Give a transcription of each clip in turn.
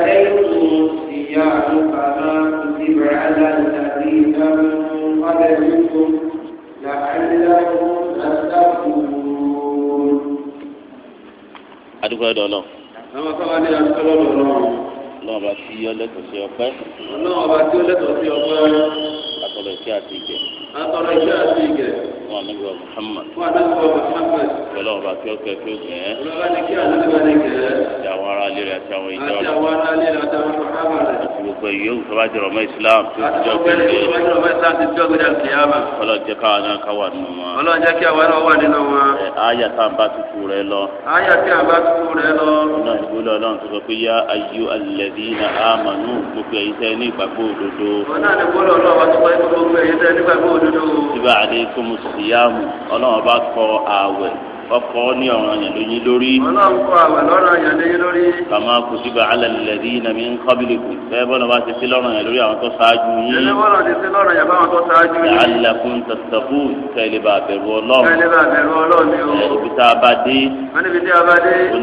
عليكم الصيام كما كتب على الذين من قبلكم لعلكم تتقون adúgbò ẹ̀dọ̀ náà. àwọn sábà ní asọ́lọ́ lọ́rọ̀. ọlọ́run bá ti yọ lẹ́tọ̀ọ́ sí ọpẹ́. ọlọ́run bá ti yọ lẹ́tọ̀ọ́ sí ọpẹ́. atọ́lọ̀ iṣẹ́ àti ìgẹ̀. atọ́lọ̀ iṣẹ́ àti ìgẹ̀ fún anábìwá Muhammad. fún anábìwá Muhammad. pẹ̀lú ọba kí ó kẹ́ kí ó gẹ̀ ẹ́. olùwà ni kí anábìwá ni gẹ̀ ẹ́. àti àwọn ará ilé rẹ̀ àti àwọn ìjọ rẹ̀. àti àwọn ará ilé rẹ̀ àti àwọn sọ̀hábà rẹ̀. àti gbogbo ìyó ìfọwọ́ àjọrò ọmọ Islam tó ti jọ gbé ilé. ọlọ́run jẹ́ káwa náà káwa nínú wọn. ọlọ́run jẹ́ kí àwa náà wà nínú wọn. àyà tá a bá tutù rẹ̀ lọ. àyà tí a bá tutù rẹ̀ lọ. ọ̀nà ìgbélé ọlọ́run tó sọ pé yá ayú alladhina amanu gbogbo ẹ̀yin tẹ́ ní ìgbàgbọ́ òdodo. ọ̀nà ìgbélé ọlọ́run wa tó wáyé gbogbo ẹ̀yin tẹ́ ní ìgbàgbọ́ òdodo àlùkìyàmù ọlọ́run bá kọ ààwẹ̀ ọkọ ní ọ̀ràn yẹn lóyún lórí. ọlọ́run kọ àwẹ̀ lọ́rọ̀ yẹn lóyún lórí. kàmá kùsìbà alẹ́lẹ́dí nàmí ń kọ́bìlì kù. bẹ́ẹ̀ bọ́lá bá ti sí lọ́rọ̀ yẹn lórí àwọn tó ṣáájú yín. ilé bọ́lá ti sí lọ́rọ̀ yẹn báwọn tó ṣáájú yín. alẹ́kùn tẹ̀sítẹ̀kù kẹ́lẹ́ bá bẹ̀rù ọlọ́run. kẹ́lẹ́ bá bẹ̀rù ọlọ́run ni o. ibi tá a bá dé. wọ́n níbi tí a bá dé. òun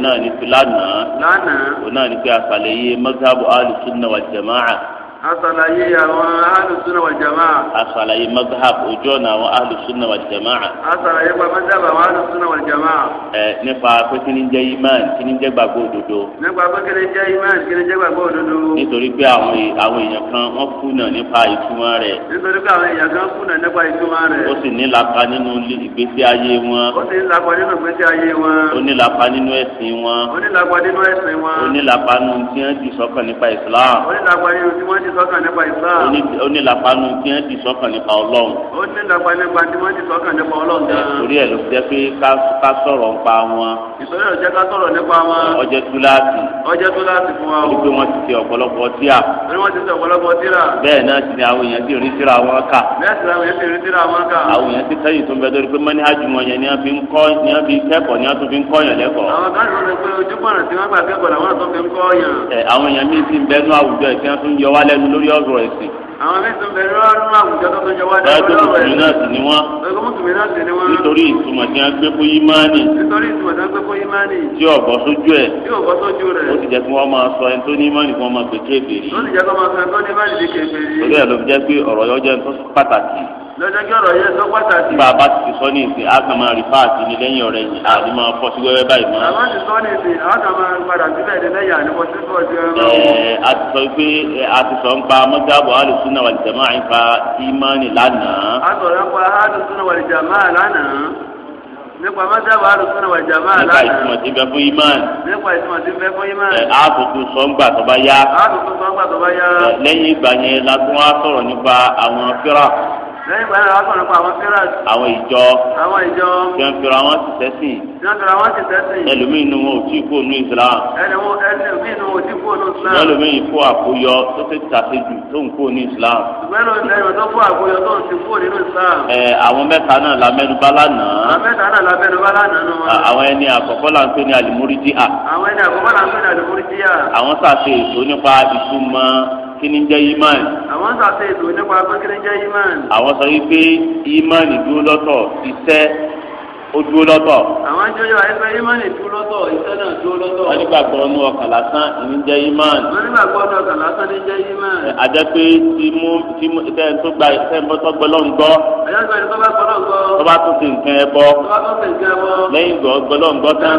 náà ní asàlàyé àwọn alùsùnà wà jàmáà. asàlàyé mazhab ojú ọ̀nà àwọn alùsùnà wà jàmáà. asàlàyé pa mazhab àwọn alùsùnà wà jàmáà. ẹ nípa pé kí ni jẹ́ imán kí ni jẹ́ gbàgbọ́ òdodo. nípa pé kí ni jẹ́ imán kí ni jẹ́ gbàgbọ́ òdodo. nítorí pé àwọn e, àwọn èèyàn kan wọ́n kùnà nípa ìtumọ̀ rẹ̀. nítorí pé àwọn èèyàn kan kùnà nípa ìtumọ̀ rẹ̀. ó sì nílapa nínú ìgbésí ayé wọn. ó sì nílapa nínú ìgbésí ayé wọn. ó nílapa nínú ẹ̀sìn wọn. ó nílapa nínú ti sọ́kàn nípa Islam. ó ní làpánu tí wọ́n ti sọ́kàn nípa Ọlọ́run. ó ní làpánu nípa tí wọ́n ti sọ́kàn nípa Ọlọ́run gan-an. torí ẹ̀ ló jẹ́ pé ká sọ̀rọ̀ nípa wọn. ìsọ̀rí ẹ̀ jẹ́ ká sọ̀rọ̀ nípa wọn. ọjọ́ túláàsì. ọjọ́ túláàsì fún wa o. torí pé ti ṣe ọ̀pọ̀lọpọ̀ tíà. torí wọ́n ti ṣe ọ̀pọ̀lọpọ̀ tíra. bẹ́ẹ̀ náà ti ní àwọn èèyàn ti rí tíra wọn kà. bẹ́ẹ̀ sì làwọn ti rí tíra wọn kà. ti kẹ́yìn tó ń bẹ ni wọ́n fi ń kọ́ ni wọ́n fi ni wọ́n tún fi ń kọ́ yàn lẹ́kọ̀ọ́. àwọn kan sọ pé ojúbọ̀nà tí wọ́n gbà kẹ́kọ̀ọ́ làwọn tó fi ń kọ́ yàn. àwọn èèyàn míì ti ń bẹ́nu àwùjọ ìfihàn tó ń yọ wálẹ̀ lẹ́nu lórí ọ̀rọ̀ ẹ̀sìn àwọn mẹ́sàn-án bẹ̀rẹ̀ ọdún àwùjọ tó tọjọ wá dáadáa lọ́wọ́ ẹ̀. báyọ̀ tó ni wọ́n. báyọ̀ mùsùlùmí náà sì ni wọ́n. nítorí ìtumọ̀ tí wọ́n gbé fún yímánì. nítorí ìtumọ̀ tí wọ́n gbé fún yímánì. tí ọ̀bọ sójú ẹ̀. tí ọ̀bọ sójú rẹ̀. ó ti jẹ́ kí wọ́n máa sọ ẹni tó ní yímánì kí wọ́n máa pè kébèrè. ó ti jẹ́ kí wọ́n máa sọ ẹni tó ní yímánì lè kébèrè. torí ẹ̀ ló fi jẹ́ pé ọ̀rọ̀ yọ jẹ́ lọ́jọ́ kí ọ̀rọ̀ yẹn sọ pàtàkì. bá a bá ti sọ ní ìsìn a kàn máa rí páàtì ní lẹ́yìn ọ̀rẹ́ yìí àti máa fọ́ sí wẹ́wẹ́ báyìí mọ́. àwọn ti sọ ní ìsìn a kàn máa padà síbẹ̀ ní lẹ́yìn àníwọ̀ sí fọ́ọ̀tì ẹ̀rọ. ẹ a ti sọ pé a ti sọ ń pa mọ́tàbọ̀ alùs sunna wal jamaa ìfà ìmánì lánàá. a sọ̀rọ̀ nípa ahlu sunna wal jamaa lánàá nípa mọ́tàbà ahlu sunna wal jamaa lánàá. nípa ìtumọ̀ tí ń bẹ fún imán. nípa ìtumọ̀ tí ń bẹ fún imán. ẹ á tuntun sọ́ngbà tó bá yá. á tuntun sọ́ngbà tó bá yá. lẹ́yìn ìgbà yẹn la tún á sọ̀rọ̀ nípa àwọn fírà lẹ́yìn ìgbà yẹn la sọ̀rọ̀ nípa àwọn fírà. àwọn ìjọ. àwọn ìjọ. fira wọn sì sẹ́sìn ẹlòmíì nu wọn ò tí kó nu islam ẹlòmíì kó àkóyọ tó ti tàṣe jù tó ń kó ní islam. ẹ àwọn mẹ́ta náà la mẹ́nubà lánàá. àwọn ẹni àkọ́kọ́ la ń pè ní alimuridiya. àwọn sàṣe èso nípa ìtumọ̀ kíni jẹ́ imán. àwọn sàṣe ètò nípa pé kíni jẹ́ imán. àwọn sọ yìí pé imán dúró lọ́tọ̀ iṣẹ́ o dúró lọ́tọ̀. àwọn ajọyọ ẹgbẹ́ imán dúró lọ́tọ̀ iṣẹ́ náà dúró lọ́tọ̀. wọ́n nígbàgbọ́ ọnù ọkàn lásán ní jẹ́ imán. wọ́n nígbàgbọ́ ọnù ọkàn lásán ní jẹ́ imán. àjẹ́ pé tí mú tí mú tẹ́ tó gba tẹ́ mọ́ tó gbọ́ lọ́n gbọ́. àjẹ́ pé tó bá gbọ́ lọ́n gbọ́. tó bá tún ti nǹkan ẹ bọ́. tó bá tún ti nǹkan ẹ bọ́. lẹ́yìn gbọ́ gbọ́ lọ́n gbọ́ tán.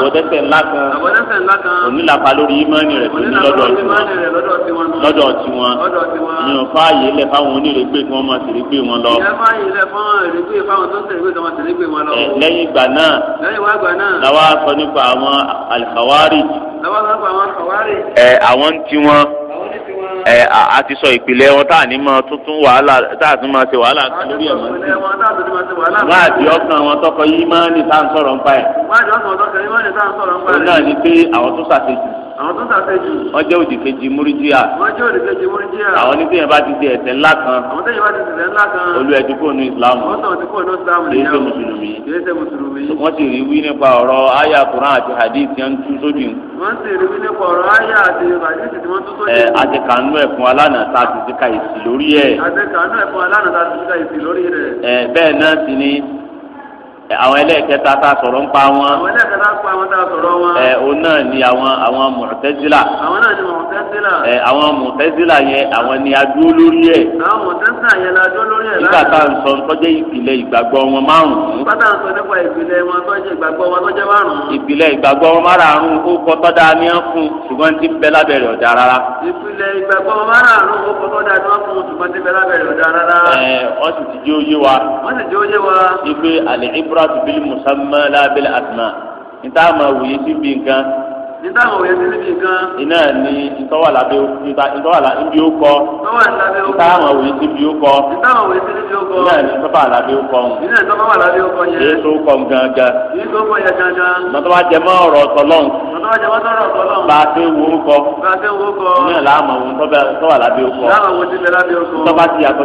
àbọ̀dẹ́sẹ̀ ńlá kan. àbọ̀dẹ́sẹ̀ ńlá kan. onílàpá lórí imán rẹ̀ tó ní lọ́dọ̀ tiwọn. lọ́dọ̀ tiwọn. ìyàn fáàyè lẹ̀ fáwọn onírègbè kí wọ́n máa tẹ̀lé gbé wọn lọ. ìyàn fáàyè lẹ̀ fáwọn onírègbè fáwọn tó ń tẹ̀lé gbé gbé wọn lọ. lẹ́yìn ìgbà náà. lẹ́yìn wá ìgbà náà. làwa sọ nípa àwọn alihawari. làwa sọ nípa àwọn alihawari. ẹ àwọn tí wọn ẹ a ti sọ ìpìlẹ̀ wọn tá a ní máa tuntun wàhálà tá a tún máa ṣe wàhálà lórí ẹ̀ mọ́. wọ́n àti ọkàn wọn tọkọ yìí máa ń ní tá à ń sọ̀rọ̀ ń pa ẹ̀. wọ́n àti ọkàn wọn tọkọ yìí máa ń ní tá à ń sọ̀rọ̀ ń pa ẹ̀. òun náà ni pé àwọn tó ṣàṣejù àwọn tó sàfẹ́ jù. wọ́n jẹ́ òdì kejì múrídìá. wọ́n jẹ́ òdì kejì múrídìá. àwọn oníṣẹ́yìn bá ti di ẹ̀ṣẹ̀ ńlá kan. àwọn oníṣẹ́yìn bá ti di ẹ̀ṣẹ̀ ńlá kan. olú ẹ̀dín kò nu islam. wọ́n sọ̀rọ̀ ti kò nu islam nìyẹn. kìí ṣe mùsùlùmí. kìí ṣe mùsùlùmí. wọ́n sì rí wí nípa ọ̀rọ̀ àyà kuran àti hadith yẹn ń tú sódì. wọ́n sì rí wí nípa ọ̀rọ̀ àyà àti hadith tí wọ́n tú sódì. ẹ àti kànú ẹ̀fún alánà tá a ti ti ka èsì lórí ẹ̀. àti kànú ẹ̀fún alánà tá a ti ti ka èsì lórí rẹ̀. ẹ bẹ́ẹ̀ náà sì àwọn ẹlẹ́ẹ̀kẹta tá a sọ̀rọ̀ ń pa wọn. àwọn ẹlẹ́ẹ̀kẹta pa wọn tá sọ̀rọ̀ wọn. ẹ o náà ni àwọn àwọn mọ̀tẹ́sílà. àwọn náà ni mọ̀tẹ́sílà. ẹ àwọn mọ̀tẹ́sílà yẹn àwọn ni a dúró lórí ẹ. àwọn mọ̀tẹ́sílà yẹn la dúró lórí ẹ láàrin. nígbà tá à ń sọ tọ́jẹ́ ìpìlẹ̀ ìgbàgbọ́ wọn márùn-ún. nígbà tá à ń sọ nípa ìpìlẹ̀ wọn tọ́jẹ́ ìgbàgbọ́ wọn tọ́jẹ́ márùn-ún. ìpìlẹ̀ ìgbàgbọ́ wọn márùn-ún ó kọ́ tọ́da ní án fún ṣùgbọ́n tí bẹ́ lábẹ́rẹ́ ọ̀dà rárá. ìpìlẹ̀ ti jẹ́ òye wa. wọ́n sì jẹ́ wa. ibi àlè ibra al-ibratu bil musamma la bil asma níta máa wòye sí bí nǹkan. níta máa wòye sí bí nǹkan. iná ni ìtọ́wà lábẹ́ níta ìtọ́wà lábẹ́ ibi ó kọ́. ìtọ́wà lábẹ́ ó kọ́. níta máa wòye sí bí ó kọ́. níta máa wòye sí bí ó kọ́. iná ni ìtọ́wà lábẹ́ ó kọ́. iná ìtọ́wà lábẹ́ ó kọ́ yẹn. èyí tó kọ́ gangan. èyí tó kọ́ yẹn gangan. mọ̀tọ́ bá jẹ mọ́ ọ̀rọ̀ tọ́lọ́n. mọ̀tọ́ bá jẹ mọ́ ọ̀rọ̀ tọ́lọ́n. bá a ti wo ó kọ́. bá a ti wo ó kọ́. iná làámọ̀ wo tọ́wà lábẹ́ ó kọ́. láàmọ̀ wo ti bẹ lábẹ́ ó kọ́. tọ́ba ti yàtọ̀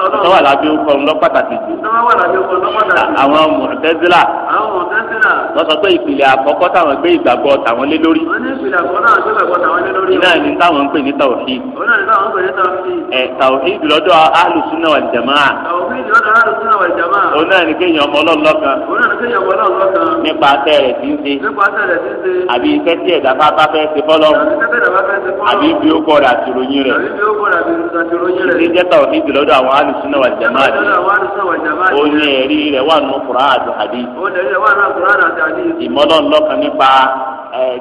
tọ́wà lábẹ́ ọkọ̀ ńlọ pàtàkì jù. àwọn mọ̀tẹ́sílà. àwọn mọ̀tẹ́sílà. wọ́n sọ pé ìpìlẹ̀ àkọ́kọ́ táwọn gbé ìgbàgbọ́ tàwọn lé lórí. wọ́n ní ìpìlẹ̀ àkọ́kọ́ táwọn gbé ìgbàgbọ́ tàwọn lé lórí. iná ni táwọn ń pè ní tàwọ̀fì. ẹ tàwọ̀fì lọ́dọ̀ alùsùnà wà jàmáà. tàwọ̀fì lọ́dọ̀ alùsùnà wà jàmáà. òun náà ni kéèyàn ọmọ ọlọ́run lọ́kan. òun náà ni kéèyàn ọmọ ọlọ́run lọ́kan. nípa tẹ́ rẹ̀ ti ń ṣe. nípa tẹ́ rẹ̀ ti ń ṣe. àbí iṣẹ́ tí ẹ̀dá bá bá fẹ́ ṣe fọ́lọ́. àbí ibi ó kọ́ rẹ̀ àtìròyìn rẹ̀. àbí ibi ó kọ́ rẹ̀ àtìròyìn rẹ̀. ìṣèjẹ́ta ò alùsùnà wà jàmáà dé ó ní ẹ̀rí rẹ̀ wà nù kura àti hadith ìmọ̀lọ́nlọ́kan nípa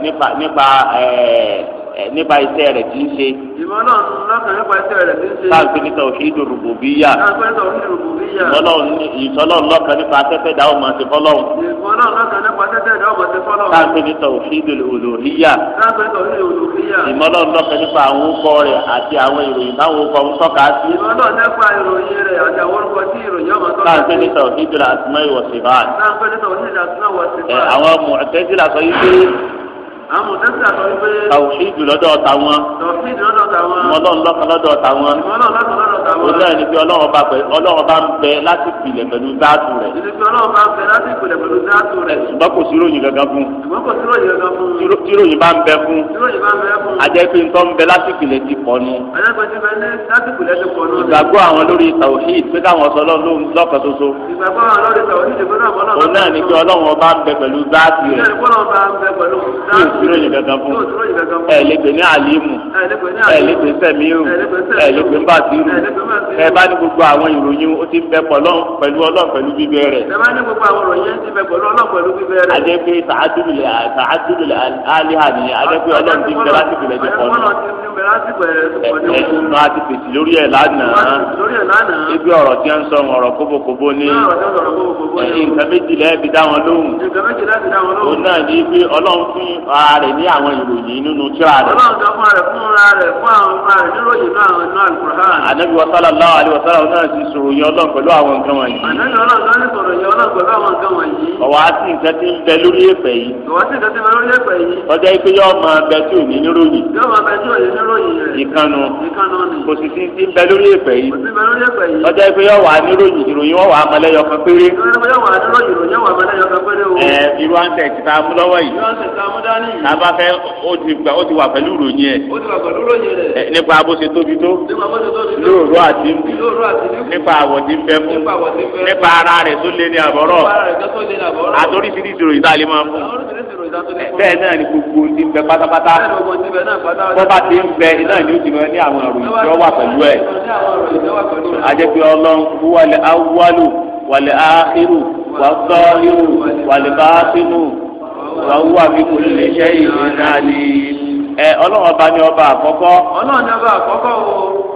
nípa nípa ẹ̀ẹ́ nípa iṣẹ́ rẹ̀ tí ń ṣe. ìmọ̀ náà lọ́kàn nípa iṣẹ́ rẹ̀ tí ń ṣe. táàgbé ní tawhidu rububiyya. táàgbé ní tawhidu rububiyya. ìsọlọ́run lọ́kàn nípa afẹ́fẹ́ dáhùn máa ṣe fọ́lọ́run. ìsọlọ́run lọ́kàn nípa afẹ́fẹ́ dáhùn máa ṣe fọ́lọ́run. táàgbé ní tawhidu uluhiyya. táàgbé ní tawhidu uluhiyya. ìmọ̀lọ́run lọ́kàn nípa àwọn orúkọ rẹ̀ àti àwọn ìròyìn táwọn orúkọ ń tọ́ka sí. ìmọ̀lọ́run nípa ìròyìn rẹ̀ àti àwọn orúkọ tí ìròyìn ọmọ tọ́ka sí. táàgbé ní tawhidu asma'i wa sifat. táàgbé ní tawhidu asma'i wa àwọn Mu'tazila àwọn mọ̀tẹ́sí àtọ́ wípé. tàwùsídù lọ́dọ̀ ọ̀tá wọn. tàwùsídù lọ́dọ̀ ọ̀tá wọn. ìmọ̀lọ́run lọ́kàn lọ́dọ̀ ọ̀tá wọn. ìmọ̀lọ́run lọ́kàn lọ́dọ̀ ọ̀tá wọn. òtẹ́ ẹni pé ọlọ́run bá pẹ ọlọ́run bá ń bẹ láti pilẹ̀ pẹ̀lú záàtù rẹ̀. ìdí pé ọlọ́run bá ń bẹ láti pilẹ̀ pẹ̀lú záàtù rẹ̀. ṣùgbọ́n kò síròyìn gangan fún. ṣùgbọ́n kò síròyìn gangan fún. tíròyìn bá ń bẹ fún. tíròyìn bá ń bẹ fún. ajẹ́ pé ntọ́ ń bẹ láti pilẹ̀ ti pọ̀ nu. ajẹ́ pé ti bẹ láti pilẹ̀ ti pọ̀ nu. ìgbàgbọ́ àwọn lórí tàwùsíd pé káwọn sọ lọ́kàn ṣoṣo. ìgbàgbọ́ àwọn lórí tàwùsíd pé káwọn sọ lọ́kàn ṣoṣo. òun náà ni pé ọlọ́run ọba ń bẹ pẹ̀lú záàtù rẹ̀. dúró yìí fún ẹ lè pè ní alimu ẹ lè pè ẹ lè pè ẹ bá ní gbogbo àwọn ìròyìn o ti bẹ pọlọ pẹ̀lú ọlọ pẹ̀lú bíbẹ rẹ. ẹ bá ní gbogbo àwọn ìròyìn ti bẹ pẹ̀lú ọlọ pẹ̀lú bíbẹ nù. ẹ nù a ti fèsì lórí ẹ lánàá ibi tí ń ní ẹ nǹkan rẹ̀ ní àwọn ìròyìn nínú tíra rẹ̀. ọlọ́run sọ fún rẹ̀ fún ra rẹ̀ fún àwọn ọmọ rẹ̀ náà àwọn náà alukur'an. ànábi wa sallallahu wa sallam náà ti sọ̀rọ̀ yẹn ọlọ́run pẹ̀lú àwọn nǹkan wọ̀nyí. ànábi ọlọ́run náà ti sọ̀rọ̀ yẹn ọlọ́run pẹ̀lú àwọn nǹkan wọ̀nyí. ọwọ́ á sì nǹkan ti ń bẹ lórí èpè yìí. ọwọ́ sì nǹkan ti ń bẹ lórí èpè yìí. ọjọ́ ìpè máa bẹ tí ò ní níròyìn. yóò máa bẹ tí ò ní níròyìn rẹ̀. ìkànnù. ìkànnù ni. kò sì ti ti ń bẹ lórí èpè yìí. kò sí bẹ lórí èpè yìí. ọjọ́ ìpè yóò wà níròyìn ìròyìn wọn wà á kan péré. ìròyìn wà á níròyìn mú lọ́wọ́ yìí. irú àǹtẹ̀ ti mú dání tàbá fẹ́ ó ti gbà ó ti wà pẹ̀lú ìròyìn ẹ̀. ó ti wà pẹ̀lú ìròyìn rẹ̀. nípa bó ṣe tóbi tó. nípa bó ṣe tóbi tó. lóòrò àti nbù. lóòrò àti nbù. nípa àwọ̀ tí ń fẹ́ fún. nípa àwọ̀ tí ń fẹ́ fún. nípa ara rẹ̀ tó lé ní àbọ̀rọ̀. nípa ara rẹ̀ tó lé ní àbọ̀rọ̀. àtòrí ti di ìròyìn tá a lè máa fún. bẹ́ẹ̀ náà ni gbogbo ti bẹ pátápátá. bó bá ti ń bẹ iná ni ó ti mọ ní àwọn ìròyìn tí ó wà pẹ̀lú ẹ̀. àjẹpẹ́ ọlọ́run wọlé awọ́lù wọlé áhírù wọ́n sọ́ọ́lù wọlé báásínù wà wú àbíkú lè ṣe ìrìn náà ni ẹ ọlọ́run ọba ní ọba àkọ́kọ́. ọlọ́run ọba àkọ́kọ́ o.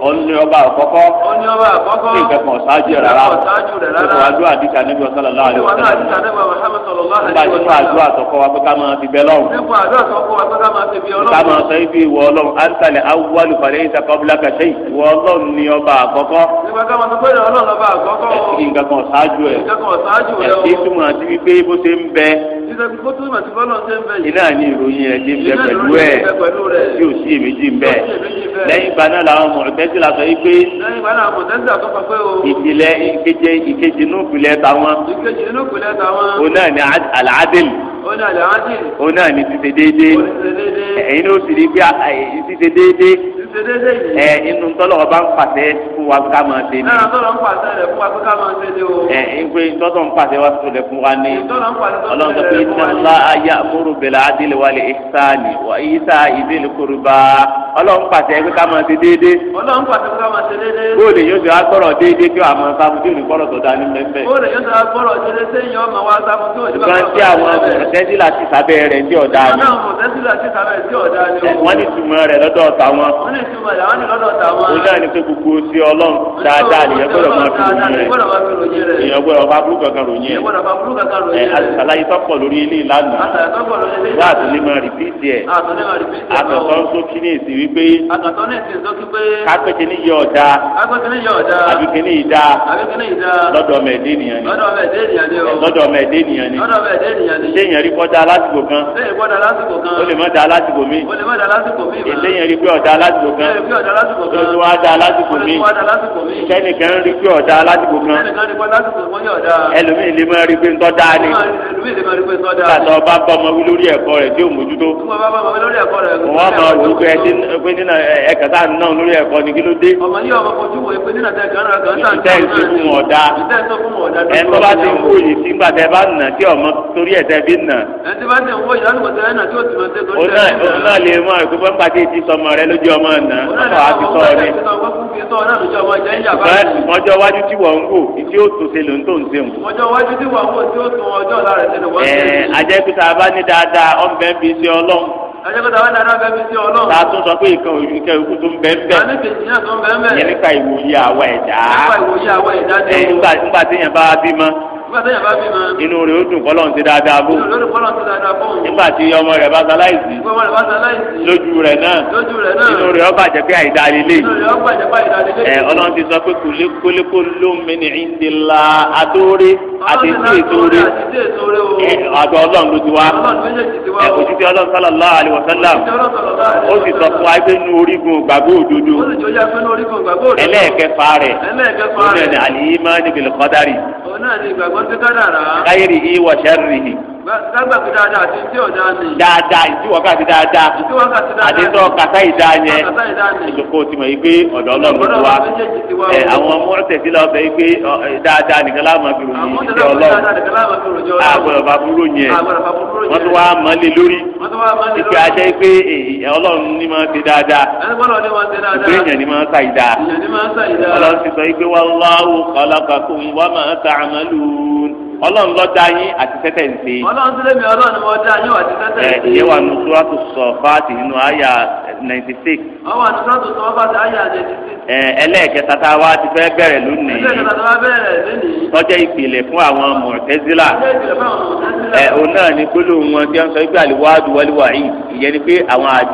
ọ̀nì ọba àkọ́kọ́. ọ̀nì ọba àkọ́kọ́. ní ìkẹ́kọ̀ ọ̀sáájú rẹ̀ rárá. ọ̀sáájú rẹ̀ rárá. ìkọ̀ àdúrà díkà níbi ọ̀sán lọ́la àdúrà. ìwà náà díkà níbi ọ̀sán lọ́la àdúrà. nígbà àdúrà tọkọ wa pé ká máa ti bẹ àdúrà wa pé ká máa ti bẹ ọlọ́run. ìdàgbé kó túmọ̀ sí bọ́lọ̀ ṣe ń bẹ̀ yìí. iná ní ìròyìn ẹ̀ ti bẹ pẹ̀lú ẹ̀ tí ò sí èméjì ń bẹ̀. lẹ́yìn ìgbà náà làwọn mọ̀tẹ́sí la sọ yìí pé. lẹ́yìn ìgbà náà mọ̀tẹ́sí la sọ pé o. ìpìlẹ̀ ìkejì ìkejì inú ìpìlẹ̀ tàwọn. ìkejì inú ìpìlẹ̀ tàwọn. òun náà ni àlàádẹ́lì òun náà ni títẹ déédéé ẹ̀yin ló sì rí pé títẹ déédéé ṣe déédé yìí. ẹ inú tọ́lọ̀ ọba ń pàṣẹ fún wa ká máa ṣe ni. náà tọ́lọ̀ ń pàṣẹ rẹ̀ fún wa ká máa ṣe ni o. ẹ ìgbé tọ́tọ̀ ń pàṣẹ wa sọ̀rọ̀ fún wa ni. tọ́lọ̀ ń pàṣẹ sọ̀rọ̀ fún wa ni. ọlọ́run sọ pé ya'muru bil adli wal ihsani wa ita'i dhil qurba. ọlọ́run pàṣẹ pé ká máa ṣe déédé. ọlọ́run pàṣẹ pé ká máa ṣe déédé. bóòlù yóò ṣe wá ṣe wá ìtumọ̀ làwọn ní lọ́dọ̀ tàwọn. òun náà ní pé gbogbo sí ọlọ́run dáadáa nìyẹn gbọ́dọ̀ máa fi ròyìn rẹ̀ èèyàn gbọ́dọ̀ bá burú kankan ròyìn rẹ̀ ẹ̀ àṣàlàyé tọ́pọ̀ lórí ilé ìlànà wá àtúndé máa rìpíìtì ẹ̀ àtọ̀tọ̀ ń sókí ní èsì wípé kápẹ́kẹ́ ní yẹ ọ̀dà àbíkẹ́ ní ìdá lọ́dọ̀ mẹ́ẹ̀dé nìyẹn ni lọ́dọ̀ mẹ́ẹ̀dé nìyẹn ni téèyàn rí kọjá lásìkò kan ó lè má da lásìkò míì èléyìn rí pé ọ̀dà lásìkò lásìkò kan lójú wa da lásìkò mi sẹ́nìkan rí pé ọ̀dà lásìkò kan ẹlòmíì lè máa rí pé ń tọ́da ni kàtọ́ bá bá ọmọ wí lórí ẹ̀kọ́ rẹ̀ tí ò mójútó wọ́n máa wò ó pé nínà ẹ̀ka tá à ń ná lórí ẹ̀kọ́ ni kí ló dé ìtẹ́ ìsìnkú wọn ọ̀dà ẹ̀ ń bá ti ń wòye sí ńgbà tẹ́ bá nà tí ọmọ torí ẹ̀ tẹ́ bí nà. ẹ̀ ń tí bá ti ń wòye lásìkò tẹ́ ẹ̀ nà tí ó ti mọ̀ tẹ́ lórí ẹ̀ máa nà ọ̀tọ̀ àti tọ́ ọ ní. bẹ́ẹ̀ ọjọ́ iwájú tí wọ́n ń wò tí ó tó ṣe ló ń tó ń ṣe wò. ọjọ́ iwájú tí wọ́n ń wò tí ó tó ọjọ́ ọ̀la rẹ̀ ṣe wọ́n ṣe. ẹ ajẹ́ pé tá a bá ní dáadáa ọ̀nbẹ́ ń fi ṣe ọlọ́run ta tún sọ pé ìkan òyìn kẹ ikú tó ń bẹ ń bẹ yẹn nípa ìwòye àwa ẹ̀dá nípa ìwòye àwa ẹ̀dá inú rẹ̀ ó dùn kọ́lọ̀ ń ti dáadáa bò nígbà tí ọmọ rẹ̀ bá ṣaláìsí lójú rẹ̀ náà inú rẹ̀ ó bàjẹ́ pé àìdá lílé ẹ ọlọ́run ti sọ pé kólékó ló ń mẹ́ni ìdílà àtóore àti sí ètóore àgbà ọlọ́run ló ti wá òjijì ọlọ́run sallallahu alaihi wasallam ó sì sọ fún wa pé nínú orígun gbàgbọ́ òdodo ẹlẹ́ẹ̀kẹfà rẹ̀ ó bẹ̀rẹ̀ àlìyé máa níbi lọ́kọ́dárì. غيره وشره gbàgbà fi dáadáa àti tí ọ̀dà ni. dáadáa ìtí wákàtí dáadáa. ìtí wákàtí dáadáa. àdéhùn ọ̀kàtà ìdá yẹn. ọ̀kàtà ìdá yẹn. ìjòkó ti mọ̀ yìí pé ọ̀dọ̀ ọlọ́run ló wá. ẹ àwọn ọmọ tẹ̀sí lọ bẹ yìí pé dáadáa nìkan láàmú fi ròyìn ìjọ ọlọ́run. àgbọ̀dọ̀ bá burú yẹn. wọ́n tún wá mọ́lé lórí. ìpè ajẹ́ pé ọlọ́run ní máa ti dáadáa. ìpè èèyàn ní máa ń sa ìdá. ọlọ́run ti sọ ọlọ́run ló dá yín àti tẹ́tẹ́ ń ṣe. ọlọ́run tó lémi ọlọ́run ni mo dá yín àti tẹ́tẹ́ ń ṣe. ìyẹn wà nù sùràtù sọ̀fàtì nínú àyà ninety six. ọwọ́ àti sùràtù sọ̀fàtì àyà ninety six. ẹ ẹlẹ́ẹ̀kẹta tá a wá ti fẹ́ bẹ̀rẹ̀ lónìí. ẹlẹ́ẹ̀kẹta tá a wá bẹ̀rẹ̀ lónìí. tọ́jẹ́ ìpìlẹ̀ fún àwọn mọ̀tẹ́sílà. ẹ òun náà ni gbólóhùn wọn tí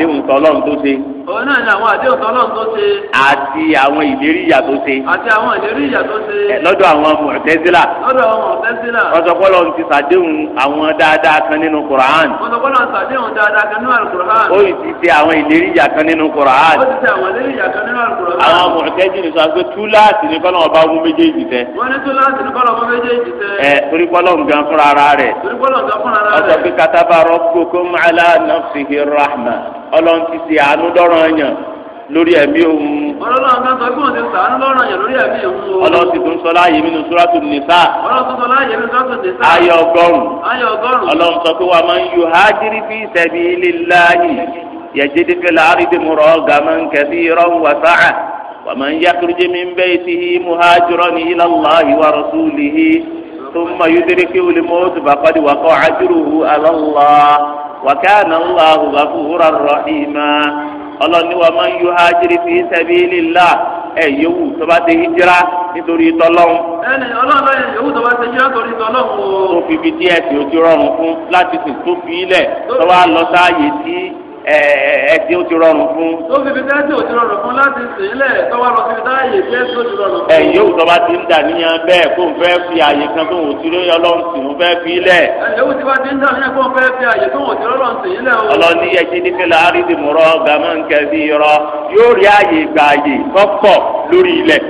wọ́n sọ òun náà ni àwọn àdéhùn tọ́lọ́ tó ṣe. àti àwọn ìlérí ìyà tó ṣe. àti àwọn ìlérí ìyà tó ṣe. lọ́dọ̀ àwọn mọ̀tẹ́sílà. lọ́dọ̀ àwọn mọ̀tẹ́sílà. ọ̀sọ̀kọ́lọ̀ ń ti sàdéhùn àwọn dáadáa kan nínú Qur'an. ọ̀sọ̀kọ́lọ̀ ń sàdéhùn dáadáa kan nínú Qur'an. ó ti ṣe àwọn ìlérí ìyà kan nínú Qur'an. ó ti ṣe àwọn ìlérí ìyà kan nínú Qur'an lọ́rọ̀ ẹ̀yàn lórí ẹ̀mí òun. ọlọ́run kan sọ pé òun ti sàánú lọ́rọ̀ yẹn lórí ẹ̀mí òun. ọlọ́run ti tún sọ láàyè nínú súrátù nìsá. ọlọ́run tún sọ láàyè nínú súrátù nìsá. ayọ̀ ọgọ́rùn-ún. ayọ̀ ọgọ́rùn-ún. ọlọ́run sọ pé wà á máa ń yọ hájírí fi sabilillahi yajid fil ardi muragaman kathiran wa sa'a wa man yakhruj min baytihi muhajiran ila Allahi wa rasulihi ọlọ́ni wa máa ń yọ hajiri fi sabilillah ẹ yòówù tó bá ṣe hijira nítorí tọ́lọ́hún. ẹnì ọlọ́run ẹ yòówù tó bá ṣe hijira nítorí tọ́lọ́hún o. tó fi ibi díẹ̀ tí o ti rọrùn fún láti sìn tó fi ilẹ̀ tó wá sáàyè tí ẹsẹ o ti rọrùn fún. tó fi fi dájú o ti rọrùn fún láti sílẹ̀ tọ́wọ́ lọ sí dáàyè bí ẹsẹ o ti rọrùn fún. ẹ̀yin yóò tọ́ba ti ń dàníyàn bẹ́ẹ̀ kó n fẹ́ fi àyè kan tó ń tiri ọlọ́run sì ń fẹ́ fi lẹ̀. ẹ̀yin yóò ti bá ti ń dàníyàn kó n fẹ́ fi àyè tó ń tiri ọlọ́run sì ń lẹ̀ o. ọlọ́ni ẹ̀jẹ̀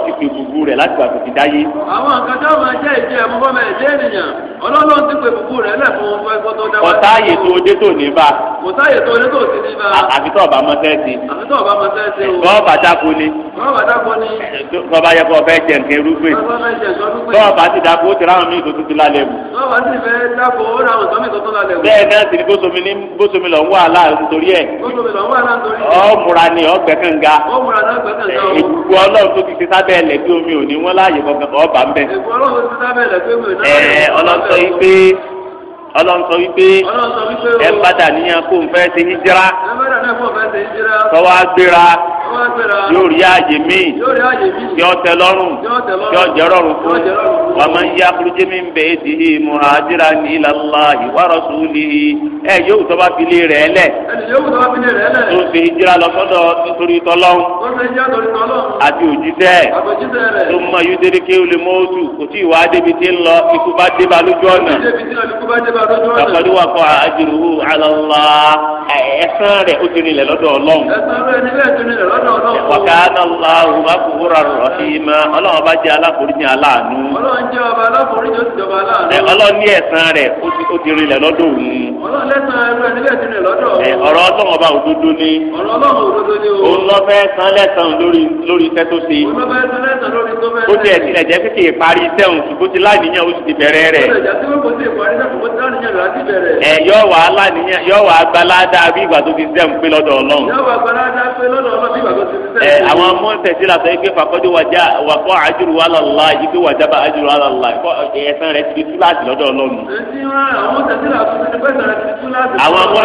ọlọ́run ti fi gbogbo rẹ̀ láti wà tó ti dáyé. àwọn nǹkan tí wọn máa jẹ ìjẹ ẹmu fọmọ ẹjẹ ènìyàn ọlọ́run ti pe gbogbo rẹ̀ lẹ́fún fún ẹgbọ́n tó dáwọ́. kọ̀tá ààyè tó dé tó ní bá. kọ̀tá ààyè tó dé tó ti ní bá. àbí tó ọba mọ sẹ́ẹ̀sì. àbí tó ọba mọ sẹ́ẹ̀sì o. tọ́ ọba dáko ni. tọ́ ọba dáko ni. tọ́ ọba yẹ kó ọbẹ̀ jẹ nǹkan irúgbìn. tọ́ ọba ti dáko ó ti ráhùn mí tó ti lálẹ́ mu. tọ́ ọba ti fẹ́ dáko ó ráhùn sọ́mi tó tó lálẹ́ mu. bẹ́ẹ̀ náà sì ni bósomi ní bósomi lọ ń wà láà nítorí ẹ̀. bósomi lọ ń wà láà nítorí ẹ̀. ọ abẹ́ ẹ̀lẹ̀ bí omi ò ní wọ́n láàyè kankan kọ́ ọba ń bẹ̀. ẹ ọlọ́sọ yìí pé ọlọ́sọ yìí pé ẹ padà níyàn kó n fẹ́ ṣe hijira tọ́wọ́ agbéra yóò rí ààyè míì kí ọ tẹ lọ́rùn kí ọ jẹ́ rọrùn fún wa máa ń yá kúrújẹ́ mi ń bẹ̀ é ti hi muhajira ní ilàlá ìwárọ̀ sùúlì ẹ yóò tọ́ bá file rẹ̀ lẹ̀ tó ṣe hijira lọ́sọ́dọ̀ nítorí tọ́lọ́hún àti òjíṣẹ́ tó mọ ayúdẹ́rẹ́ kí o lè mọ oṣù kò tí ì wá débi tí ń lọ ikú bá dé lójú ọ̀nà àpàdé wà kọ́ àjùrù àlọ́lá ẹ̀sán rẹ̀ ó ti rìn lẹ̀ lọ́dọ̀ ọlọ́run. ẹ̀sán rẹ̀ nílẹ̀ ti wàkàánà làwù akúkúrà rọ̀hìmá ọlọ́run bá jẹ́ aláforíjì aláàánú. ọlọ́run jẹ́ ọba aláforíjì ó ti jọba aláàánú. ọlọ́run ní ẹ̀sán rẹ̀ ó ti rinlẹ̀ lọ́dọ̀ òun. ọlọ́run lẹ́sàn-án ẹ̀rọ ẹ̀ nílẹ̀ ti rìn lọ́dọ̀ òun. ọ̀rọ̀ ọlọ́run ọba òdodo ni. ọ̀rọ̀ ọlọ́run òdodo ni o. òun lọ fẹ́ san lẹ́sàn-án lórí lórí iṣẹ́ tó ṣe. òun lọ fẹ́ san lẹ́sàn-án lórí tó fẹ́. ó ti ẹ̀sìn ẹ̀jẹ̀ pé kì í parí iṣẹ́ òun ṣùgbọ́n ti láàníyàn ó sì ti bẹ̀rẹ̀ rẹ̀. ẹ wàá ẹ àwọn amúntẹ̀sí la sọ yìí pé fàkọ́jú wàjá wàkọ́ àjùrù wà lọ́la yìí pé wàjá bá àjùrù wà lọ́la kọ́ ẹ̀sán rẹ̀ ti di túláàsì lọ́dọ̀ ọlọ́run. àwọn amúntẹ̀sí la ẹ àwọn wá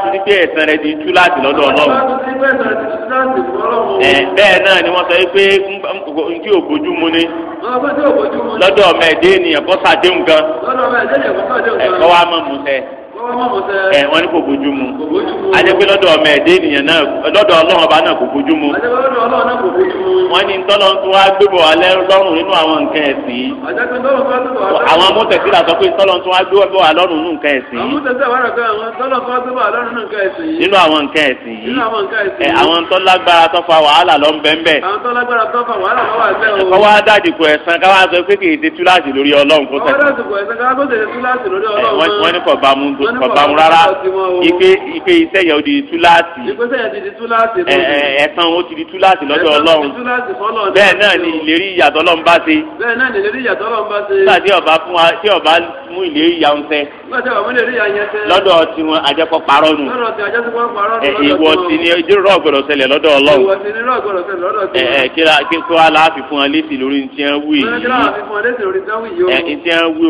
ti di pé ẹ̀sán rẹ̀ ti di túláàsì lọ́dọ̀ ọlọ́run. ẹ bẹ́ẹ̀ náà ni wọ́n sọ yìí pé nkí òbójú mu ni lọ́dọ̀ ọmọ ẹ̀dẹ́ ènìyàn kọ́ sàdéhùn gan ẹ̀kọ́ wa mọ̀ mú sẹ́ẹ̀ ẹ eh, wọn ní kò bójú mu ajẹpẹ lọ́dọ̀ ọmọ ẹdẹ ènìyàn náà lọ́dọ̀ Ọlọ́run ọba náà kò bójú mu wọn ní tọ́lọ́ tó wá gbébọ̀ alẹ́ lọ́rùn nínú àwọn nǹkan ẹ̀sìn yìí àwọn amútẹ̀sí la sọ pé tọ́lọ́ tó wá gbébọ̀ alọ́rùn nínú nǹkan ẹ̀sìn yìí nínú àwọn nǹkan ẹ̀sìn yìí ẹ eh, àwọn tó lágbára tó fa wàhálà lọ ń bẹ́ẹ̀ bẹ́ẹ̀ ẹ̀kọ́ ẹ̀sán káwá sọ pé kì í ti túláàsì lórí Ọlọ́run kó tẹ̀sán ọba mu rárá ipe ipe iṣẹ́ yẹn ó di túláàsì ẹ̀san ó ti di túláàsì lọ́dọ̀ Ọlọ́run bẹ́ẹ̀ náà ni ìlérí ìyàtọ̀ Ọlọ́run bá ṣe bẹ́ẹ̀ náà ni ìlérí ìyàtọ̀ Ọlọ́run bá ṣe lọ́dọ̀ tí wọn ajẹ́pọ̀ parọ́ nù eh, ìwọ sí ni ìdúró ọ̀gbọ̀dọ̀ ṣẹlẹ̀ lọ́dọ̀ ọlọ́run ẹ̀ kíra kíkọ́ aláàfin fún wa létí lórí ní tiẹ̀ wí yìí ẹ̀ ní tiẹ̀ wí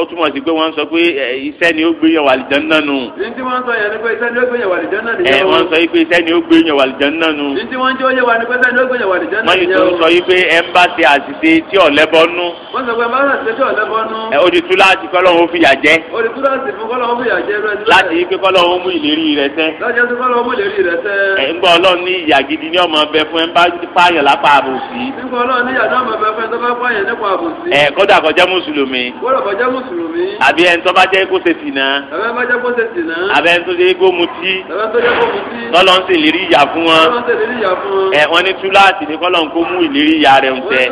ó túmọ̀ sí pé wọ́n sọ pé eh, iṣẹ́ ni ó gbé yẹ̀wò àlìjọ́ náà nù. ní tí wọ́n sọ yẹn ni pé iṣẹ́ ni ó gbé yẹ̀wò àlìjọ́ náà nìyẹn eh, o. wọ́n sọ pé iṣẹ́ ni ó gbé yẹ̀wò àlìjọ́ náà nù. ní tí wọ́n jẹ́ oyè wa ni pé iṣẹ́ ni ó gbé yẹ̀wò àlìjọ́ náà nìyẹn o. wọ́n ní tó ń sọ yìí pé ẹ ń bá ṣe àṣìṣe tí ọ̀lẹ́bọ nú. wọ́n sọ pé ẹ ń bá ṣe àṣìṣe tí ọ̀lẹ́bọ nú sáàsì fún kọ́lọ́ ọmú ìyà jẹ́ rẹ. láti ike kọ́lọ́ ọmú ìlérí rẹ tẹ́. láti ike kọ́lọ́ ọmú ìlérí rẹ tẹ́. ẹ̀ ń gbọ́ ọlọ́run ní ìyà gidi ní ọmọ ọbẹ̀ fún ẹ ń bá pààyàn lápá àbòsí. ń gbọ́ ọlọ́run ní ìyà ní ọmọ ọbẹ̀ fún ẹ tó bá pààyàn nípa àbòsí. ẹ kódà kọjá mùsùlùmí. kódà kọjá mùsùlùmí. àbí ẹni tó bá jẹ́ kó ṣe tìǹà. àbẹ́ ẹni tó jẹ́ kó mutí. tọ́lọ́ ń ṣe ìlérí ìyà fún wọn. ẹ wọ́n ní túláàsì ní kọ́lọ́ ń kó mú ìlérí ìyà rẹ̀ ń tẹ́.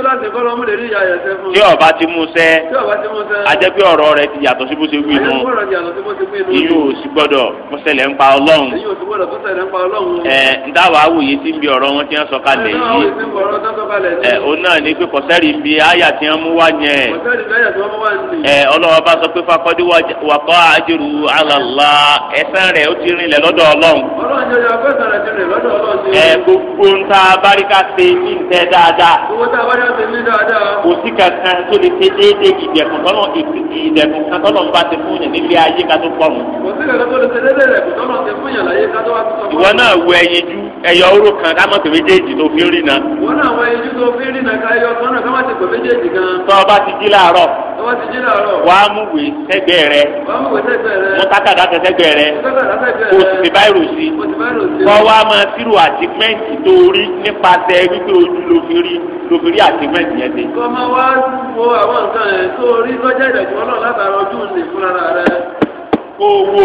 tí ọba ti mú sẹ́. tí ọba ti mú sẹ́. a jẹ́ pé ọ̀rọ̀ rẹ̀ ti yàtọ̀ sí bó ṣe wí nù gbọ́dọ̀ yàtọ̀ sí bó inú. iyún ò sì gbọ́dọ̀ kó pa ọlọ́run. iyún ò sì gbọ́dọ̀ kó ṣẹlẹ̀ ń pa ọlọ́run. ẹ ntàwọn awòye ti ń bi ọ̀rọ̀ wọn ti ń sọ kalẹ̀ yìí. ẹ òun náà ní pé kọ̀sẹ́rì ń bi àyà tí wọ́n mú wá yẹn. ẹ ọlọ́wọ́ bá sọ pé fakọ́dí wàkọ́ àjẹrù alàlá ẹ̀sán rẹ̀ ó ti rinlẹ̀ lọ́dọ̀ ọlọ́run. ẹ gbogbo ń ta ṣe ní ìtẹ́ dáadáa. kò sí kankan tó lè ṣe déédéé ìdẹ̀kùn tọ́lọ̀ nílé ayé ká tó pọ̀ mọ́. kò ìwọ náà wo ẹyin jú ẹyọ oró kan ká mọ̀ méjèèjì tó fi ń rìnà. ìwọ náà wo ẹyin jú tó fi ń rìnà ká ẹyọ kan náà ká má méjèèjì gan. tọ́ ọ bá ti jí láàárọ̀ wàá mú wèé sẹ́gbẹ́ rẹ mú tákàdá sẹ́gbẹ́ rẹ kó o sì báyìí rò sí kọ́ wa máa sírò tó rí nípasẹ̀ wípé ojú ló fi rí ló fi rí àtìmẹ́ǹtì yẹn dé. kọ́ wá wo àwọn nǹkan ẹ̀ tó rí lọ́jà ìdàgbọ́n náà látara ojú ìsìn fúnra rẹ̀ kó wo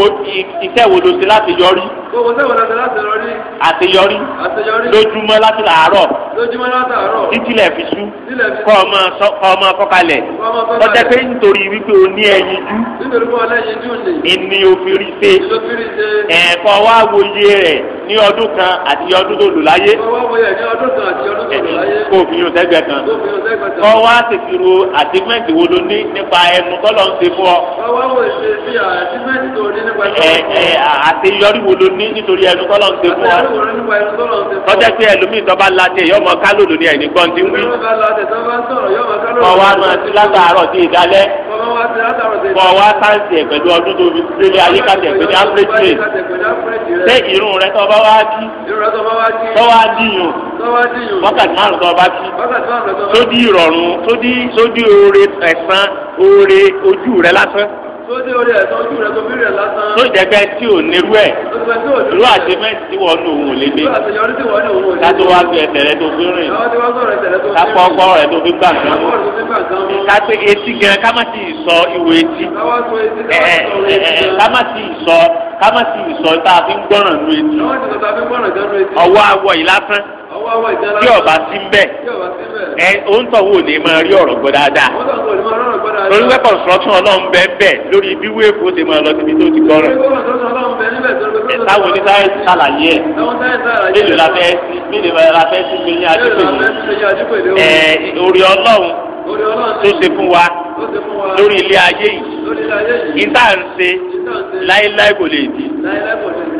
iṣẹ́ wo ló ṣe láti yọrí. gbogbo iṣẹ́ wo ló ṣe láti yọrí. àṣeyọrí. àṣeyọrí. lójúmọ́ láti làárọ̀. lójúmọ́ láti àárọ̀. títílẹ̀ fi sú. títílẹ̀ fi sú. kọ́ ọmọ sọ kọ́ ọmọ kọ́kalẹ̀. kọ́ ọmọ kọ́kalẹ̀. lọ́jọ́ pé nítorí wípé o ní ẹyin jú. nítorí pé o lẹ́yin jú ni. ìní òfin rí ṣe. ìní òfin rí ṣe. ẹ̀ẹ̀kan wá wo iye rẹ̀ ní ọdún kan àti ọdún tó lò láyé. kó o fi yóò sẹ́gbẹ̀ẹ́ kan. kọ́ wá sì fi ro àtífẹ́ǹtì wo ló ní nípa ẹnu tọ́lọ̀ ń ṣe fún ọ. ẹ ẹ àṣeyọrí wo ló ní nítorí ẹnu tọ́lọ̀ ń ṣe fún ọ. tọ́jà pé ẹlòmíì tọ́ bá láti ẹ̀yọ́ ọmọ kálò lónìí ẹ̀ ní gbọ́n ti wí. kọ́ wá máa ti látàárọ̀ sí ìdálẹ́ kọ wá sáǹsì ẹ ọdún tó fi sílé ayé kájẹ áfíríkì ṣé irun rẹ tó bá wá kí tọ́wá dìyàn wákàtí márùn tọ́wá kí tó di ìrọ̀rùn tó di oore ẹ̀san oore ojú rẹ lásán tó dé orí ẹ̀ tó ojú rẹ̀ tó bí rẹ̀ lásán. tó jẹ́ pé tí ò nírú ẹ̀ irú àṣemẹ́sì tí wọ́n ní òun ò lé dé kátó wá fi ẹsẹ̀ rẹ̀ tó fi rìn kápọ̀ ọkọ rẹ̀ tó fi gbà kan kápẹ́ etí gan ká má sì sọ ìwé etí ká má sì sọ ká má sì sọ tá a fi ń gbọ́ràn nu etí ọwọ́ awọ yìí lásán bí ọba sí mbẹ ẹ òǹtọ̀ wo ni máa rí ọ̀rọ̀ gbọ́ dáadáa lórí wẹ́ construction ọlọ́run bẹ́ẹ̀ bẹ́ẹ̀ lórí bí wéèfù ó ti máa lọ síbi tó ti gbọ́rọ̀ ẹ táwọn oníṣẹ́ ṣàlàyé ẹ mélòó la fẹ́ sí la fẹ́ sí mi ní adúgbò yìí ẹ orí ọlọ́run tó ṣe fún wa lórí ilé ayé yìí níta ń ṣe láéláé kò lè di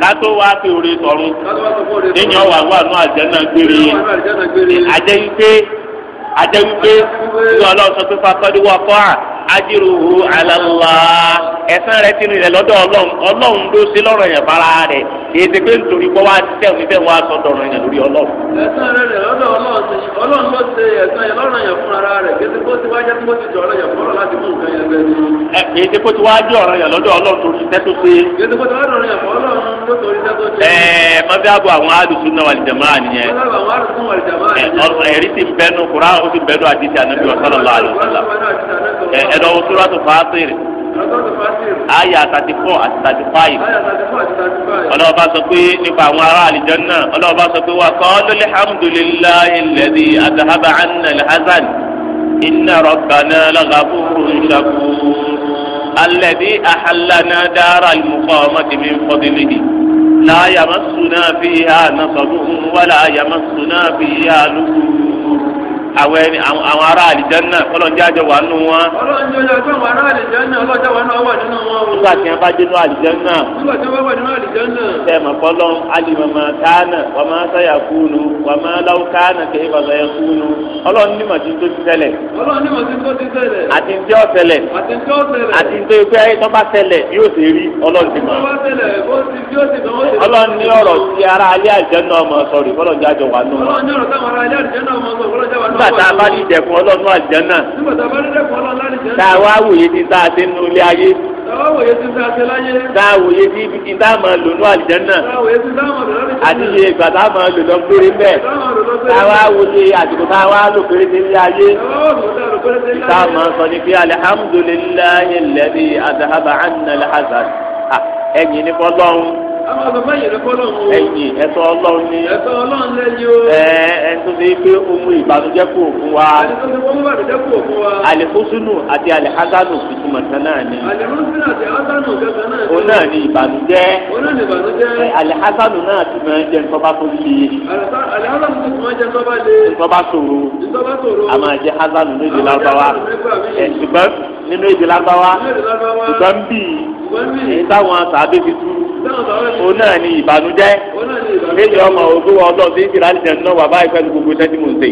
kátó wá pé orí tọ̀run níyàn wà wà nù àjẹnà gbére àjẹ wípé àjẹ wípé ìwà ọlọ́run sọ pé fakọ́dé wà kọ́ à ajiruhu alala ẹ̀san rẹ̀ tinú rẹ̀ lọ́dọ̀ Ọlọ́run Ọlọ́run ló ṣe lọ́rọ̀ yẹn fara rẹ̀ kì í ṣe pé nítorí pé wá ti tẹ̀wé bẹ́ẹ̀ wá sọ dọ̀rọ̀ yẹn lórí Ọlọ́run. ẹ̀san rẹ̀ rẹ̀ lọ́dọ̀ Ọlọ́run ló ṣe ẹ̀san yẹn lọ́rọ̀ yẹn fún ara rẹ̀ kì í ṣe kó ti wá jẹ́ kó ti jọ ọ̀rọ̀ yẹn fún ọ láti mú nǹkan yẹn bẹ́ẹ̀ ni. ẹ kì í ṣe kó ti wá jẹ́ ọ̀rọ̀ yẹn lọ́dọ̀ Ọlọ́run torí iṣẹ́ tó ṣe. kì í ṣe kó ti wá jẹ́ yẹn fún Ọlọ́run tó ti bẹnu lọ́wọ́ sóràtò fàásìrì àyà thirty four àti thirty five ọlọ́wọ́ bá sọ pé nípa àwọn ará àlìjánná ọlọ́wọ́ bá sọ pé wà qalu alhamdulillahi alladhi adhaba 'anna al-hazan inna rabbana laghafurun shakur alladhi ahallana dara al-muqamati min fadlihi la yamassuna fiha nasabun wala yamassuna fiha lugub àwọn ẹni àwọn ará àlìjánná ọlọ́njẹ́ àjọ wà nù wọn. ọlọ́njẹ́ àjọ wà nù àlìjánná ọlọ́jẹ́ wà nù àwọn àdínà wọn. nígbà tí wọ́n bá dé nù àlìjánná. nígbà tí wọ́n bá dé nù àlìjánná. sẹ́ẹ̀mà kọ́lọ́n alimọ̀mọ̀ kánà wà máa sáyà kúnu wà máa láwù kánà kẹ́ ìbà sáyà kúnu. ọlọ́run ní màtí tó ti tẹ́lẹ̀. ọlọ́run ní màtí tó ti tẹ́lẹ̀. àti tí ó tẹ́lẹ̀. àti tí ó tẹ́lẹ̀. àti tá a bá ní ìdẹ̀kùn ọlọ́run àlìjánà. nígbà tá a bá ní ìdẹ̀kùn ọlọ́run àlìjánà. tá a wá wòye ti tá a ṣe nínú ilé ayé. tá a wòye ti tá a ṣe láyé. tá ibi tá a máa lò ní àlìjánà. àti iye ìgbà tá a máa lò lọ péré bẹ́ẹ̀. tá a tá a wá lò péré ní ilé ayé. tá máa sọ ní pé alihamudulilayi lẹ́ni adahaba anna alhazan ẹ̀yìn ní fọlọ́run àwọn bàbá yẹrẹ o. ẹ̀yin ẹ̀tọ́ ọlọ́run ni. o. ẹ ẹ tó ṣe pé ohun ìbànújẹ́ kò fún wa. àlèkúsùnù àti àlèhásánù ìtumọ̀ kan náà ni. àlèkúsùnù àti àlèhásánù kankan náà ni. òun náà ni ìbànújẹ́. òun náà ni ìbànújẹ́. àlèhásánù náà ti máa ń jẹ ntọ́ba tó le. àlèhásánù ti máa ń jẹ ntọ́ba le. ntọ́ba sòrò. a máa jẹ hásánù ní ìdílágbáwá. ṣùgbọ́n nínú ìdílágbáwá. ṣùgbọ́n bíi èyí táwọn sàbẹ fi tú òun náà ni ìbànújẹ́ kéde ọmọ ògbó wa ọdọ sí ìfìlà àlìjẹ náà wà báyìí pẹ̀lú gbogbo iṣẹ́ tí mo ń ṣe.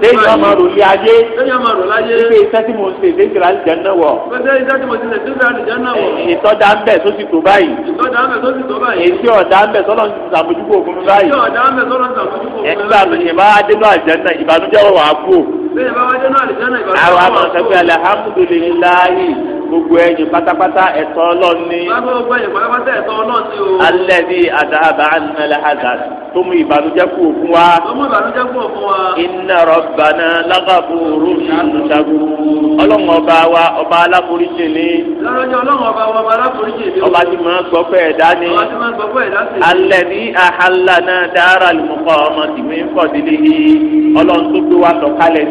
kéde ọmọ rò lé ayé kéde iṣẹ́ tí mo ń ṣe ìfìlà àlìjẹ náà wọ. ìtọ́jà ń bẹ̀ tó tó báyìí. èsì ọ̀dà ń bẹ̀ tọ́lọ̀ ń òkun báyìí. ẹ̀ka ló ṣe bá adé náà àlìjẹ náà ìbànújẹ́ àwọn àmọ̀ sẹ́gbẹ́ alihamudulilayi gbogbo ẹ̀yin pátápátá ẹ̀tọ́ ọlọ́ọ̀ni. alẹ́ bí adahaba alimẹ́lẹ́ hazard tó mú ìbànújẹ́ kú òkun wa. tó mú ìbànújẹ́ kú òkun wa. iná rọ̀bànà lágàbòrò ìlúṣàgò. ọlọ́run ọba wa ọba aláforíjì ni. lọ́lọ́jọ́ ọlọ́run ọba wa ọba aláforíjì ni. ọba ti máa gbọ́ pé ni. ọba ti máa gbọ́ pé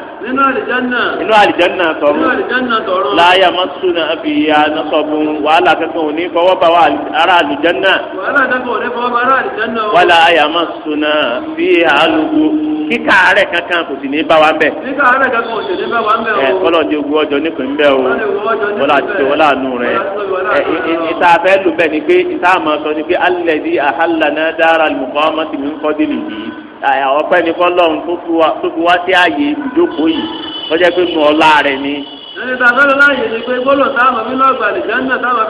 nínú àlìjánná. nínú àlìjánná tọ̀run. nínú àlìjánná tọ̀run. láyà má súnà àbíyá nasọ̀bùn wàhálà kankan ò ní fọwọ́ bá ara àlìjánná. wàhálà kankan ò ní fọwọ́ bá ara àlìjánná. wàhálà àyà má súnà bíi àlùkù. kíkà rẹ̀ kankan kò sì ní bá wa ń bẹ̀. kíkà rẹ̀ kankan kò sì ní bá wa ń o. ẹ kọ́lọ̀ ní ogun nípìn ń o wọ́lá ti wọ́lá nù rẹ ẹ ìta fẹ́ lù bẹ́ẹ̀ ni pé ìta máa sọ ni pé dara al-muqamati min fadlihi ọpẹ́ ni fọlọ́run tó fi wá sí ààyè ìjókòó yìí kọjá pé nù ọlá rẹ̀ ni ẹni tí a fẹ́ ni pé bọ́lọ̀ táwọn náà gbàlè jẹ́nà táwọn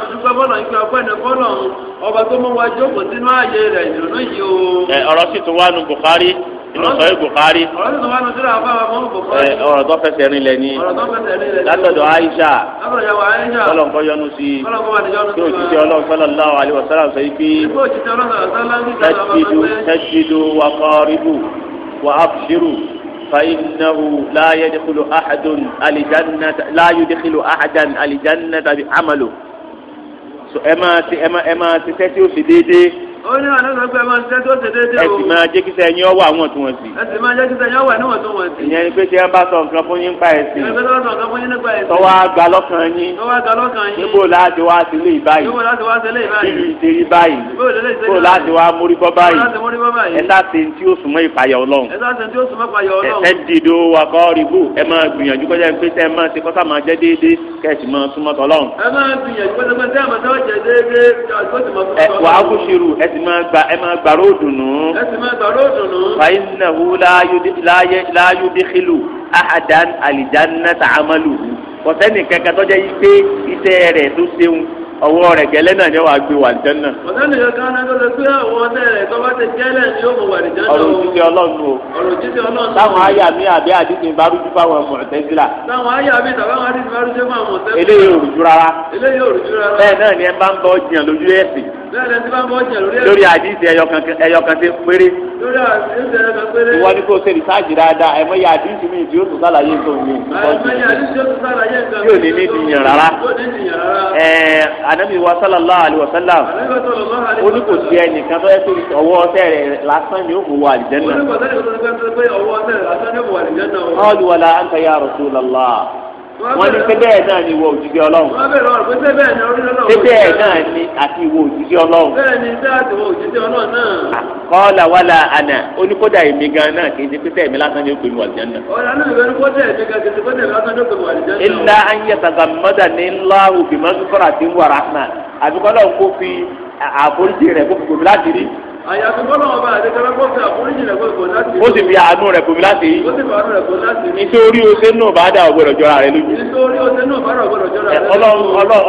fi dúpẹ́ ìmọ̀sọ̀ yìí Bukhari. ọ̀rọ̀ tó fẹsẹ̀ rin lẹ ní. látọ̀dọ̀ Aisha. sọlọ̀ nǹkan yọnu sí i. kí òjijì ọlọ́run sallallahu alaihi wasallam sọ yìí pé. tẹ́sídù tẹ́sídù wà kọ́rìbù wà ábṣírù fàyínnahu láyé dìkìlù àhàdùn àlìjánná láyé dìkìlù àhàdàn àlìjánná tàbí àmàlò. ẹ máa ti ẹ máa ti tẹ́sí òsì déédéé ó ní àlọ́sọ̀gbẹ́ máa ń ṣe tó ṣe déédéé o. ẹ sì máa jẹ́ kí sẹ́yìn ọwọ́ àwọn tó wọ̀n sí. ẹ sì máa jẹ́ kí sẹ́yìn ọwọ́ àwọn tó wọ̀n sí. ìyẹn ni pé tí wọ́n bá sọ nǹkan fún yín nípa ẹ̀sìn. ìyẹn pé tí wọ́n sọ nǹkan fún yín nípa ẹ̀sìn. tọ́wọ́ àgbà lọ́kàn yín. tọ́wọ́ àgbà lọ́kàn yín. níbo láti wá sí ilé ìbáyìí. níbo láti wá sí ilé ìbáyìí. ìlú ìdérí báyìí. níbo láti wá mórí bọ́ báyìí. ẹ sá ṣe tí ó súnmọ́ ìpayà Ọlọ́run. ẹ ṣe tí ó súnmọ́ ẹ máa gbìyànjú kọjá pé tẹ́ ẹ máa ṣe kọ́sà máa jẹ́ déédéé kẹ́ẹ̀sì máa súnmọ́ tọ́lọ́run. ẹ máa gbìyànjú kọjá pé tẹ́ ẹ máa ṣe kọ́sà máa jẹ́ déédéé kẹ́ẹ̀sì máa súnmọ́ tọ́lọ́run. wàá kú ṣerú ẹ ti máa gba ẹ máa gbàró dùnú. ẹ ti máa gbàró dùnú. fàyínàwó láyú díkìlù àhàdán àlìjáná tààmàlù kọ̀sẹ́nì kankan tọ́jà yìí pé iṣẹ́ rẹ̀ tó ṣeun ọwọ́ rẹ̀ gẹ́lẹ́ náà ni wàá gbé wà nìjẹ́ náà. ọ̀sẹ́ni kankan náà tó lè gbé àwọn ọ̀sẹ̀ rẹ̀ tó bá ti gẹ́lẹ̀ ni yóò mọ̀ wà nìjẹ́ náà. ọ̀rọ̀ òjíṣẹ́ ọlọ́run o. ọ̀rọ̀ òjíṣẹ́ ọlọ́run. táwọn àyà mi àbí àdìsí lórí àdìsí ẹyọkan tí péré ìwọ ni kò ṣe rìsáàjì dáadáa ẹ mọyì àdìsí mi tí ó tún sàlàyé nǹkan mi tí ò ní ní ìdíyàn rárá ẹ anabi wa sallallahu alayhi wa sallam ó ní kò sí ẹnìkan tó yẹ kó ọwọ́ ọ̀sẹ̀ rẹ̀ lásán ni ó mú wa àlìjẹ́nà. ọ̀dùwàlà àǹtà ya rasulallah wọ́n ní pé bẹ́ẹ̀ náà ni ìwọ òjijì ọlọ́run. wọ́n bẹ̀rẹ̀ ọ̀rọ̀ pé bẹ́ẹ̀ náà orí ọlọ́run. pé bẹ́ẹ̀ náà ni àti ìwọ òjijì ọlọ́run. kọ́ọ̀là wàlà àná oníkódà èmi gan náà kì í ṣe pété èmi lásán ní òpin wàlìjẹ́ náà. ọ̀là náà ìwé oníkódà èmi gan kì í ṣe pété èmi lásán ní òpin wàlìjẹ́ náà. ilá ayé sàgàmọ́dà ní láwù bímọ àforíjì rẹ̀ kó fi gbòmí láti àyàfi bọ́lá ọba àdékọ́lá kọ́ fẹ́ àforíjì rẹ̀ kọ́ láti. ó sì fi àánú rẹ̀ kò fi láti yí. ó sì fi àánú rẹ̀ kò láti yí. nítorí oṣù náà bá dà ọgbọ́dọ̀ jọra rẹ̀ lójú. nítorí oṣù náà bá dà ọgbọ́dọ̀ jọra rẹ̀ lójú.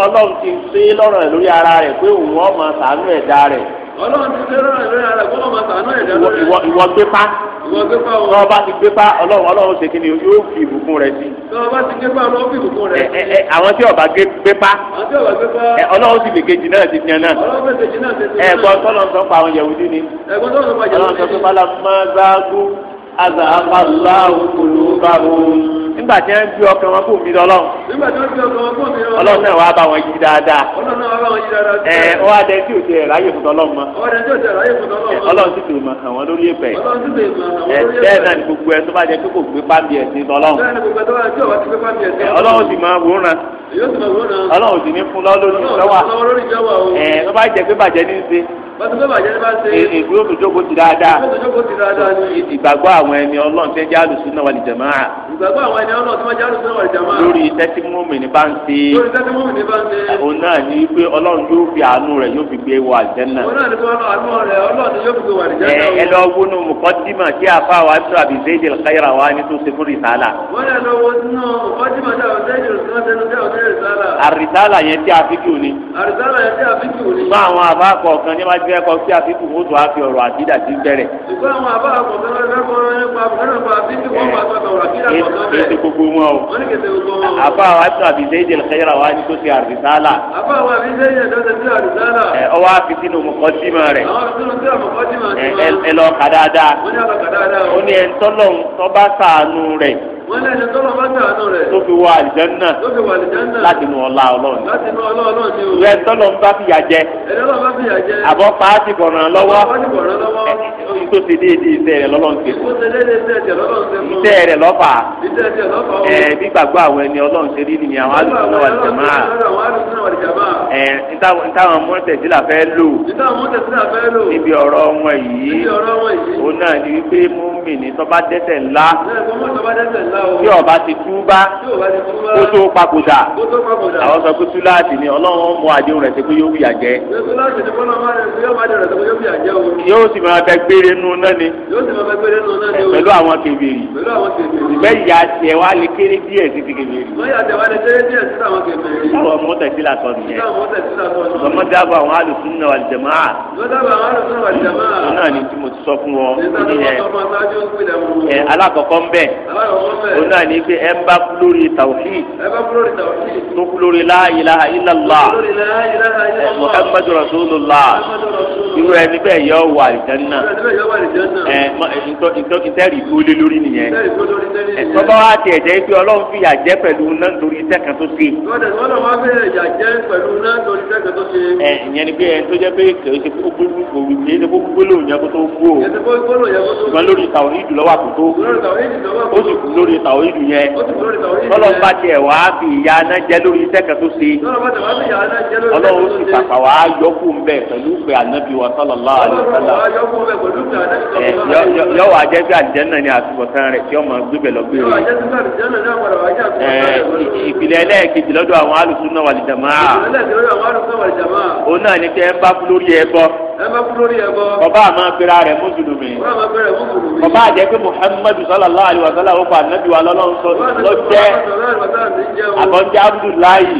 ọlọ́run ti ṣe lọ́rọ̀ lórí ara rẹ̀ pé òun ọmọ sàánú ẹ̀dá rẹ̀ ọlọ́run ti fẹ́ rán ìlú ara gbọ́dọ̀ máa sàánú ẹ̀dá lórí rẹ̀. ìwọ ìwọ gbépa. ìwọ gbépa o. tọ́ ọba ti gbépa ọlọ́run ọlọ́run ṣe kíni yóò fi ìbùkún rẹ sí. tọ́ ọba ti gbépa ọlọ́run fi ìbùkún rẹ sí. ẹ ẹ àwọn tí ọba gbépa. àwọn tí ọba gbépa. ẹ ọlọ́run sì lè kejì náà ti tiẹ̀ náà. ọlọ́run fẹ́ kejì náà ti tiẹ̀ náà. ẹ̀gbọ́n tọ́lọ́ sọ pa àwọn yẹ̀wù dín ni. ẹ̀gbọ́n tọ́lọ́ nígbà tí wọ́n gbé ọkàn wọn kó mi lọ lọ́wọ́. nígbà tí wọ́n gbé ọkàn wọn kó mi lọ. ọlọ́run náà wàá bá wọn yí dáadáa. ọlọ́run náà wàá bá wọn yí dáadáa. ẹ ọ wá dé tí òjò ẹ̀ráyè fún tọ́lọ́run mọ́. ọ wá dé tí fún mọ àwọn lórí ọlọ́run ò sì ní fún lọ́lọ́run ìjọba ẹ̀ ọ bá jẹ pé bàjẹ́ ní í ṣe èkó yóò tó jókòó ti dáadáa ìgbàgbọ́ àwọn ẹni ọlọ́run tẹ́ jẹ́ àlùsùn náà wà ní jàmáà. ìgbàgbọ́ àwọn lórí tẹ́tí mọ́mì bá ń ṣe. lórí òun náà ní pé ọlọ́run yóò fi àánú rẹ̀ yóò fi gbé wọ àlùjánnà. òun náà ní pé àánú rẹ̀ ọlọ́run yóò fi gbé wọ àlùjánnà. ẹ lọ wọnú mùkọ́dìmà tí àfa wa tó àbí zayd al wa ní tó ṣe fún rìsálà àrísàlà yẹn tí a fi kù ni. àrísàlà yẹn tí a fi kù ni. ṣùgbọ́n àwọn àbá kọ̀ọ̀kan ní wọ́n ti fẹ́ kọ́ sí àfikù wọ́n tó a fi ọ̀rọ̀ àdídà sí bẹ̀rẹ̀. ṣùgbọ́n àwọn àbá kọ̀ọ̀kan ní wọ́n ti fẹ́ kọ́ àbá wa tó àbí zayidi lẹ́yìnra wa ni tó ti àrísàlà. àbá wa àbí zayidi tó ti àrísàlà. ẹ ọwọ́ àfi sínú mọ̀kọ́símọ̀ rẹ̀. ẹ lọ kàdáadáa. ó ní ẹ̀ ń tọ́lọ́ wọ́n lẹ́nu tọ́lọ̀ bá sàánú rẹ̀. tó fi wọ àlìjẹ́nà. tó fi wọ àlìjẹ́nà. láti nu ọlá ọlọ́run. láti nu ọlá ọlọ́run ni o. ìwé tọ́lọ̀ ń bá fìyà jẹ. ẹ̀dọ́lọ́ bá fìyà jẹ. àbọ̀ pàásì bọ̀ràn lọ́wọ́. àbọ̀ pàásì bọ̀ràn lọ́wọ́. tó ṣe déédé iṣẹ́ rẹ̀ lọ́lọ́run ṣe fún. iṣẹ́ rẹ̀ lọ́fà. iṣẹ́ rẹ̀ lọ́fà. ẹ gbígbàgbọ́ àwọn ẹni ọlọ́run ṣe rí nìyẹn àwọn alùpùpù wà lùjẹ̀ máa. ẹ ntáwọn mọ́tẹ̀sílà fẹ́ lò. ntáwọn mọ́tẹ̀sílà fẹ́ lò. níbi ọ̀rọ̀ wọn yìí. níbi ọ̀rọ̀ wọn yìí. òun náà ni wípé mú mi tí ọba ti túbá kó tó papòdà àwọn sọ pé túláàtì ni ọlọ́run mú àdéhùn rẹ̀ sí pé yóò wíyà jẹ́. yóò sì máa bẹ gbére nu náà ni pẹ̀lú àwọn kèbèrè ìgbẹ́ ìyá tiẹ̀ wá lè kéré díẹ̀ sí ti kèbèrè. táwọn mọ́tẹ̀sí la sọ nìyẹn lọ́mọdé àbọ̀ àwọn alùpùpù náà wà lè jẹ̀mọ́ à. lọ́dọ̀ náà ni tí mo ti sọ fún wọn. ẹ alákọ̀ọ́kọ́ ń bẹ̀. alákọ̀ọ́kọ́ òun náà ní pé ẹ bá kú lórí tawhid tó kú lórí la ilaha illallah muhammadu rasulullah irú ẹni bẹ́ẹ̀ yọ wà àlìjánnà ẹ ìtọ́kítẹ́rì gbólé lórí nìyẹn ẹ tọ́ba wa ti ẹ̀jẹ̀ pé ọlọ́run fìyà jẹ́ pẹ̀lú náà nítorí iṣẹ́ kan tó ṣe. ẹ ìyẹn ni pé ẹ tó jẹ́ pé kìí ṣe kó gbólóhùn yẹn kó tó gbó o ṣùgbọ́n lórí tawhid lọ́wọ́ àkótó ó sì kú lórí lórí tàwọn ìlú yẹn ọlọ́run bá tiẹ̀ wá fi ìyá aná jẹ lórí iṣẹ́ kan tó ṣe ọlọ́run sì pàpà wá yọkù ń bẹ̀ pẹ̀lú pé ànábì wa sallallahu alaihi wasallam yọ wà jẹ́ bí àjẹ́nà ni àtúbọ̀tán rẹ̀ tí ọmọ gbígbẹ̀ lọ gbé rẹ̀ ìpìlẹ̀ ẹlẹ́ẹ̀kejì lọ́dọ̀ àwọn alùsùn náà wà lè jàmá òun náà ni kẹ́ ẹ bá kú lórí ẹ bọ́ ọba àmọ́ pera rẹ̀ mùsùlùmí ọba àjẹ́ ànábì wa lọ́lọ́run sọ ló jẹ́ àbọ̀njẹ́ abdullahi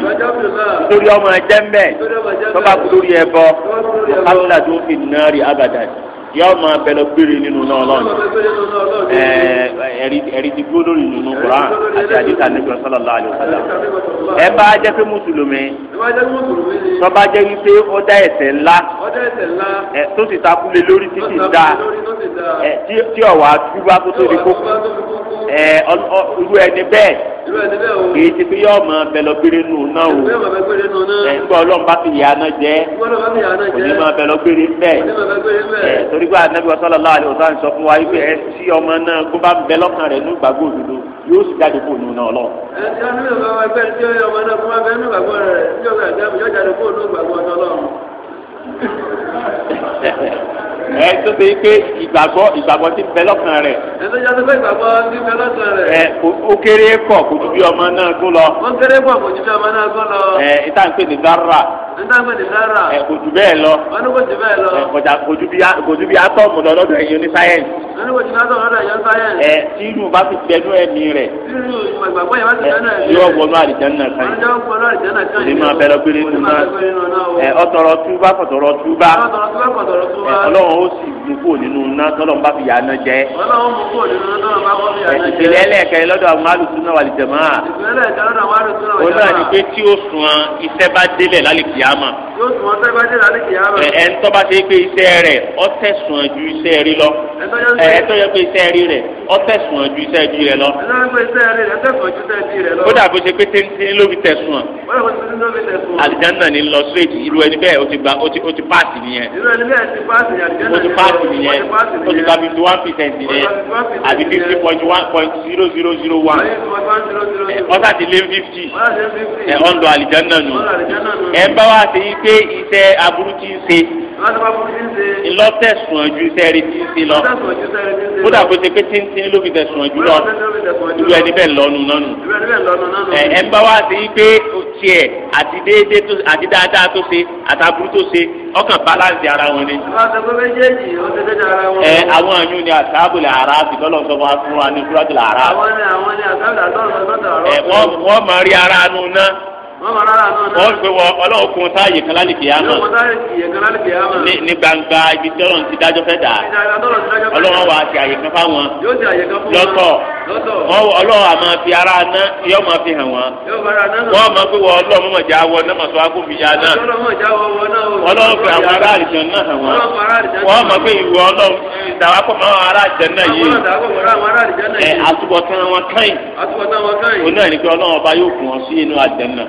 nítorí ọmọ ẹ̀jẹ̀ mbẹ́ tọ́ba kú lórí ẹ̀bọ tó fi nàárì abàdàdì yọọ máa bẹlẹ péré nínú náà lọ́nà ẹ̀rí ti dúró lórí nínú Quran àti àdìsá nígbà sallallahu alaihi wasallam. ẹ bá jẹ́ pé mùsùlùmí tó bá jẹ́ wípé ó dá ẹ̀ṣẹ̀ ńlá tó sì takúlé lórí títì dá tí ọ̀wà túbá tó tó di kókó irú ẹni bẹ́ẹ̀ kì í ti fi yọ ọmọ bẹ lọ gbére nù náà o ẹ ń gbọ́ ọlọ́run bá fi yà á náà jẹ́ òní máa bẹ lọ gbére mbẹ́ ẹ torí pé anabi wasala allah alayhi wa sallam sọ fún wa yìí pé ẹ sí ọmọ náà kó bá ń bẹ lọ́kàn rẹ̀ ní gbàgbọ́ òdodo yóò sì jáde kó nù náà lọ. ẹ ti ọmọ náà kó bá bẹ nù gbàgbọ́ rẹ̀ yóò jáde kó nù gbàgbọ́ náà lọ ẹ tó ṣe pé ìgbàgbọ́ ìgbàgbọ́ ti bẹ lọ́kàn rẹ̀. ẹ tó yàtọ̀ pé ìgbàgbọ́ ti bẹ lọ́kàn rẹ̀. ẹ ó kéré pọ̀ kò ju bí ọmọ náà gún lọ. ó kéré pọ̀ kò ju bí ọmọ náà gún lọ. ẹ ìtàn pé ní dára ẹ kò jù bẹ́ẹ̀ lọ ẹ kọjá kò jù bí atọ́mù lọ lọ́dọ̀ ẹ̀yin ní sáyẹ́ǹsì. ẹ tí irú bá fi tẹnu ẹ̀mí rẹ̀ yóò wọnú àlìjáná kan yìí ní máa bẹ̀rẹ̀ péré nínú náà ẹ ọ̀tọ̀rọ̀ túbá fọ̀tọ̀rọ̀ túbá ẹ ọlọ́run ó sì mú kúrò nínú náà tọ́lọ́run bá fi yà á náà jẹ́. ẹ ìpìlẹ̀ ẹlẹ́ẹ̀kẹ́ lọ́dọ̀ àwọn alùsùn náà wà lìjẹ̀mọ́ à. ìpìlẹ̀ ẹlẹ́ẹ̀kẹ́ lọ́dọ̀ àwọn alùsùn náà wà lìjẹ̀mọ́ à. ó náà ní pé tí ó sùn iṣẹ́ bá délẹ̀ lálẹ́ kìí àlìkìyàmà yóò tún ọtẹ bá dé lálẹ́ kìí àrà. ẹ ń tọ́ba ṣe pé iṣẹ́ rẹ̀ ọtẹ̀ sùn ju iṣẹ́ rí lọ. ẹ tọ́ yẹ pé iṣẹ́ rí rẹ̀ ọtẹ̀ sùn ju iṣẹ́ ju rẹ̀ lọ. ẹ tọ́ yẹ pé iṣẹ́ rí rẹ̀ ọtẹ̀ sùn ju iṣẹ́ ju rẹ̀ lọ. kódà bó ṣe pé téńté ló fi tẹ̀ sùn. àlìjáná ni lọ straight irú ẹni bẹ́ẹ̀ o ti gba o ti o ti pass nìyẹn. irú ẹni bẹ́ẹ̀ ti pass àlìjáná ni o ti gba fifty one percent nìyẹn àbí fifty point one point zero zero zero one. ọ̀sà ti lé fifty ẹ̀ ọ̀ndọ̀ àlìjáná nù. ẹ̀ ń bá wa ṣe yí pé iṣẹ́ aburú ti ń ṣe ìlọ́tẹ̀sùn ọ̀jú iṣẹ́ rí ti ń ṣe lọ kódà kó ṣe pé tíntìn ló fi tẹ̀sùn ọ̀jú lọ irú ẹni bẹ́ẹ̀ lọ́nu nánu ẹ ń bá wá sí pé tiẹ̀ àti déédé tó àti dáadáa tó ṣe àtàbúrú tó ṣe ọkàn báláǹsì ara wọn ni. ẹ àwọn àyùn ni àtàbùlẹ̀ ara ti lọ́lọ́ sọ fún wa fún wa ní kúrọ́tìlà ara. àwọn ni àwọn ni àtàbùlẹ̀ àtọ́rọ̀ lọ́dọ̀ ọ̀rọ̀. ẹ wọ́n máa rí ara nu náà wọ́n fi wọ ọlọ́run kun sáàyè kan lálùkì yá mọ̀ ní gbangba ibi tí ọlọ́run ti dájọ́ fẹ́ dà ọlọ́run wà á ti àyè kan fáwọn lọ́tọ̀ ọlọ́run àmọ́ fi ara ná yọ máa fi hàn wọ́n wọ́n máa fi wọ ọlọ́run mọ̀ já wọ náà mọ̀tò akóbi ya náà ọlọ́run fi àwọn ará àlìjàn náà hàn wọ́n wọ́n máa fi ìwọ ọlọ́run ìdàwọ́ pọ̀ mọ́ ará àlìjàn náà yìí ẹ̀ àtúbọ̀tán wọn káyìn òun náà ní pé ọlọ́run ọba yóò fún ọ sí inú àlìjàn náà.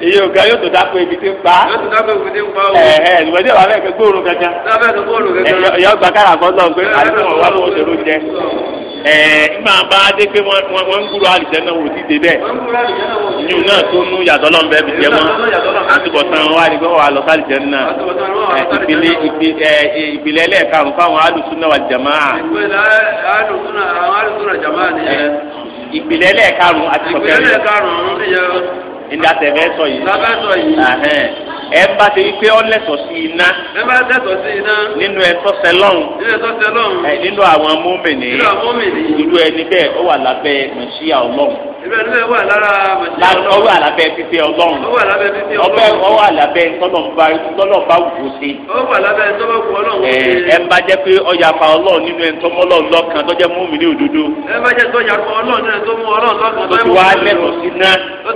iye ògá yóò tó dáko ibi tí ń pa. yóò tó dáko ibi tí ń pa o. ẹ ẹ ìwé tí wàá fẹ́ fẹ́ gbóòórùn kankan. wàá fẹ́ fẹ́ gbóòórùn kankan. ẹ yọ gba kára kan náà pé àlejò wọn wá lóhùn òṣèlú jẹ. ẹ nígbà bá a dé pé wọn wọn ń gbúrò àlìjẹ náà wò ó ti dé bẹ́ẹ̀. yìí náà tó nú yàtọ̀ lọ́n bẹ́ẹ̀ fi jẹ mọ́. àtúbọ̀ tán wá ní pé wọ́n wà lọ sálìjẹ náà. ìpìlẹ̀ ẹlẹ́ẹ̀karùn-ún fáwọn alùsùn náà wà jàmáà. ìpìlẹ̀ ẹlẹ́ẹ̀karùn-ún àti nígbà tẹ̀fẹ́ sọ yìí. bàbá sọ yìí ẹ bá ṣe wípé ọ lẹ́tọ̀ sí iná. ẹ bá lẹ́tọ̀ sí iná. nínú ẹtọ́ sẹlọ́hún. nínú ẹtọ́ sẹlọ́hún. ẹ nínú àwọn mọ́mìnì. nínú àwọn mọ́mìnì. irú ẹni bẹ́ẹ̀ ó wà lábẹ́ mẹ̀síà ọlọ́run. ibẹ̀ ni bẹ́ẹ̀ wà lára mẹ̀síà ọlọ́run. ó wà lábẹ́ pípẹ́ ọlọ́run. ó wà lábẹ́ pípẹ́ ọlọ́run. ó wà lábẹ́ tọ́lọ̀ba wù sí. ó wà lábẹ́ tọ́lọ̀ba wù ọlọ́run. ẹ bá jẹ́ pé ọjà pa ọlọ́run nínú ẹ̀ tọ́mọ́ ọlọ́run lọ́kàn tó jẹ́ mọ́mìnì òdodo. ẹ bá jẹ́ tọ́jà pa ọlọ́run nínú ẹ̀ tó mú ọlọ́run lọ́kàn tó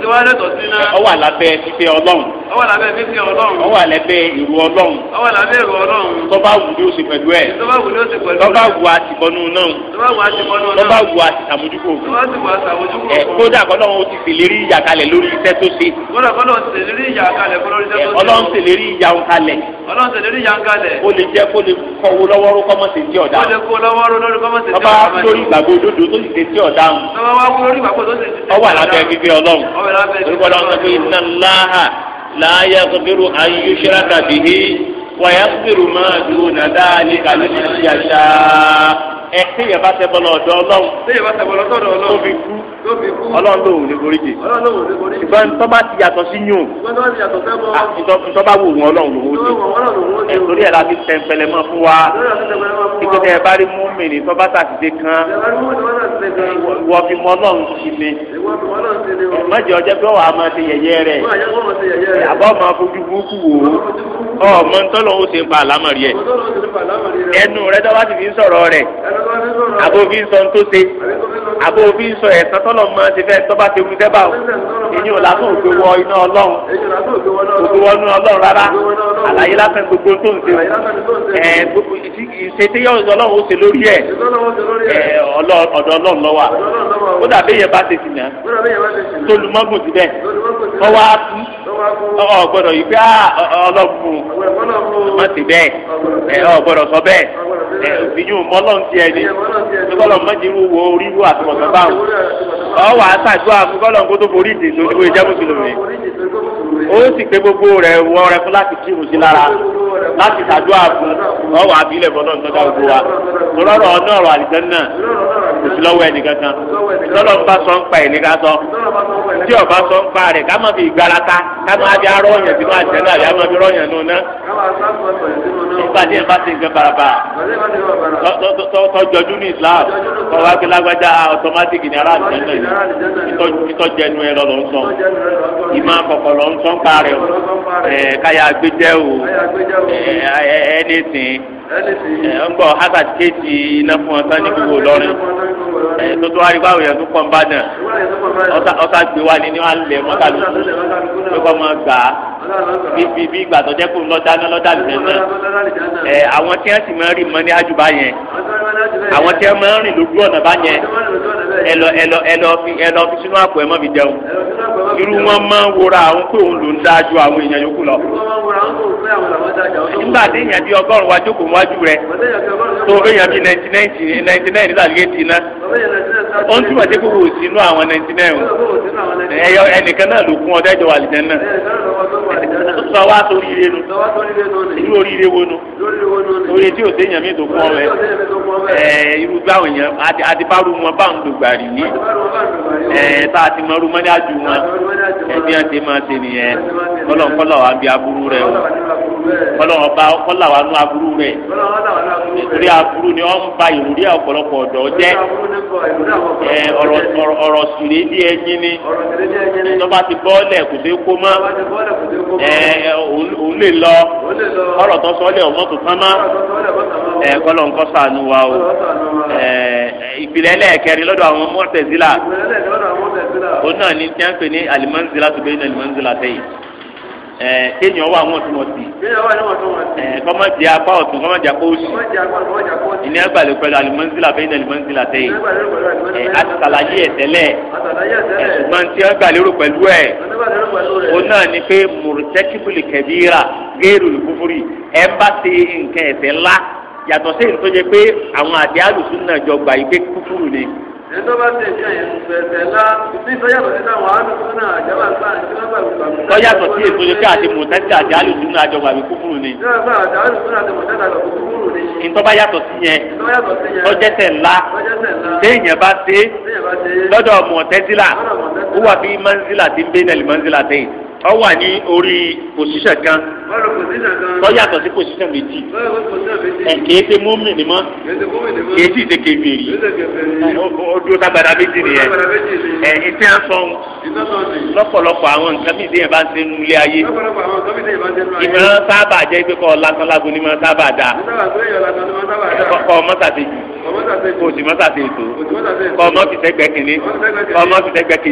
jẹ́ mọ́mìnì òdodo. ó ọwọ́ làbẹ́ mi ti ọlọ́run. ọwọ́ àlẹ́bẹ́ ìrù ọlọ́run. ọwọ́ làbẹ́ ìrù ọlọ́run. tọ́ba wù ni ó ṣe pẹ̀lú ẹ̀. tọ́ba wù ni ó ṣe pẹ̀lú ẹ̀. tọ́ba wù àtìkọ́nú náà. tọ́ba wù àtìkọ́nú náà. tọ́ba wù àtìsàmójúkò. tọ́ba wù àtìsàmójúkò. ẹ kódà kọ́lọ́run ti ṣèlérí ìyà kalẹ̀ lórí iṣẹ́ tó ṣe. kódà kọ́lọ́run ti ṣèlérí ìyà kalẹ̀ lórí iṣẹ́ tó ṣe. ọlọ́run ṣèlérí ìyà ń kalẹ̀. ọlọ́run ṣèlérí ìyà ń kalẹ̀. ó lè jẹ́ kó lè kọ́wó lọ́wọ́rú kọ́mọ̀ sí ti ọ̀dà. ó lè kó lọ́wọ́rú lórí la yaghfiru an yushraka bihi wa yaghfiru ma duna dhalika liman ẹ téèyàn bá tẹ bọlọ ọ̀dọ̀ Ọlọ́run téèyàn bá tẹ bọlọ ọ̀dọ̀ Ọlọ́run tó fi kú Ọlọ́run lòun ní boríjì ìgbọ́n tó bá ti yàtọ̀ sí yún ìtọ́ bá wù wọn Ọlọ́run lòun ó ti ẹ̀sùn rí ẹ̀ la fi tẹ̀m̀pẹ̀lẹ̀ mọ́ fún wa ìgbésẹ̀ ẹ̀ bá rí mú mi ní tọ́ bá sàtìdé kan wọ́n fi mọ́ Ọlọ́run sí mi mọ̀jẹ̀ ọjọ́ pé wàá máa ṣe yẹ̀yẹ́ rẹ̀ àbọ̀ máa fojú burúkú wò ó ọmọ ntọ́lọ́wọ́ ṣe ń pa àlámọ̀rí ẹ̀ ẹnu rẹ̀ tó bá ti fi ń sọ̀rọ̀ rẹ̀ àbòfin sọ tó ṣe àbò òbí sọ ẹ̀sán tọ́lọ̀ mọ́ ti fẹ́ tọ́ bá ti wí dẹ́bà o ìyẹn ò lásán ògbé wọ iná ọlọ́run ògbé wọ inú ọlọ́run rárá àlàyé lásán gbogbo tó ń ṣe ẹ̀ ìṣètè yọ ọlọ́run ó ṣe lórí ẹ̀ ọ̀dọ̀ ọlọ́run lọ́wọ́ ó dàbí ìyẹn bá ti sìn náà tolùmọ́gùn ti bẹ́ẹ̀ ọwọ́ ọgbọ́dọ̀ yìí pé ọlọ́gbùn má ti bẹ́ẹ̀ ọgbọ́dọ̀ sọ bẹ́ẹ̀ ìyún mọ́lọ́ntì ẹni ọlọ́run má ti wọ orí wọ àt àtúmọ̀ kan báwọn ọ wà á ṣàdúrà fún kọ́lọ̀ kó tó borí ìdèso ní ìjà mùsùlùmí ó sì pé gbogbo rẹ̀ wọ rẹ fún láti kírun sí lára láti ṣàdúrà fún ọ wà á bílẹ̀ bọ́lọ̀ nígbà gbogbo wa lọ́rọ̀ ọ̀nà ọ̀rọ̀ àlìsàn náà kò sí lọ́wọ́ ẹnìkan kan lọ́lọ́ bá sọ ń pa ẹ̀ nígbà sọ tí ọba sọ ń pa rẹ̀ ká má fi ìgbára ta ká má fi arọ́ ọ̀yàn sínú àjẹ́ náà àbí àmọ́ fi rọ́ọ̀yàn nù ná. nígbà tí ẹ bá ti ń gbẹ barabara tọ́jọ́jú ní Islam kọ́ wá pé lágbájá ọtọmátìkì ní aláàjẹ náà ìtọ́jẹnu ẹ lọ lọ ń sọ ìmọ̀ àkọ́kọ́ lọ ń sọ ń parẹ́ o káyà gbẹjẹ o ẹ ẹ ẹ ní sìn ẹ ń gbọ́ hazard kéèjì iná fún ọtá ní gbogbo lọ́rin ẹ tó tó arí báwo yẹn tó pọ̀ ń bá dàn ọtá gbé wa ni ní wàá lẹ̀ mọ́tàlùkù pé kọ́ máa gbà á bíbí bí ìgbà tó jẹ́ kó ń lọ dáná lọ́dà lùdẹ́ náà ẹ àwọn tí wọ́n sì máa ń rìn mọ́ ní àjùbá yẹn àwọn tí wọ́n máa ń rìn lójú ọ̀nà bá yẹn ẹ lọ ẹ lọ ẹ lọ fi ẹ lọ fi sínú àpò ẹ mọ́ fi jẹun irú wọn máa ń wora àwọn pé òun ló ń dájú àwọn èèyàn yòókù lọ. nígbà níwájú rẹ̀ tó èèyàn bíi ninety nine ninety nine nígbà tí eighty ná ó ń túbọ̀ sí kókò sínú àwọn ninety nine o ẹnìkan náà ló kún ọdẹ́jọ àlìjẹ́ náà sọ wá sórí ire nu irú oríire wo nu oríire tí òsè èèyàn mi tó kún ọ̀rẹ́ ẹ irú báwọn èèyàn adìbárú wọn bá ń dògbà rí ní ẹ tá a ti mọ irú mọ́ni àjù wọn ẹ bí wọn ti máa ṣe nìyẹn kọlọ̀ńkọlọ̀ àbí aburú rẹ o. kọlọ́wọ́ bá kọ́là wà nù aburú rẹ̀ nítorí aburú ni wọ́n ba ìwúrí ọ̀pọ̀lọpọ̀ ọ̀dọ́ jẹ́ ọ̀rọ̀ sùlẹ̀ bí ẹyin ni ìjọba ti bọ́ọ̀lẹ̀ kò sí kó mọ́ òun lè lọ ọ̀rọ̀ tó sọ́ọ̀lẹ̀ ọ̀mọ́ tó tán mọ́ nǹkan sànù wa o ìpìlẹ̀ ẹlẹ́ẹ̀kẹrin lọ́dọ̀ àwọn mọ́tẹ̀sílà òun náà ní tí wọ́n pè ní alimanzila tó bẹ́ẹ̀ ní ẹ kéèyàn wà wọn tún wọn sí. kéèyàn wà ní wọn tún wọn sí. ẹ kọ́mọ jẹ apá ọ̀tún kọ́mọ jẹ apá òsì. kọ́mọ jẹ apá ọ̀tún kọ́mọ jẹ apá òsì. ìní agbàlè pẹ̀lú alimọ́nsílà bẹ́ẹ̀ ní alimọ́nsílà tẹ́yì. ẹ asàlàyé ẹ̀tẹ́lẹ̀. asàlàyé ẹ̀tẹ́lẹ̀. ẹ ṣùgbọ́n tí agbàlè rò pẹ̀lú ẹ̀. o náà ni pé mùrùtẹ́kìbìlì yàtọ̀ sí ìtọ́jẹ pé àwọn àdéhàlùsùn náà jọ gbà yí pé kúfúrù ni ẹni tó bá tẹ̀ ní àyẹ̀ bẹ̀rẹ̀ la bí sọ́yàtọ̀ sí náà wàá nù fún náà àjàbá gbà tí wọ́n gbà wí gbà. sọ́yàtọ̀ sí èso yìí káàdì mọ̀tẹ́tì àti àlùsùn náà àjọgbà wí kúkúrú ni. ìtọ́ba yàtọ̀ sí yẹn lọ́jẹ́sẹ̀ ńlá téèyàn bá ṣe lọ́dọ̀ mọ̀tẹ́tì là ó bí manzila ti ń bẹ́ẹ̀ ọ wà ní orí pòsíṣàn kan tọ́yàtọ̀ sí pòsíṣàn méjì kìí ṣe múmi ni mọ́ kìí sì ṣe kébìrì ọdún tágbàdá méjì nìyẹn ẹ̀ ìtẹ́ ń sọ lọ́pọ̀lọpọ̀ àwọn nǹkan bíi ìdíyẹn bá ń ṣe nínú ilé ayé ìmọ̀ sábà jẹ́ pé kọ́ lásán lágbo ni mọ̀ sábà dà kọ́ mọ́tàdé jù òsì mọ́tà ti ètò kọ́ ọmọ fìtẹ́gbẹ́ kìíní kọ́ ọmọ fìtẹ́gbẹ́ kejì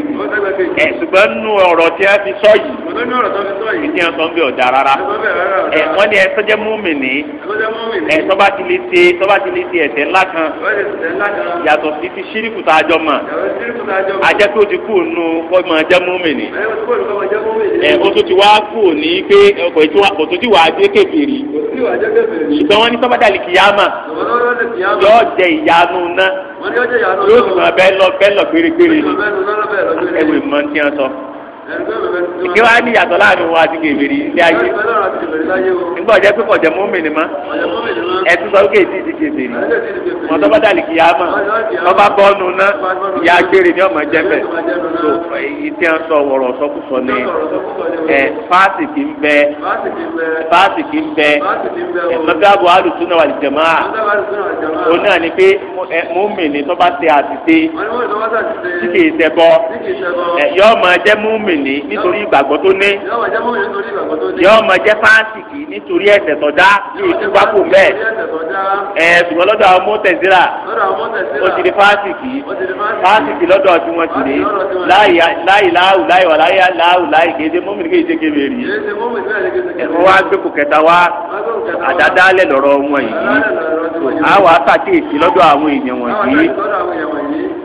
ẹ̀ ṣùgbọ́n nínú ọ̀rọ̀ tí a fi sọ yìí ìdí ọ̀sán bí ọ̀dà rárá ẹ wọ́n ní ẹ sọ́jẹ́ múmìnì ẹ sọ́ba ti lè ṣe sọ́ba ti lè ṣe ẹ̀ṣẹ̀ ńlá kan yàtọ̀ sí ti ṣíríkù tá a jọ mọ̀ ajẹ́ tó ti kú nu kọ́ máa jẹ́ múmìnì ẹ o tó ti wá kú ní pé kò tó ti wà á dé kébìrì ṣùgbọ́n wọ́n ní sọ́ba dàlí kìyàmà yọ jẹ ìyanu náà yóò sì máa bẹ́ẹ̀ lọ bẹ́ẹ̀ lọ gbérégbéré ni ẹ̀wẹ̀ mọ́ ti hàn sọ kí wàá ní ìyàtọ̀ láàrin wọn àti kèbèrè ilé ayé nígbà ọjọ́ pé kọ̀jẹ́ mú mi ni ma ẹtú sọ wípé èdè ti kèbèrè wọn tó bá dàlí kìyà mà wọn bá bọ́ ọ́nù ná ìyá agbèrè ní ọmọ jẹ́fẹ̀ tó ìtí à ń sọ wọ̀rọ̀ sọkúsọ ni ẹ fáàsì kì ń bẹ fáàsì kì ń bẹ ẹ mọ́tàbọ̀ alùsùn náà wà lè jẹ̀mọ́ à ó náà ni pé mú mi ni tó bá ti àtìsé tí mùmìnì nítorí ìgbàgbọ́ tó ní yọ ọmọ jẹ́ fásitì nítorí ẹ̀ṣẹ̀ tó dá ní ìtúwá kò mẹ́ẹ̀ ẹ̀ ṣùgbọ́n lọ́dọ̀ àwọn mọ́tẹ̀síra ó ti di fásitì fásitì lọ́dọ̀ tí wọ́n ti rí láì láàwù láì wà láì láàwù láì kéde mọ́mìnì kéde ṣe kébè rí ẹ̀fọ́ wa gbé kò kẹta wa àdádálẹ̀ lọ́rọ̀ wọn yìí àwọn akáàkiri lọ́dọ̀ àwọn èèyàn wọ̀nyí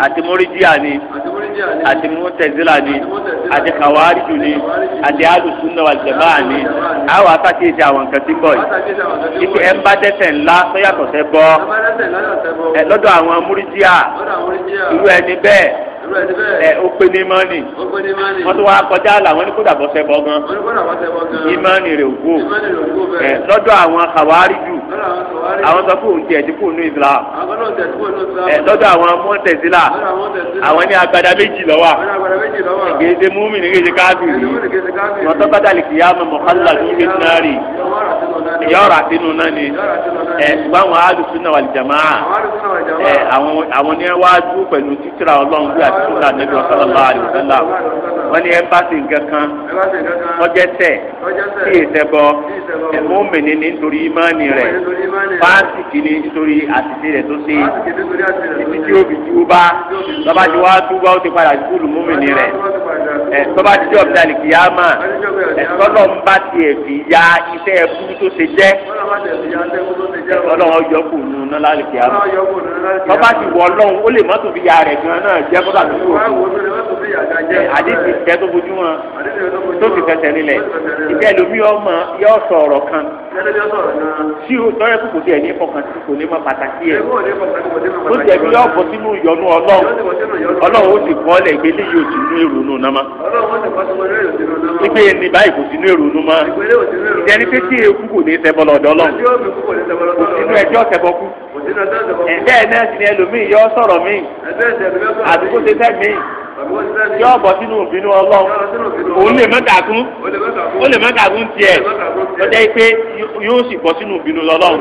àti mọ́rídíà ni àti mọ́tẹ̀síra ni àti kàwáríjù ni àti alùsùnà àjẹmá ni àwọn akákéjì àwọn nǹkan tí ń bọ̀ yìí ipe ẹ ń bá dẹ́ṣẹ̀ ńlá sọ́yàtọ̀ sẹ́ bọ́ lọ́dọ̀ àwọn múrídíà irú ẹni bẹ́ẹ̀ ẹ ó pé ní mọ́nì wọ́n tún wá kọjá àlà wọn ní kó dàbọ̀ sẹ́bọ̀ gan ìmọ̀nì rẹ̀ ògbó ẹ lọ́dọ̀ àwọn kàwárí jù àwọn sọ fún òǹtẹ̀ ẹ̀dínkù ní Islam ẹ lọ́dọ̀ àwọn mọ́tẹ̀sílà àwọn ní agbada méjì lọ́wọ́ gèdè múmi ní gèdè káàbìrì wọn tọ́ bàtà lè kìyà mọ́ mọ́kànlá ní gèdè náà rì ìyá ọ̀rọ̀ àtinú náà ni ẹ ṣùgbọ́n àwọn alùsùn náà wà lìjàmáà ẹ àwọn ní wájú pẹ̀lú títí sunna nabi sallallahu alaihi wasallam wọ́n ní ẹ̀ńbáṣì kankan ọjẹ́ tẹ̀ tí èsẹ̀ bọ́ ẹ̀mú mìíní nítorí ìmánì rẹ̀ fáàsì kìíní nítorí àtìsí rẹ̀ tó ṣe ibi tí ó fi tú bá lọ́ba tí wàá tú bá ó ti padà kúlù mú mìíní rẹ̀ tọ́ba tíjọ́ bí alẹ́ kìí ama ẹ̀tọ́lọ́ ń bá tiẹ̀ fi ya iṣẹ́ ẹ̀kú tó ṣe jẹ́ ọlọ́run yọ kù nù náà lálẹ́ kìí ama tọ́ba ti wọ ọlọ́run ó lè má tó fi ya rẹ̀ gan náà jẹ́ kọ́ba tó wù ú àdìsí tẹ́ tó fojú wọn tó fi fẹsẹ̀ nílẹ̀ ìfẹ́ lómi ọmọ yọ sọ̀rọ̀ kan. sí o tọ́yẹ kò tiẹ̀ ní fọkàn kò ní ma pàtàkì ẹ̀ o. tiẹ̀ bí yọ bọ̀ sínú ìyọnu ọlọ́run ọlọ́run ó sì kọ́ ọ́ lẹ̀ ìgbé ní yóò sínú náà ma ìgbé ní báyìí kò sínú ma ìjẹni pé tí eku kò ní lọ kò sínú kú náà sì yọ ọ̀bọ̀ sínú ìbínú ọlọ́run òun lè mẹ́ta kún ó lè mẹ́ta kún tiẹ̀ lọ́jọ́ yìí pé yóò sì bọ́ sínú ìbínú ọlọ́run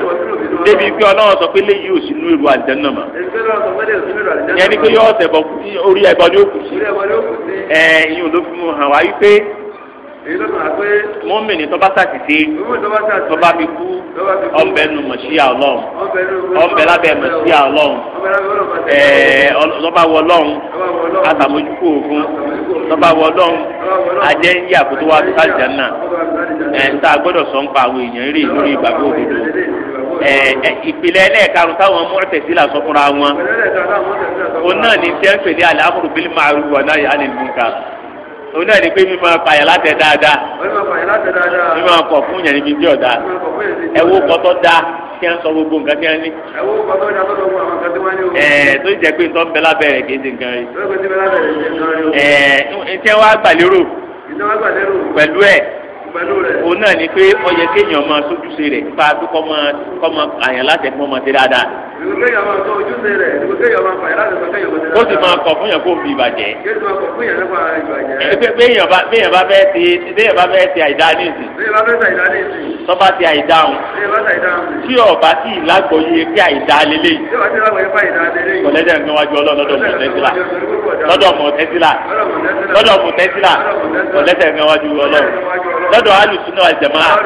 débi pé ọlọ́run sọ pé léyìí ò sí inú ìlú àlùjánnà mọ́ yẹn ni pé yọ ọ̀sẹ̀ bọ̀ orí ẹ̀bọ ni ó kù sí ẹ̀ ìyún ló fi mú hàn wá wípé mọ́mìnì tọ́ba sàtìsí tọ́ba fi kú ọ̀bẹ nu mọ̀ṣíà ọlọ́run ọ̀bẹ lábẹ́ mọ̀ṣíà ọlọ́run. ẹ̀ẹ́ eh, lọ́ba wọ lọ́hùn àtàmójúkò òfun lọ́ba wọ ajẹ́ ń yà kó tó wá sáré jẹ́nà ẹ̀ ń tá gbọ́dọ̀ sọ ń pa àwọn èèyàn rè lórí ìgbàgbọ́ òdodo ẹ̀ eh, eh, ìpìlẹ̀ ẹlẹ́ẹ̀karùn táwọn sọ fúnra wọn òun náà ní tẹ́ ń òun náà ní pé dáadáa fún yẹn níbi kí wọ́n sọ gbogbo nǹkan tí wọ́n ní. ẹ̀wọ́ kọ́tọ́ ìjà lọ́dọ̀ fún àwọn kan tí wọ́n ní tó jẹ́ pé nǹkan bẹ́ẹ̀ lábẹ́rẹ̀ kì í ṣe nǹkan rí. tó jẹ́ pé nǹkan bẹ́ẹ̀ lábẹ́rẹ̀ kì í ṣe nǹkan rí o. ẹ̀ẹ́ òun náà ni pé ó yẹ kéèyàn máa sójúṣe rẹ̀ nípa pé kọ́ máa kọ́ máa àyàn láti ẹ̀kọ́ máa ṣe dáadáa. kéèyàn máa sọ ojúṣe rẹ̀ kéèyàn máa fàyà láti ẹ̀kọ́ kéèyàn máa ṣe dáadáa. ó sì máa kọ̀ fún yàn kó fi ìbàjẹ́. kéèyàn máa kọ̀ fún yàn nípa ìbàjẹ́. béèyàn bá béèyàn bá fẹ́ ti béèyàn bá fẹ́ ti àìdá ní ìsìn. béèyàn bá fẹ́ ti àìdá ní ìsìn. tọ́ba ti àìdá òun. béèyàn bá ti àìdá òun. tí ọba ti ìlágbọ̀yé pé àìdá lélẹ́yìn. tí ọba ti ìlágbọ̀yé pé àìdá lélẹ́yìn. kọ̀lẹ́dẹ̀ ń wájú ọlọ́ọ̀lọ́dọ̀ mọ̀tẹ́sílà lọ́dọ̀ mọ̀tẹ́sílà lọ́dọ̀ mọ̀tẹ́sílà kọ̀lẹ́dẹ̀ ń wájú ọlọ́ọ̀ lọ́dọ̀ alùsùn náà ẹ̀jẹ̀ máa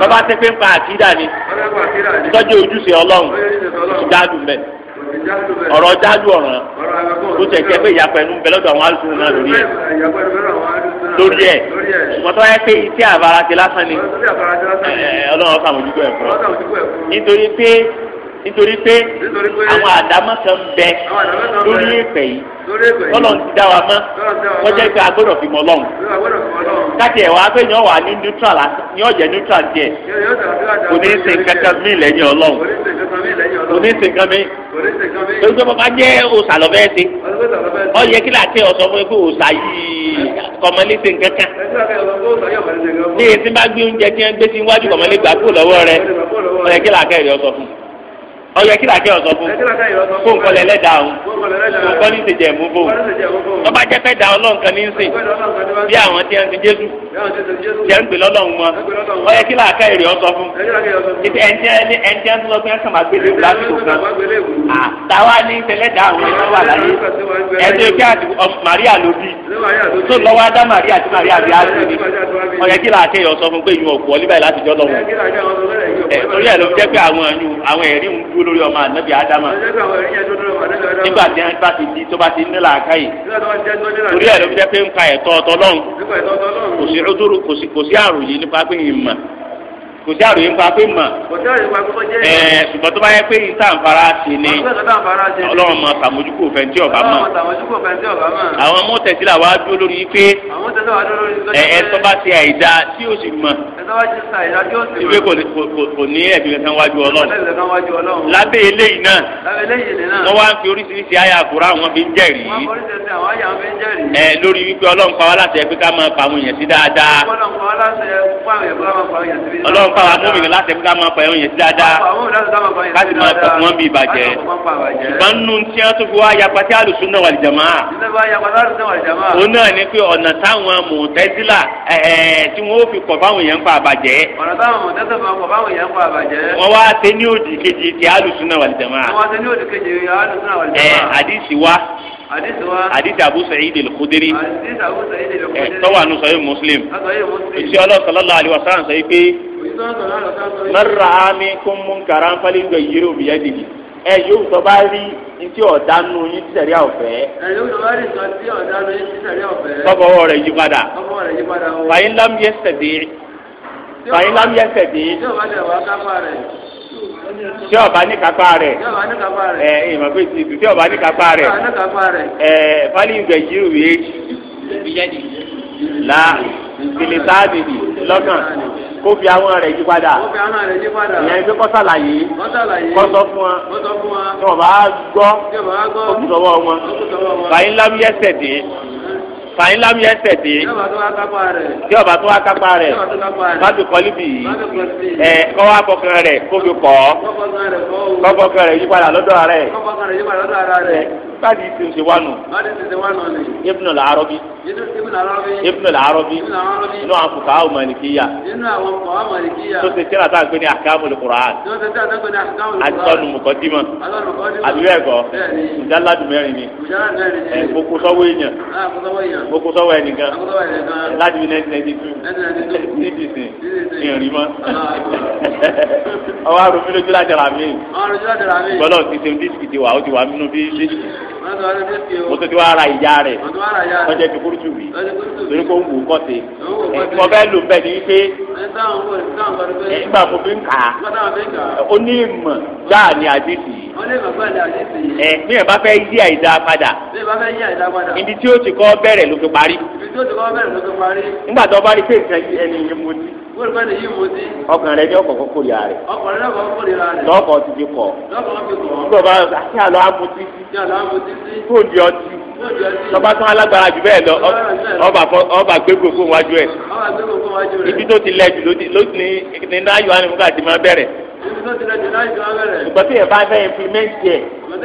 bàbá tẹ́ pé ń pa àkídà ni ìtọ́jú ojúṣe ọlọ́run ìjálù mẹ́ ọ̀rọ̀ jálù ọ̀ràn tó tẹ̀ kẹ́ pé ìyàpẹ̀ ń bẹ lọ́dọ̀ àwọn alùsùn náà lórí ẹ̀ lórí ẹ̀ ṣùgbọ́n tó yẹ pé iṣẹ́ àbára ti lásán ni ọlọ́run ọ̀sán àmójútó ẹ̀ fún ọ nítorí pé nítorí pé àwọn àdámọ́ kan bẹ lórí èpè yìí Ọlọ́run ti dá wa mọ́ wọ́n jẹ́ pé a gbọ́dọ̀ fi mọ́ Ọlọ́run káàkiri ẹ̀wọ̀n afẹ́ yẹn wà ní neutral yẹn ọ̀jẹ̀ neutral tiẹ̀ kò ní í ṣe kankan mí lẹ́yìn Ọlọ́run kò ní í ṣe kankan mí lórí pé bàbá jẹ́ òòṣà lọ́fẹ́ ṣe ọ kí láti ọ̀sọ́ fún pé òòṣà yìí kọ̀mọ́lé ṣe kankan ní èsì bá gbé oúnjẹ tí wọ́n gbé sí iwájú kọ̀mọ́lé gbà kúrò lọ́wọ́ rẹ ọ kí láti ẹ̀rí ọ̀sọ́ fún ọyọ kí làákẹ́ ọ̀sọ́ fún fún nǹkan lẹ́lẹ́dàá o nǹkan ní ìṣèjẹ́ mú fún o wọ́n bá jẹ́ fẹ́ da ọlọ́run kan ní sìn bí àwọn tí wọ́n ti jésù tí wọ́n ń pè lọ́lọ́run wọn ọyọ kí làákẹ́ èrè ọ̀sọ́ fún títí ẹnjẹ́ ẹnjẹ́ ń lọ bí wọ́n kàn máa gbélé wù lásìkò kan àtàwa ní ìṣẹ̀lẹ́dàá àwọn ẹ̀rọ wà láyé ẹ̀sìn kí Màríà ló bí tó lọ́wọ́ Adá Màríà tí Màríà bí á sí ni ọyọ kí làákẹ́ ọ̀sọ́ fún pé ìyún ọ̀pọ̀ níbẹ̀ láti jọ́ lọ́wọ́ ẹ̀ torí ẹ̀ ló jẹ́ pé àwọn ẹ̀rí ń d dúró lórí ọmọ ànábì ádámà nígbà tí wọn bá ti di tó bá ti ní làákà yìí torí ẹ̀ ló fi jẹ́ pé ń ka ẹ̀tọ́ ọ̀tọ̀ lọ́hùn kò sí ọdúró kò sí àrùn yìí nípa pé yìí mà kò sí àròyé nípa pé mà ẹ ṣùgbọ́n tó bá yẹ pé ìtàǹfàrà ṣe ni ọlọ́run mọ sàmójúkò fẹ́ntì ọ̀bá mọ̀ àwọn mọ́tẹ̀sílà wa dúró lórí pé ẹ̀ ẹ̀ tó bá ṣe àìdá tí ó sì mọ̀ ìwé kò ní ẹ̀bí kankan wájú ọlọ́run lábẹ́ eléyìí náà wọ́n wá ń fi oríṣiríṣi àyà àkùrá àwọn fi ń jẹ̀rìí ẹ lórí wípé ọlọ́run pa wá láti ẹ pé ká máa pa àwọn èèyàn sí dáadáa ọlọ́run pa wá mómìnì láti ẹ pé ká máa pa àwọn èèyàn sí dáadáa ká sì máa tọkùn wọn bí ìbàjẹ́ ṣùgbọ́n nínú tí wọ́n tún fi wá yapa tí àlùsùn náà wà lìjàmá òun náà ní pé ọ̀nà táwọn mọ̀ọ́tẹ́sílà kọ àbàjẹ́. ọ̀nà táwọn mọ̀tẹ́sẹ̀ fún ọkọ̀ báwọn èèyàn kọ àbàjẹ́. wọ́n wá ṣe ní òdì kejì ti alùsùnà wàlìjàmá. wọ́n ṣe ní òdì kejì alùsùnà wàlìjàmá. ẹ àdìsí wa. àdìsí wa. àdìsí Abu Sa'id al-Khudri. àdìsí Abu Sa'id al-Khudri. ẹ tọ́wọ́ àánú sọ́yìn Muslim. sọ́yìn Muslim ẹ yóò sọ bá rí ntí ọ̀dà nù yín tí sẹ̀rí ọ̀fẹ́. ẹ yóò sọ bá rí ntí ọ̀dà nù yín tí sẹ̀rí ọ̀fẹ́. kọ́kọ́ wọ̀ rẹ̀ yí padà. kọ́kọ́ wọ̀ rẹ̀ yí padà o. fàyín lámúyẹ sẹ̀dí sọyìn lámì ẹsẹ̀ dé. tí ọba ní kápá rẹ̀ ẹ ìmọ̀ pé ti tù tí ọba ní kápá rẹ̀ ẹ fálí ìgbẹ̀ yìí rèé la ìpele sáàbì lọ́gàn kó fi àwọn rẹ̀ yí padà ìyẹn ibi kọ́ sàlàyé kọ́ sọ fún wa tí wọ́n bá gbọ́ kó kù sọ́wọ́ wọn báyìí ńlá mi yẹ sẹ̀ dé fàyín lámì ẹsẹ̀ dé tí ọba tó wá kápá rẹ̀ mátò kọ́líbì yìí ẹ kọ́ wá bọ̀kan rẹ̀ kó fi kọ́ kọ́ bọ̀kan rẹ̀ yípadà lọ́dọ̀ rẹ̀ báyìí ti ṣe wá nù. báyìí ti ṣe wá nù ni. Ibn al-Arabi. Ibn al-Arabi. Ibn al-Arabi. inú àwọn fùkà àwọn màlìkíyà. inú àwọn fùkà àwọn màlìkíyà. tó ṣe tíra táà ń pè ní àkàmùlù Qur'an. tó ṣe tíra táà ń pè ní àkàmùlù Qur'an. àtọ́nu mùkọ́dímọ̀. àtọ́nu mùkọ́dímọ̀. àbí bẹ́ẹ̀ kọ́. bẹ́ẹ̀ ni. mùjáládù mẹ́rin ni. mùjáládù mẹ́rin ni. ẹ̀ gbogbo sọ́wọ́ èèyàn. ah gbogbo èèyàn. gbogbo sọ́wọ́ ẹnìkan. gbogbo ẹnìkan. láti bí nineteen ninety two. nineteen ninety two. ìrìn mọ́. Ah, ọwọ́ àrùn mi lójú lájàrà mi. ọwọ́ àrùn mi lójú lájàrà mi. bọ́lá ò ti ṣe dísìkì ti wà ó ti wà nínú dísìkì mo tó ti wá ara ìyá rẹ̀ tọ́jà ti kúrú tù mí torí kó ń wù ú kọ́ sí i mo fẹ́ lò bẹ́ẹ̀ ni wípé nígbà mo fi ń kà á ó ní ìmọ̀ gbáà ní àdìsí ẹ bí ẹ bá fẹ́ yí àìdá padà ibi tí ó ti kọ́ bẹ̀rẹ̀ ló fi parí nígbà tó bá rí pé ìtẹ́jú ẹni yẹn mo ti olùkọ́ ni yìí mo ti. ọkàn rẹ ní ọkọ̀ kókó rí ààrẹ. ọkàn rẹ ọkọ̀ kókó rí ààrẹ. lọ́kọ̀ ti di kọ̀. lọ́kọ̀ ti kọ̀. nígbà bá àti àlọ́ amutí. àti àlọ́ amutí sí. tó di ọtí. tó di ọtí. tọ́ba tán alágbára jù bẹ́ẹ̀ lọ ọba gbégbó fún wájú ẹ̀. ọba gbégbó fún wájú rẹ̀. ibi tó ti lẹ jù ló ní náyọ̀ ánimú ìgbà tí yẹn bá fẹ́ implement yẹ. ìgbà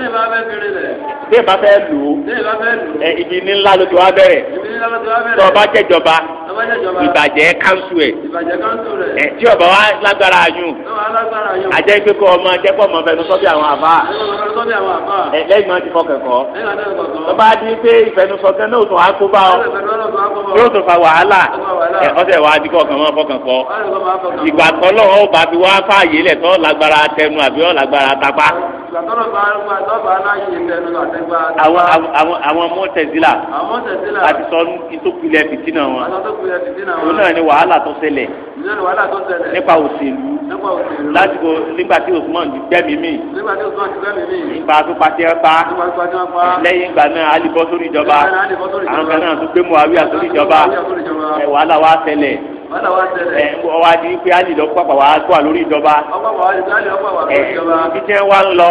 tí yẹn bá fẹ́ kiri lẹ̀. tí yẹn bá fẹ́ lò ó. tí yẹn bá fẹ́ lò ó. ẹ ibi ní ńlá ló ti wá bẹ̀rẹ̀. ibi ní ńlá ló ti wá bẹ̀rẹ̀. tọ́ba jẹjọba. tọ́ba jẹjọba. ìbàjẹ́ kánṣu ẹ̀. ìbàjẹ́ kánṣu rẹ̀. ẹ tí ọba wa lágbára yún. ọba lágbára yún. àjẹ́ pé kọ́ ọmọ jẹ́ pọ̀ mọ́ fẹnu sọ́bí àwọn àbá. lẹ́yìn náà ti fọkẹ̀kọ́. lẹ́yìn náà ti fọkẹ̀kọ́ yóò tó fa wàhálà ọsẹ wàá di kọkàn mọ fọkàn kọ ìgbà kan lọ́wọ́ ọba fi wá fààyè lẹ̀ tọ́ lágbára tẹnu àbí ọ̀ lágbára tapá. àwọn àwọn mọ́tẹ̀sílà àti sọ́nù ìtòkùlẹ̀ fìtínà wọn òun náà ni wàhálà tó ṣẹlẹ̀ nípa òṣèlú lásìkò nígbà tí Usman ti gbẹ́mí mì nípa tó pàṣẹ pa lẹ́yìn ìgbà náà Ali bọ́ sórí ìjọba àwọn kan náà tó gbé Muawiya sórí ìjọba ẹ̀ wàhálà wa ṣẹlẹ̀ wàhálà wa tẹ̀lé. ẹ ọwọ́ adi pé ali lọ pàpà wà á tó à lórí ìjọba. ọpọ wà á ali lọ pàpà lórí ìjọba. ibi tí wọ́n wá ń lọ.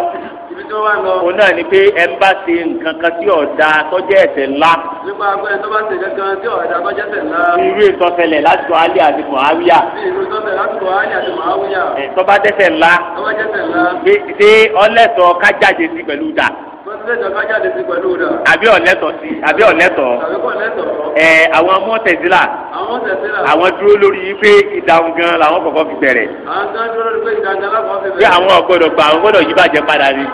ibi tí wọ́n wá ń lọ. òun náà ni pé ẹ ń bá ṣe nǹkan kan tí ọ̀dà tọ́jẹ́ ẹ̀ṣẹ̀ ńlá. nípa agbẹ́ tó bá ṣe kankan tí ọ̀dà tọ́jẹ́ ẹ̀ṣẹ̀ ńlá. irú ìtọ́sẹ̀lẹ̀ láti tọ́ ali àti muhawiya. irú ìtọ́sẹ̀lẹ̀ láti tọ́ ali àti muhawiya. tọ́ba dẹ́ṣẹ̀ ńlá. tọ́ba dẹ́ṣẹ̀ ńlá àbí ọ̀lẹ́tọ̀ sí àbí ọ̀lẹ́tọ̀ ẹ àwọn mọ́tẹ̀sílà àwọn dúró lórí pé ìdáhùn gan làwọn kọ̀kọ́ fi bẹ̀rẹ̀ pé àwọn ọ̀gbọ́dọ̀ gbà àwọn ọ̀gbọ́dọ̀ yìí bàjẹ́ padà ni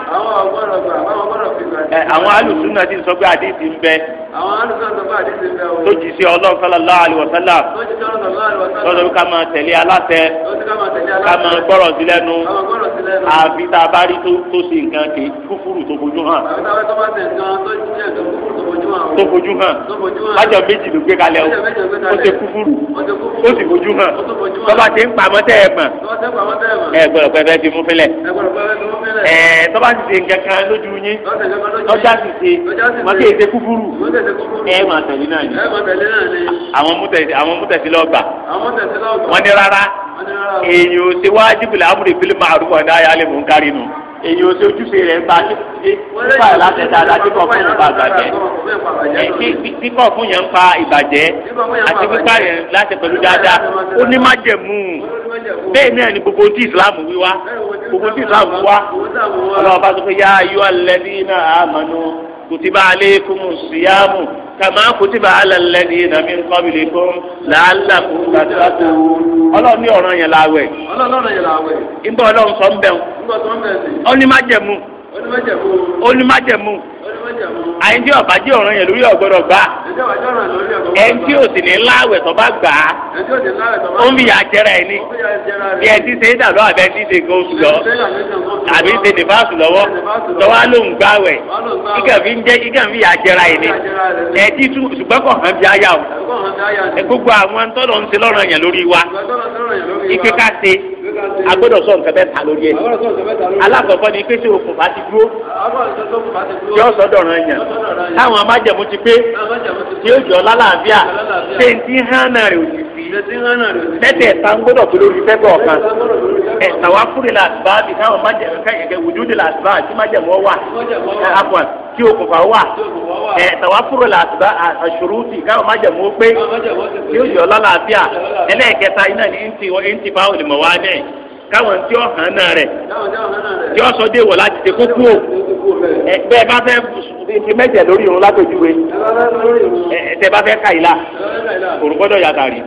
àwọn alùsùn náà ti sọ pé àdéhìí ń bẹ tó jì sí ọlọ́run sọlọ́lá àlùwọ̀sálà lọ́dọ̀ ká máa tẹ̀lé aláṣẹ ká máa gbọ́rọ̀ sí lẹ́nu àfi tá a bá rí tó ṣe nǹkan kúfúrú tó fojú hàn tó fojú hàn májọ méjì ló gbé kalẹ̀ o ó ṣe kúfúrú ó sì fojú hàn tọ́ba ti ń pamọ́ tẹ́ ẹ gbọ̀n ẹ gbọ́dọ̀ pẹ́ fẹ́ ti mú fílẹ̀ ẹ tọ́ba ti ṣe nǹkan kan lójú yín lọ́jà sì ṣe wọ́n kì í ṣe kúfúrú ẹ máa tẹ̀lé náà ni àwọn mútẹ̀sí lọ́gbà wọ́n ní rárá èèyàn ò ṣe wájú bìlà amúrè fílẹ̀ máa rúbọ̀ ní ayálẹ̀ mò ń kárí nù èyí ò ṣe ojúṣe rẹ̀ ń bá nípa láti dáadáa kíkọ̀ fún yẹn ń pa ìbàjẹ́ kíkọ̀ fún yẹn ń pa ìbàjẹ́ àti kíkọ̀ yẹn láti pẹ̀lú dáadáa ó ní má jẹ̀mú bẹ́ẹ̀ náà ni gbogbo tí Islam wíwá gbogbo tí Islam wíwá ọlọ́wọ́ bá tó fẹ́ yá ayọ́ alẹ́ bí náà àmọ́ náà kutiba aleikum siyamu kama kutiba ala alladhina min qablikum la'allakum tattaqun. ọlọ́run ní ọ̀ràn yẹn láwẹ̀. ọlọ́run ọ̀ràn yẹn láwẹ̀. ìgbà ọlọ́run sọ ń bẹ̀ wọn. ìgbà sọ ń bẹ̀ sí. ọ ní má jẹ̀mú onímájẹ̀mú àyíǹde ọ̀bájẹ́ ọ̀ràn yẹn lórí ọ̀gbọ́dọ̀ gbà ẹni tí ò sì ní láwẹ̀ tó bá gbà á ó ń bìyà jẹrà ẹni bí ẹ ti ṣe é dàlọ́ àbẹ ti ṣe kó sùn lọ àbí ṣe ní báàsù lọ́wọ́ lọ́wọ́ ló ń gbà wẹ̀ kíkà fi ń jẹ́ kíkà ń bìyà jẹrà ẹni ẹ ti tún ṣùgbọ́n kọ̀ hàn bí aya o gbogbo àwọn tọ́lọ̀ ń ṣe lọ́ràn yẹn lórí wa ìpè ṣe agbọ́dọ̀ sọ nǹkan bẹ́ẹ̀ ta lórí ẹ̀ alákọ̀ọ́kọ́ ni pé tí okùnfà ti dúró yọ sọ́dọ̀ràn yẹn táwọn amájẹ̀mú ti pé tí ó jọ lálàáfíà ṣé ti hánà rẹ̀ òjì tẹ́tẹ̀ ẹ̀ta ń gbọ́dọ̀ tó lórí tẹ́tẹ̀ ọ̀kan ẹ̀ta wá fúri la àtìbá bí káwọn má jẹ kẹ́kẹ́ wùdúdì la àtìbá àti má jẹ mọ́ wà àpọ̀n tí okùnfà wà ẹ̀ta wá fúri la àtìbá àṣùrù tì káwọn má jẹ mọ́ pé yóò yọ lọ́la àbíà ẹlẹ́ẹ̀kẹta iná ní ntì báwọn lè mọ̀ wá náà káwọn tí ó hàn náà rẹ̀ tí ó sọ dé wọ̀ láti ṣe kókó o bẹ́ẹ̀ bá fẹ́ fi mẹ́jẹ̀ lórí irun látòjúwe tẹ́ bá fẹ́ kàyílà òun gbọ́dọ̀ yàtà rí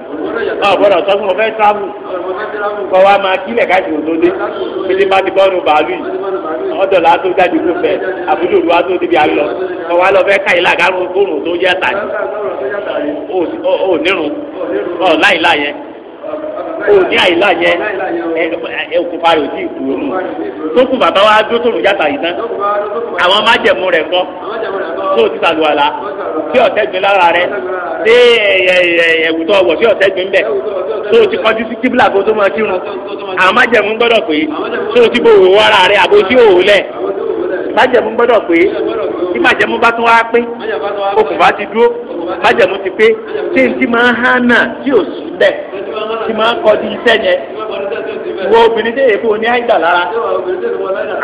ọ̀ gbọ́dọ̀ sọ fún ọ fẹ́ tíráfù kọ́ wa máa kílẹ̀ káàkiri òdòdó pété bá ti bọ́nu bàálù yìí ọ̀dọ̀ la tó jáde kó fẹ́ àbújá òdu wa tó débi àlọ́ kọ́ wa lọ fẹ́ kàyílà kárùn-ún tó rùn tó yẹ tà ní ò nírun ọ̀ láìláyẹn o ní àyílá yẹn ẹ òkùnfà rẹ̀ ò tí ì kúrò nù tó kù bàbá wa dó tòrò yàtà yìí tán àwọn májẹ̀mú rẹ̀ kọ́ tó o ti sàlùwàlà tí ọ̀tẹ́ gbin lára rẹ̀ tí ẹ̀wù tó wọ̀ tí ọ̀tẹ́ gbin bẹ̀ tó o ti kọjú sí kíbla kó tó máa kírun àwọn májẹ̀mú gbọ́dọ̀ pé tó o ti bò wò wọ́ ara rẹ̀ àbójú òwò lẹ̀ májẹ̀mú gbọ́dọ̀ pé tí májẹ̀mú bá tún wá pé okùn bá ti dúró májẹ̀mú ti pé tí n ti máa hán náà tí ò sùn lẹ̀ tí máa kọ́ di iṣẹ́ yẹn wo obìnrin tí èèpo ní àìdà lára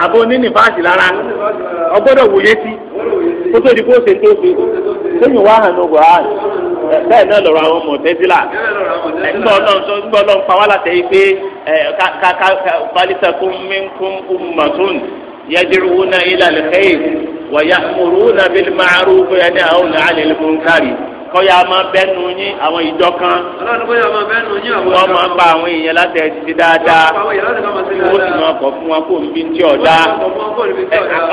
àbò ní nìfàsì lára ọgbọ́dọ̀ wòye sí kó tó di kó ṣe tó ṣe lẹ́yìn wá hàn ọgbà á bẹ́ẹ̀ náà lọ́rọ̀ àwọn mọ̀tẹ́sílà ńgbọ́ náà sọ ńgbọ́ náà ń pa wá látẹ̀ yìí pé kálísà kún mí kún mọ̀tún yad'una ila al-khayr wa ya'muruna bil ma'ruf wa yanhauna 'anil munkar kọ́ya máa bẹ́nu yín àwọn ìjọ kan. ọlọ́run kọ́ya máa bẹ́nu yín àwọn ìjọ kan. wọ́n máa gba àwọn èèyàn láti ẹ̀sìn dáadáa. wọ́n sì máa kọ̀ fún wọn kó n bí ń tí ọ̀dá.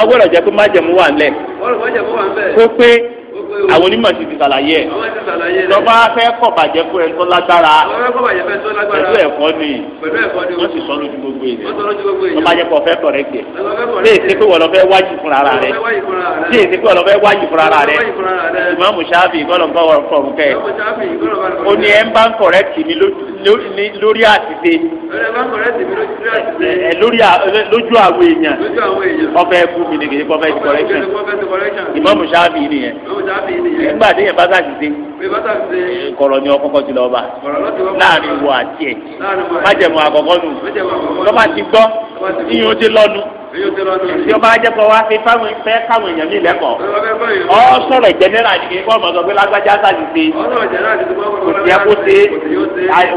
ọgbọ́dọ̀ jẹ́ pé májẹ̀mú wà ń lẹ̀. ọgbọ́dọ̀ májẹ̀mú kó pé àwọn onímọ̀ ti ti ṣàlàyé ẹ̀ lọ́ba fẹ́ kọ̀ bàjẹ́ fún ẹ̀ńtọ́ lágbára pẹ̀lú ẹ̀kọ́ ni wọ́n sì sọ lójú gbogbo èèyàn lọ́ba jẹ́ kọ́ fẹ́ kọ̀rẹ́ gbẹ̀ bí èsì pé wọ́n lọ fẹ́ wájì fúnra ara rẹ̀ bí èsì pé wọ́n lọ fẹ́ wájì fúnra ara rẹ̀ ìmọ̀ mùsàbí gbọ́dọ̀ gbọ́ ọ̀rùn kẹ́ ó ní ẹ̀ ń bá ń kọ̀rẹ́ kì mí lórí àtìsé lójú àwọn èèyàn ọ̀fẹ́ fún mi nìkejì kọ́fẹ́ ti ìmọ̀ mùsàbí nìyẹn. nígbà tí yẹn bá sá ti kọ̀rọ̀ ni ọkọ̀kọ̀ ti lọ́ọ́ láàrin ìwọ àti ẹ̀ májẹ̀mú àkọ́kọ́ nù lọ́ba ti gbọ́ tí o bá jẹ́ kó wá fi fáwọn fẹ́ káwọn èèyàn mi lẹ́kọ̀ọ́ ọ sọ̀rọ̀ jẹ́nẹ́rà ni kí wọ́n mọ̀ sọ pé lágbájá sáàlì ṣe kò sí ẹkú ṣe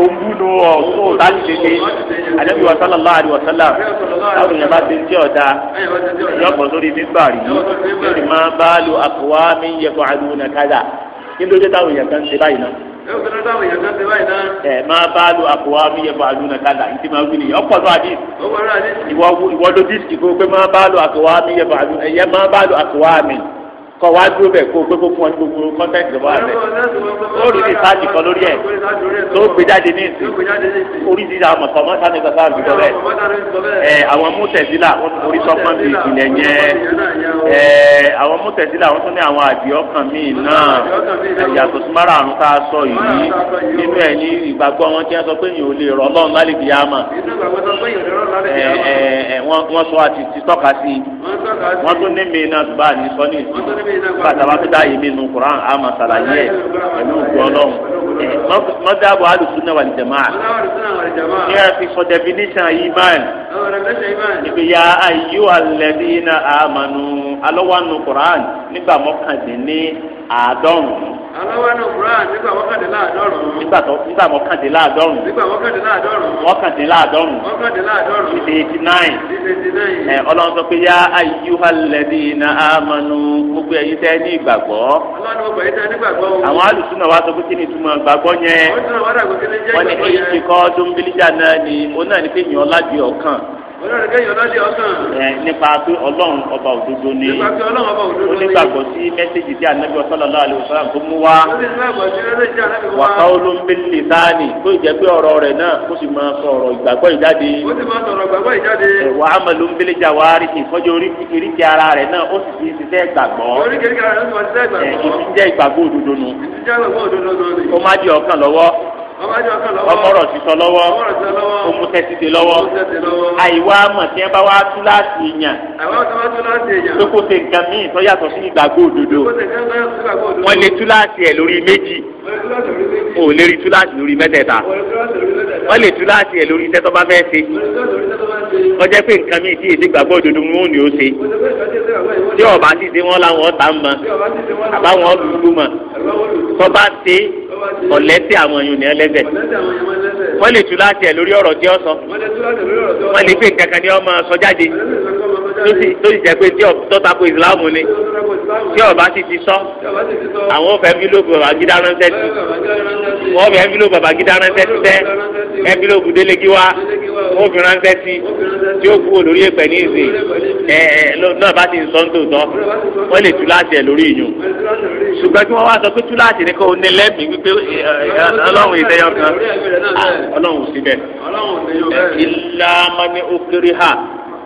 òǹbùnú O sáàlì ṣe ṣe àdébí wa sallallahu alaihi wa sallam táwọn èèyàn bá ti ń tí ọ̀dà yọ̀pọ̀ sórí bíbà rí yóò ní máa bá lo àkùwá mi yẹ kó àdúgbò náà kájà kí ló dé táwọn èèyàn kan ṣe báyìí náà ẹ máa bá lu àbúwá mi yẹ bàálù náà kálá ìdí máa wí nìyẹn ọ̀pọ̀ náà àdìs ìwọ ló dìsì kó pé máa bá lu àbúwá mi yẹ bàálù ẹ̀yẹ máa bá lu àbúwá mi kọ wá dúró bẹ kó o pé kó fún ọ ní gbogbo kọ́ńtẹ́ǹtì lọ́wọ́ rẹ ó rí rìsáàjì kan lórí ẹ̀ tó gbé jáde ní ìsìn orí ti àwọn mọ̀tọ́mọ́ sani kọ́sá àbí lọ bẹ́ẹ̀ ẹ̀ àwọn mútẹ̀sílà wọ́n tún orí sọ́kàn bí ìpìlẹ̀ yẹn ẹ̀ àwọn mútẹ̀sílà wọ́n tún ní àwọn àbí ọkàn míì náà ìyàtọ̀ sumara àrùn tá a sọ yìí nínú ẹ̀ ní ìgbàgbọ́ wọn tí wọ́n sọ pé yìí ò lè rọ ọlọ́run lálẹ́ bí yá mà wọ́n sọ àti tọ́ka sí wọ́n tún ní mi náà tó ní sọ ìsìn bàtàbà tó dá yìí nínú Quran àmà sàlàyé ẹ pẹ̀lú ògùn Ọlọ́run eh, ẹ mọdàbọ alùsùnà wà ní a fi sọ definition imán níbi ya ayé wa lẹbi iná àmánu alọwànú Quran nígbà mọkàndínní àádọ́rùn-ún. aláwa náà Quran nígbà mọ́kàndínláàdọ́rùn-ún. nígbà mọ́kàndínláàdọ́rùn-ún. nígbà mọ́kàndínláàdọ́rùn-ún. mọ́kàndínláàdọ́rùn-ún. mọ́kàndínláàdọ́rùn-ún. títí eighty nine. títí eighty nine. ẹ ọlọ́run sọ pé yá ayyuhalladhina amanu gbogbo ẹ̀yin tẹ́ ní ìgbàgbọ́. ọlọ́run gbogbo ẹ̀yin tẹ́ ní ìgbàgbọ́. àwọn alùsùnà wa sọ pé kí ni ìtumọ̀ ìgbàgbọ́ yẹn. wọ́n ní èyí ti kọ́ dóńbílíjà náà ni ó náà ní pé yàn ọ́ lájú ọ̀kan nípa pé ọlọ́run ọba òdodo ni onígbàgbọ́ sí mẹ́sẹ̀gì tí anabi sallallahu alaihi wasallam tó mú wá wa qawlun bil lisani tó jẹ́ pé ọ̀rọ̀ rẹ̀ náà kó sì máa sọ ọ̀rọ̀ ìgbàgbọ́ ìjáde wa amalun bil jawarihi ìfọ́jọ́ oríkèéríkèé ara rẹ̀ náà ó sì fi ṣiṣẹ́ ìgbàgbọ́ ìfíjẹ́ ìgbàgbọ́ òdodo nù ó má di ọ̀kan lọ́wọ́ ọmọrọ sísọ lọ́wọ́ omutẹsíde lọ́wọ́ àìwá mọ̀tí ẹ bá wá tú láti yàn tó kó ṣe nǹkan míì tó yàtọ̀ sí ìgbàgbọ́ òdodo wọ́n lè tú láti ẹ̀ lórí méjì ò lè rí tú láti lórí mẹ́tẹ̀ẹ̀ta wọ́n lè tú láti ẹ̀ lórí iṣẹ́ tó bá fẹ́ ṣe wọ́n jẹ́ pé nǹkan míì tí èdè gbàgbọ́ òdodo wọn ò ó ṣe tí ọba ti dé wọn làwọn ọ̀tá mọ àbáwọn lùlù mọ tó bá ọ̀lẹ́tẹ̀ àwọn èèyàn ní ẹlẹ́dẹ̀ wọ́n lè tú láti ẹ̀ lórí ọ̀rọ̀ tí ó sọ wọ́n lè gbé kankan ní ọmọ sọ jáde tó sì jẹ́ pé tí ọ̀tọ́ tako ìsìláàmù ni tí ọba sì ti sọ àwọn ọba ẹnvilóòbù babagídá ránṣẹ́ sí wọ́n ọba ẹnvilóòbù babagídá ránṣẹ́ sí tẹ́ ẹnvilóòbù délégi wá obìnrin ránṣẹ́ sí tí ó kúrò lórí ẹ̀pẹ̀ ní ìsè ẹ̀ ẹ̀ náà bá ti ń sọ ń tòótọ́ wọ́n lè tú láti ẹ̀ lórí ìyún ṣùgbọ́n tí wọ́n wá sọ pé tú láti ní kó ní lẹ́mìí wípé ọlọ́run ìtẹ́yọ kan ah, ọlọ́run síbẹ̀ ìlànà ni ó kéré hà.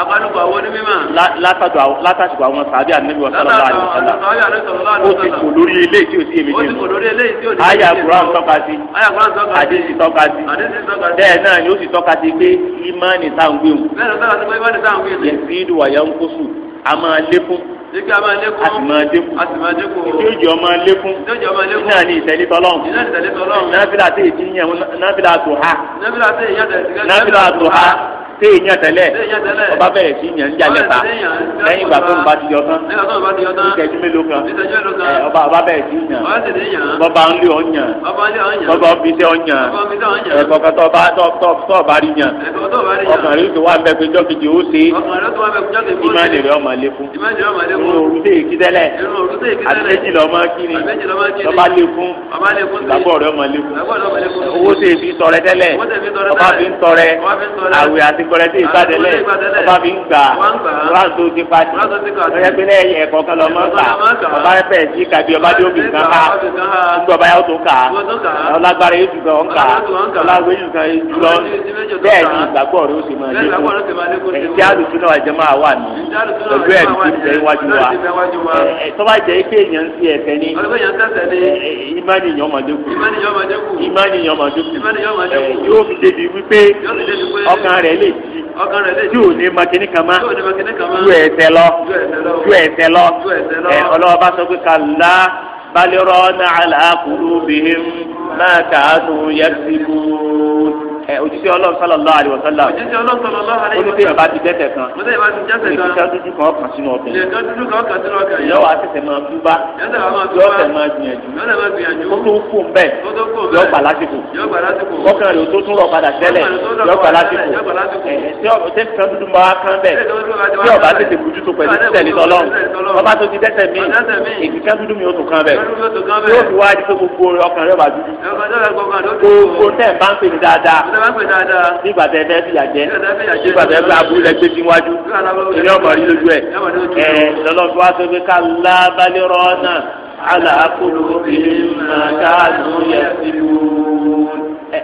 abálòpọ̀ àwọn onímọ̀. látàjọ àwọn sàbí ànábi wa sọlọ láàrin sọlá ó ti kò lórí ilé tí o ti èmi dì mú àyà kuran tọ́ka sí àdéhì tọ́ka sí bẹ́ẹ̀ náà ni ó sì tọ́ka sí pé ìmánì tá à ń gbéwò yẹn ti dùn wàyà ń kó sùn a máa lékún jẹ́kí a máa lékún. a sì máa dékun. a sì máa dékun o. ìdí òjò máa lékún. ìdí a máa lékun. iná ni ìtẹ̀lé tọ́lọ́hún. iná a ìtẹ̀lé tọ́lọ́hún. náfìlà tẹ̀ a ti ń yàn náfìlà tó ha. náfìlà tẹ̀ èyí yàtọ̀ ìsìnkà. náfìlà tó ha ṣé èèyàn tẹ́lẹ̀ ọba bẹ̀rẹ̀ sí yàn ń jalè ta lẹ́yìn ìgbà tó ń bá ti yọ tán ìṣẹ́jú mélòó kan ọba ọba bẹ̀rẹ̀ si. yàn bọ́ba ń lé ọ̀yàn bọ́ba ń bisẹ́ ọ̀yàn ẹ̀kọ́kọ́ tó ọba rí yàn ọkàn rí tó wà ń bẹ pé jọ́ kejì ó ṣe ìmọ̀ ẹ̀rẹ̀ ọmọ lékún inú òru tẹ̀ kí tẹ́lẹ̀ àti méjì lọ́mọ kí ni lọ́ba lékún ìgbàgbọ́ rẹ̀ ọmọ lékún owó tẹ̀ fi tọrẹ tẹ́lẹ̀ ọba fi ń tọrẹ àwẹ̀ àti gbọrẹ tí ìbádẹlẹ ọba fi ń gbà ránṣọ ti pati ọyẹ pé lẹ́yìn ẹ̀kọ́ kan lọ máa ń kà ọba fẹ sí kàbí ọba tí ó fi nǹkan ká gbogbo ọba yà ó tó kà ọlágbára yóò dùgbọ ọǹkà ọlágbé yóò kan jùlọ bẹ́ẹ̀ ni ìgbàgbọ́ rẹ ó sì máa lékún ẹtí àlùsùn náà jẹ máa wà ní pẹ̀lú ẹ̀rí tí ń bẹ iwájú wa tọ́ba jẹ́ pé èèyàn ń fi ẹ̀fẹ́ ní ìmánìyàn ọmọdé kù ìmánìyàn ọmọdé kù yóò fi débi wípé ọkàn rẹ̀ lè ọkàn rẹ̀ lè tí ò ní makíní kama ju ẹsẹ̀ lọ ju ẹsẹ̀ lọ ẹ ọlọ́wọ́ bá sọ pé balẹ̀ rọ́ọ̀nà máa ẹ ojúṣe Ọlọ́run sallallahu alaihi wasallam ojúṣe Ọlọ́run sallallahu alaihi wasallam olùdíyàn bá ti dẹ́ṣẹ̀ kan olùdíyàn bá ti dẹ́ṣẹ̀ kan ìdíkà dúdú kan ọkàn sínú ọkàn ìdíkà dúdú kan ọkàn sínú ọkàn yìí yọwọ àtẹsẹ máa tú bá yọwọ tẹ máa gbìyànjú ó tó kú ń bẹ yọ gbà lásìkò ọkàn rẹ tó tún rọ padà to yọ gbà lásìkò tẹ ìdíkà dúdú máa kán bẹ tí ọba tètè bójú tó pẹ̀lú títẹ̀lé tọlọ́run ọba tó ti dẹ́ṣẹ̀ mí ìdíkà dúdú mi ó tún kán bẹ yóò fi wá nígbà tẹ fẹ́ fìyà jẹ nígbà tẹ fẹ́ abú lẹ́gbẹ́ síwájú ilé ọmọ rí lójú ẹ̀ ẹ̀ lọ́lọ́fọ́ wa sọ pé ká lábálẹ̀ rọ́ọ̀nà àlàáfóònù ìhìn màkà lóyè síbú.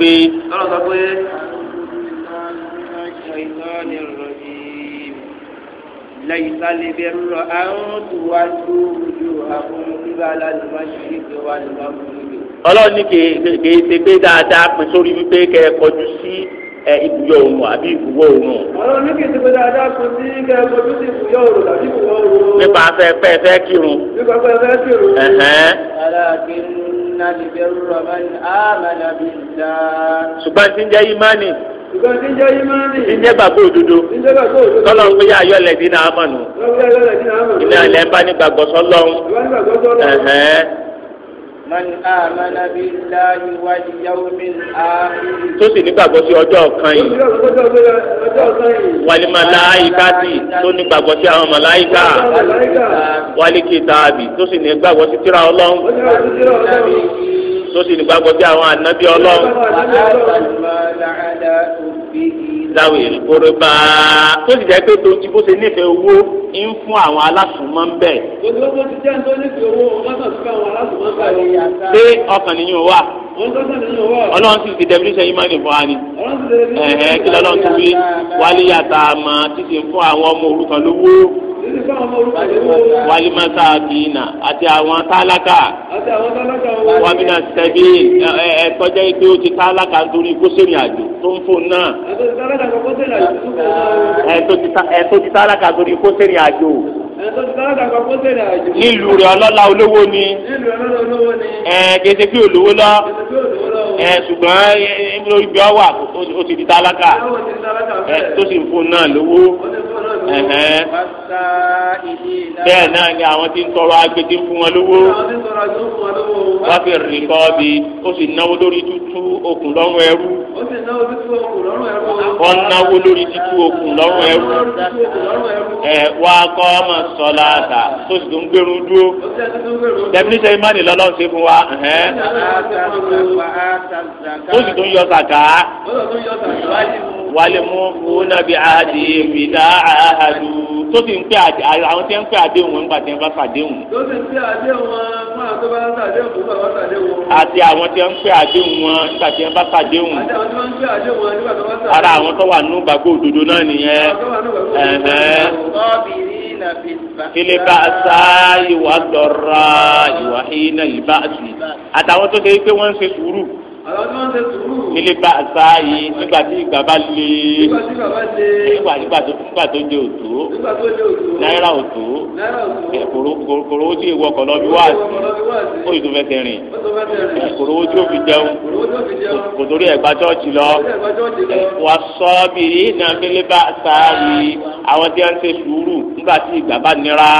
pé. lọ́rọ̀ sọ pé. ليس البر أن تولوا وجوهكم قبل المشرق والمغرب ọlọ́run ní kì í ṣe pé dáadáa pín sórí wípé kẹ ẹ kọjú sí ẹ ibùyọ oòrùn àbí ìbùwọ̀ oòrùn. ọlọ́run ní kì í ṣe pé dáadáa pín sí kẹ ẹ kọjú sí ìbùyọ oòrùn àbí ìbùwọ̀ oòrùn. nípa afẹ́ fẹ́ fẹ́ kírun. nípa afẹ́ fẹ́ kírun. ẹ̀hẹ́n. aláàbí ń ṣùgbọ́n tí ń jẹ́ ìmánì ṣùgbọ́n tí ń jẹ́ ìmánì tí ń jẹ́ gbàgbọ́ òdodo tọ́lọ̀ ń gbéyà ayọ́ ẹ̀lẹ́dínà àmọ̀nù ilé ẹ̀lẹ́ ń bá nígbàgbọ́ sọ́lọ́hún man amana billahi wal yawmil akhir. tó sì nígbàgbọ́ sí ọjọ́ kan yìí wal malaikati tó nígbàgbọ́ sí àwọn màláìka wal kitabi tó sì nígbàgbọ́ sí tírà ọlọ́run tó sì nígbàgbọ́ sí dáwé ìṣòro bá a tó sì jẹ́ pé tó ti bó ṣe nífẹ̀ẹ́ owó ń fún àwọn alásùnmọ́ ń bẹ̀. ṣé ọkàn nìyẹn wà? ọlọ́run sì ti dẹ́bíríṣẹ́ yìí máa ń lè fún wa ni ẹ̀hẹ́n kí lọ́lọ́run tó wí wálé yàtà àmà títí fún àwọn ọmọ òrukàn lówó wálé mọ́tà bìínà àti àwọn tálákà wọ́n mi náà sẹ́bí ẹ̀ tọ́jà pé ó ti tálákà nítorí kó àjò tó ń fún náà ẹ̀ tó ti tálákà nítorí kó àjò. nílùú rẹ̀ ọlọ́lá olówó ni ẹ̀ kété kí olówó lọ ẹ̀ ṣùgbọ́n ibi ọwà tó ti di tálákà tó sì ń fún náà lówó. bẹ́ẹ̀ náà ni àwọn tí ń tọrọ agbèdè fún wọn lówó fi rìn kọ́ bi ó sì náwó lórí tútú okùn lọ́rùn ẹrú wọ́n náwó lórí tútú okùn lọ́rùn ẹrú ẹ̀ wá kọ́ ọmọ sọ́lá àtà tó sì tó ń gbẹrun dúró ìmánì lọ́lọ́run ṣe fún wa tó sì tó ń yọ sàkà àdù tó sì ń pè àwọn tí ń pè àdéhùn wọn nígbà tí wọn bá ṣàdéhùn. tó sì ń pè àdéhùn wọn fún àwọn tó bá ṣàdéhùn fún àwọn ṣàdéhùn wọn. àti àwọn tí ń pè àdéhùn wọn nígbà tí wọn bá ṣàdéhùn. àti àwọn tí wọn ń pè àdéhùn wọn nígbà tí wọn bá ṣàdéhùn. ara àwọn tó wà nínú gbàgbọ́ òdodo náà nìyẹn. kílè bá a sá ìwà dọ̀ra ìwà hínà ìbá àti àtàwọn tó ṣe pé wọ́n ń ṣe sùúrù ilé bá àṣà yìí nígbà tí ìgbà bá le nígbà nígbà tó nígbà tó jẹ òtó náírà òtó kòrò ó sì wọkọ̀ lọ bí wáàsí ó sì tún fẹsẹ̀ rìn kòrò ó tó fi jẹun kò torí ẹ̀gbá chọ́ọ̀chì lọ wà sọ bí náà ilé bá àṣà yìí àwọn tí wọ́n ń ṣe sùúrù nígbà tí ìgbà bá nira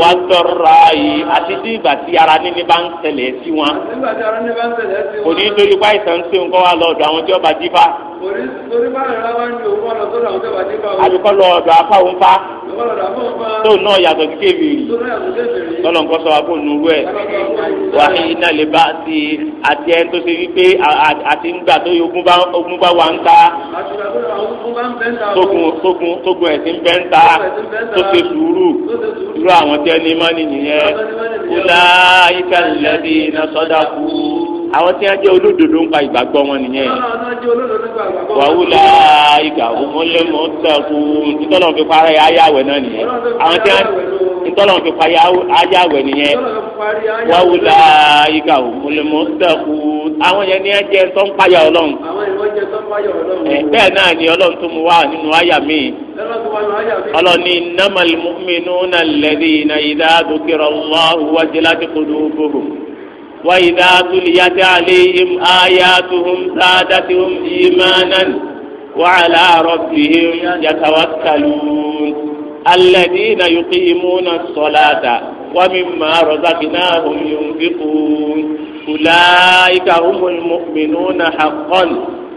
wà tọrọ ààyè àti tí ìgbà tí ara níní bá ń tẹ̀lé sí wọn kò ní lórí pa ìsàn ń sèǹkọ́ wa lọ ọ̀dọ̀ àwọn tí ọba dífá àbíkọ́ lọ ọ̀dọ̀ afá òun fa tóun náà yàtọ̀ sí kébìrì lọ́nà nǹkan sọ àbò nùrú ẹ̀ wà iná lè bá ti àti ẹni tó ṣe wípé àti ńgbà tó yẹ ogun bá wà ń ta tógun ẹ̀sìn bẹ́ ń ta tó ṣe sùúrù irú àwọn tẹ́ ní mọ́nì nìyẹn kúlá ìkàlẹ́bí iná sọ́dá kú àwọn tí wọn jẹ olódodo ń pa ìgbàgbọ́ wọn nìyẹn wàhùlà ìgbà òmùlẹmọ tẹkù ntọ́lọ̀ fi parí ayáwẹ̀ náà nìyẹn àwọn tí wọn ntọ́lọ̀ fi parí ayáwẹ̀ nìyẹn wàhùlà ìgbà òmùlẹmọ tẹkù àwọn yẹn ní ẹ jẹ tó ń payà ọlọ́run bẹ́ẹ̀ náà ni ọlọ́run tó mu wá nínú àyà mi ọlọ́ni nàmàlmùmínú nàlẹ́dínà ìdádókèrè ọlọ́hu wájú láti kó dúró gbogbo. وإذا تليت عليهم آياتهم زادتهم إيمانا وعلى ربهم يتوكلون الذين يقيمون الصلاة ومما رزقناهم ينفقون أولئك هم المؤمنون حقا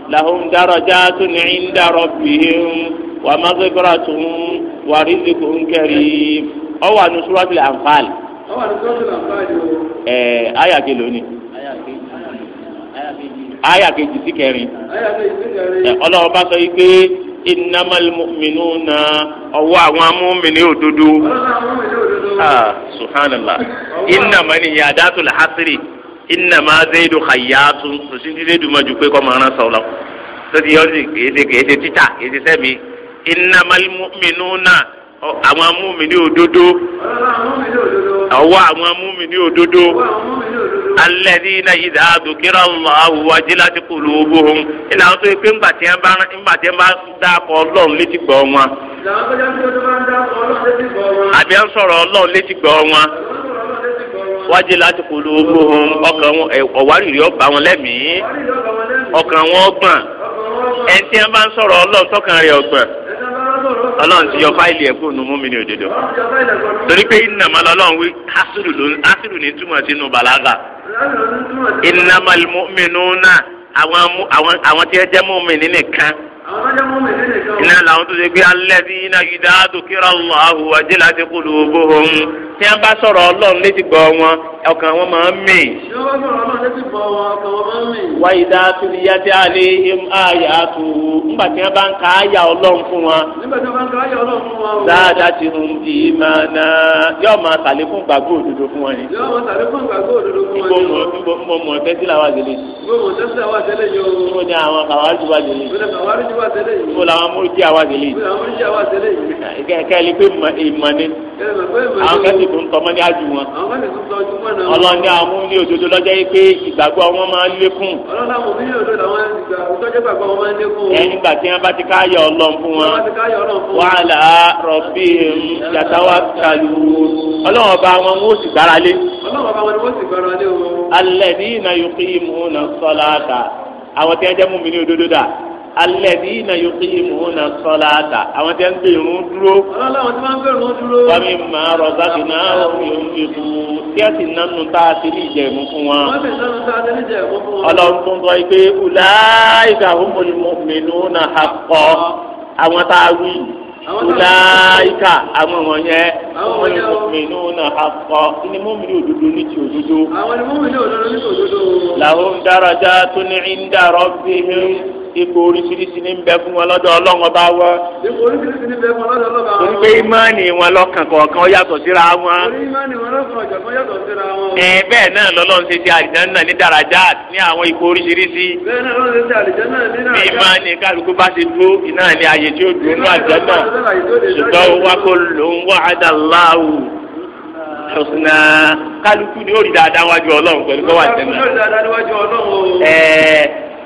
لهم درجات عند ربهم ومغفرة ورزق كريم أو نصرة الأنفال ẹ àyà kelo ni àyà kejì sí kẹrin ẹ ọlọ́wọ́ bá sọ yìí pé innamal mu'minuna ọwọ́ àwọn amúmìnì òdodo subhanallah innama ni yadatul hasri innama zaidu khayyatun sosidi zaidu ma ju pé kọ́ máa rán sọ̀rọ̀ sọ́dí yọ̀ọ́sì kèéde kèéde títà kèéde sẹ́mi innamal mu'minuna àwọn amúmìnì òdodo. ọwọ́ àwọn múmini òdodo alladhina idha dhukira Allahu wajilat qulubuhum ìlà wọn tó yẹ pé ńgbà tí wọn bá dákọ̀ ọlọ́run létí gbọ́ wọn. àbí wọn sọ̀rọ̀ ọlọ́run létí gbọ́ wọn wajilat qulubuhum ọkàn wọn ọ̀wárìrì ọba wọn lẹ́mìí ọkàn wọn ọgbọ̀n wọn bá ń sọ̀rọ̀ ọlọ́run tọkàn rẹ̀ ọgbọ̀n. ọlọ́run ti yọ fáìlì ẹ̀ fóònù mú mi ní òdodo torí pé ìnàmọ́ lọ́lọ́run wí ásìlù ló ásìlù ní túmọ̀ sínú bàlágà ìnàmọ́ mìínú náà àwọn àwọn àwọn tí ẹ jẹ́ mú mi nínú kan iná làwọn tó ṣe pé alladhina idha dhukira Allahu wajilat qulubuhum tí wọ́n bá sọ̀rọ̀ ọlọ́run létí gbọ́ wọn ọkàn wọn máa ń mì. wa idha tuliyat alayhim ayatuhu nígbà tí wọ́n bá ń ka àyà ọlọ́run fún wọn. zadatuhum imana yóò máa tàlékún gbàgbọ́ òdodo fún wọn ni. gbogbo mọ̀ tẹ́sílà wà délé. gbogbo mọ̀ tẹ́sílà wà délé yóò. gbogbo ni àwọn kàwájú wà délé wà tẹ́lẹ̀ yìí. wọ́n làwọn amúrúkí àwa tẹ́lẹ̀ yìí. wọ́n làwọn amúrúkí àwa tẹ́lẹ̀ yìí. kẹ́lí pé ìmọ̀ ni. àwọn kẹ́sì tó ń tọmọ ní ajú wọn. àwọn kẹ́sì tó ń tọjú mọ́ náà. ọlọ́run ní àwọn ní òdodo lọ́jọ́ yìí pé ìgbàgbọ́ wọn máa ń lékún. ọlọ́run àwọn ní òdodo làwọn ìgbàgbọ́ wọn máa ń lékún. ẹni gbà tí wọ́n bá ti káyọ̀ ọlọ́run àwọn tí wọ́n jẹ́ mú mi ní òdodo dà alladhina yuqimuna salata àwọn tí wọ́n ń gbé irun dúró. ọlọ́run tí wọ́n ń gbé irun dúró. wọ́n mi máa rọ̀ bákì náà omi omi kú tí a sì nánu wọ́n sì nánu tá a ti ní ìjẹ̀mú fún wọn. ọlọ́run tó ń àwọn tá a àwọn wọ̀nyẹn àwọn ni mọ̀mìnú náà akọ ni mọ̀mìnú òdodo ní ti òdodo. àwọn ni mọ̀mìnú òdodo ní ti òdodo. lahum darajatun inda rabbihim. ipò oríṣiríṣi ní bẹ fún wọn lọ́dọ̀ Ọlọ́run ọba wa. ipò oríṣiríṣi ní wa. pé ìmánì wọn lọ́kàn kọ̀ọ̀kan ó yàtọ̀ síra wọn. torí ìmánì wọn lọ́kàn ọ̀jọ̀kan yàtọ̀ síra wọn. ẹ bẹ́ẹ̀ náà lọ́lọ́run ṣe ti àlìjánná ni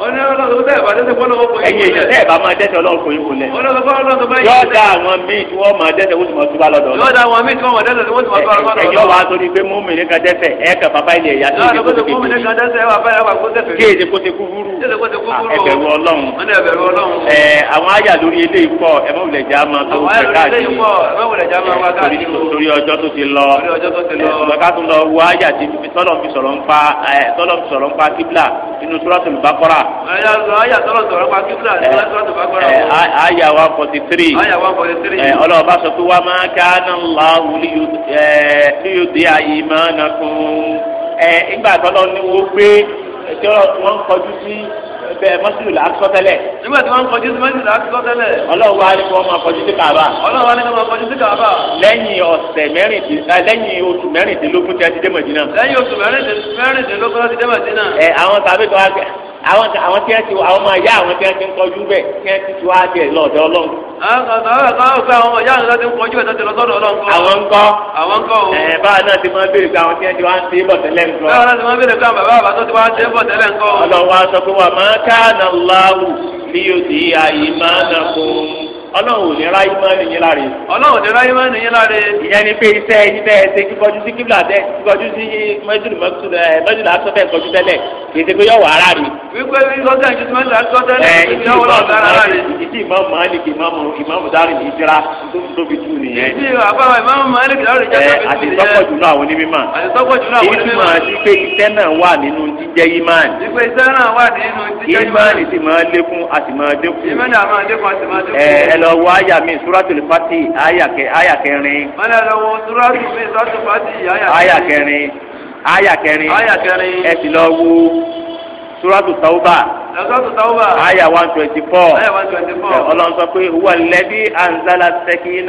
ẹ̀yin èèyàn tẹ́ ẹ̀ bá máa dẹ́sẹ̀ ọlọ́run kò yín kò lẹ̀. yóò da àwọn míì tí wọ́n máa dẹ́sẹ̀ wọ́n sì máa túbà lọ́dọ̀. yóò da àwọn míì tí wọ́n máa dẹ́sẹ̀ wọ́n sì máa túbà lọ́dọ̀. ẹ̀yọ́ wa torí pé mú mi ní ka dẹ́sẹ̀ ẹ̀ kà bàbá ilé ẹ̀yà tó ṣe kó ṣe kú. kí èdè kó ṣe kú fúrú. ẹ̀bẹ̀rù ọlọ́run. àwọn àyà lórí ilé ìkọ ẹ̀mọ́wùlẹ̀ já máa tó ṣe káàkiri. torí ọjọ́ tó ti lọ. ìgbàká tún lọ wọ àyà tí tọ́lọ̀ fi sọ̀rọ̀ ń pa kíbla nínú Suratul Baqara Eh, eh, aya one forty three eh, ọlọ́ọ̀bá sọ pé wà máa káná láwù líyòdì ayé máa nà kún. ìgbà àtọ́lọ́ ni wọ́n gbé ẹjọ́ wọn kọjú sí bẹ mọsiru la sọ tẹ́lẹ̀. nígbà tí wọn kọjú sí mọsiru la sọ tẹ́lẹ̀. Ọlọ́run wa ni wọn máa kọjú sí Kaaba. Ọlọ́run wa ni wọn máa kọjú sí Kaaba. lẹ́yìn ọ̀sẹ̀ mẹ́rìndínlógún lẹ́yìn oṣù mẹ́rìndínlógún tẹ ti dé Mẹdínà. lẹ́yìn oṣù mẹ́rìndínlógún tẹ ti dé Mẹdínà. ẹ àwọn tàbí tó wá gẹ àwọn àwọn tí wọn ti àwọn ọmọ ìyá àwọn tí wọn ti ń tọ́jú bẹ tí wọn ti tu wá bẹ lọ́dọ̀ Ọlọ́run. àwọn ńkọ àwọn ńkọ o. ẹ báwa náà ti máa béèrè pé àwọn tí wọn ti wá ń ṣe bọ̀ tẹ́lẹ̀ ńkọ. báwa náà ti máa béèrè pé àwọn bàbá àbátọ́ ti wá ń ṣe bọ̀ tẹ́lẹ̀ ńkọ. Ọlọ́run wa sọ pé wà máa ká àná láwù bí yóò ti àyè máa nà kún un ọlọ́run ò ní ra ìmánì yín láre. ọlọ́run ò ní ra ìmánì yín láre. ìyẹn ni pé iṣẹ́ ẹyin bẹ́ẹ̀ ṣe kíkọjú sí kíbla tẹ kíkọjú sí mẹ́jùlù mẹ́jùlù ẹ mẹ́jùlù aṣọ bẹ́ẹ̀ kọjú tẹ́lẹ̀ kì í ṣe pé yọ̀ wà ara rè. wípé bí sọ́jà ìjú tí mẹ́jùlù aṣọ tẹ́lẹ̀ kì í yọ̀ wà ara rè. ìdí ìmáàmù Málíkì ìmáàmù ìmáàmù Dárì ní ìdíra tó tóbi jù nìyẹn. ìdí àbáwọ̀ ìmáàmù Málíkì Dárì jẹ́ tóbi jù nìyẹn. àtìsọ́pọ̀ jù náà àwọn onímọ̀. àtìsọ́pọ̀ jù náà àwọn onímọ̀. ìmọ̀ sí pé iṣẹ́ náà wà nínú jíjẹ́ ìmáànì. ìpè iṣẹ́ náà wà nínú jíjẹ́ ìmáànì. ìmáànì sì máa lékún àti lọ wo àyà mi suratul fati àyà kẹrin. wọ́n lọ wo suratul fati àyà kẹrin. àyà kẹrin ẹ sì lọ wo suratul tawba. aya one twenty four. anzala ma'a pé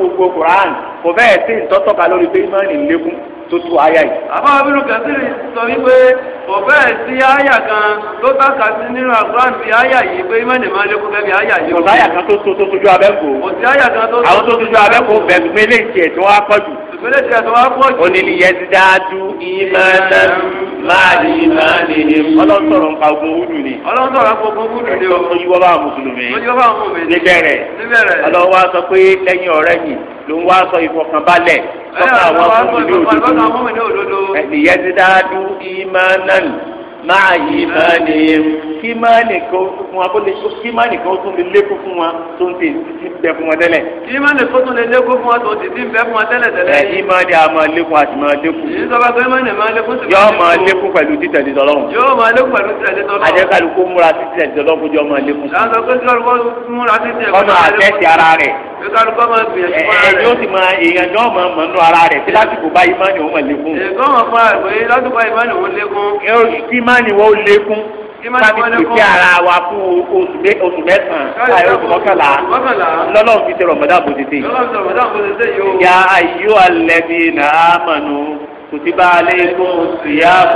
gbogbo Quran. kò fẹ́ẹ̀ sí ìtọ́tọ́ka lórí pé ìmọ̀ọ́nì lékún tó tu aya yìí. àbá abiru kẹsìrì sọ wípé kò fẹ́ẹ̀ sí aya kan tó tàkà sí nínú àkùrán bí aya yìí pé ìmọ̀ọ́nì máa lékún bẹ́ẹ̀ bí aya yìí. kò sí aya kan tó sojú abẹ́kò. kò sí aya kan tó sojú abẹ́kò. àwọn tó sojú abẹ́kò bẹ̀rù mélèé tiẹ̀ tí wọ́n á pọ̀ jù onílì yẹn ti dáadu ìmáná máa ní ìmáná ní. ọlọ́run sọ̀rọ̀ nípa ogun wúdù ni. ọlọ́run sọ̀rọ̀ nípa ogun wúdù ni o. oyinbo bá mùsùlùmí. oyinbo bá mùsùlùmí. níbẹ̀rẹ̀ ọlọ́run wá sọ pé lẹ́yìn ọ̀rẹ́ yìí ló ń wá sọ ìfọkànbalẹ̀ sọ́kà àwọn mùsùlùmí òdodo. ẹ̀yẹ́ ti dáadu ìmáná máa yí máa ní kí máa nìkan fún wa kó lè kí máa nìkan tún lè lékún fún wa tó ń tè ti bẹ fún wa tẹ́lẹ̀. kí máa nìkan tún lè lékún fún wa tó ti ti bẹ fún wa tẹ́lẹ̀ tẹ́lẹ̀. ẹ ìmọ̀ ni a máa lékún àti máa lékún. yìí sọ pé máa nì máa lékún sí. yóò máa lékún pẹ̀lú títẹ̀lé tọ́lọ́run. yóò máa lékún pẹ̀lú títẹ̀lé tọ́lọ́run. àjẹkálù kó múra títẹ̀lé tọ́lọ́run kó jọ máa lékún. láti sọ pé kí ọlọ́run múra ìmánì wọn ó lékún káàdì pèsè ara wa fún oṣù mẹ́sàn-án àyè oṣù mọ́kànlá lọ́lọ́run fi ṣe rọ̀mọ́dá bó dé. ya ayyuha alladhina amanu kutiba alaykum siyam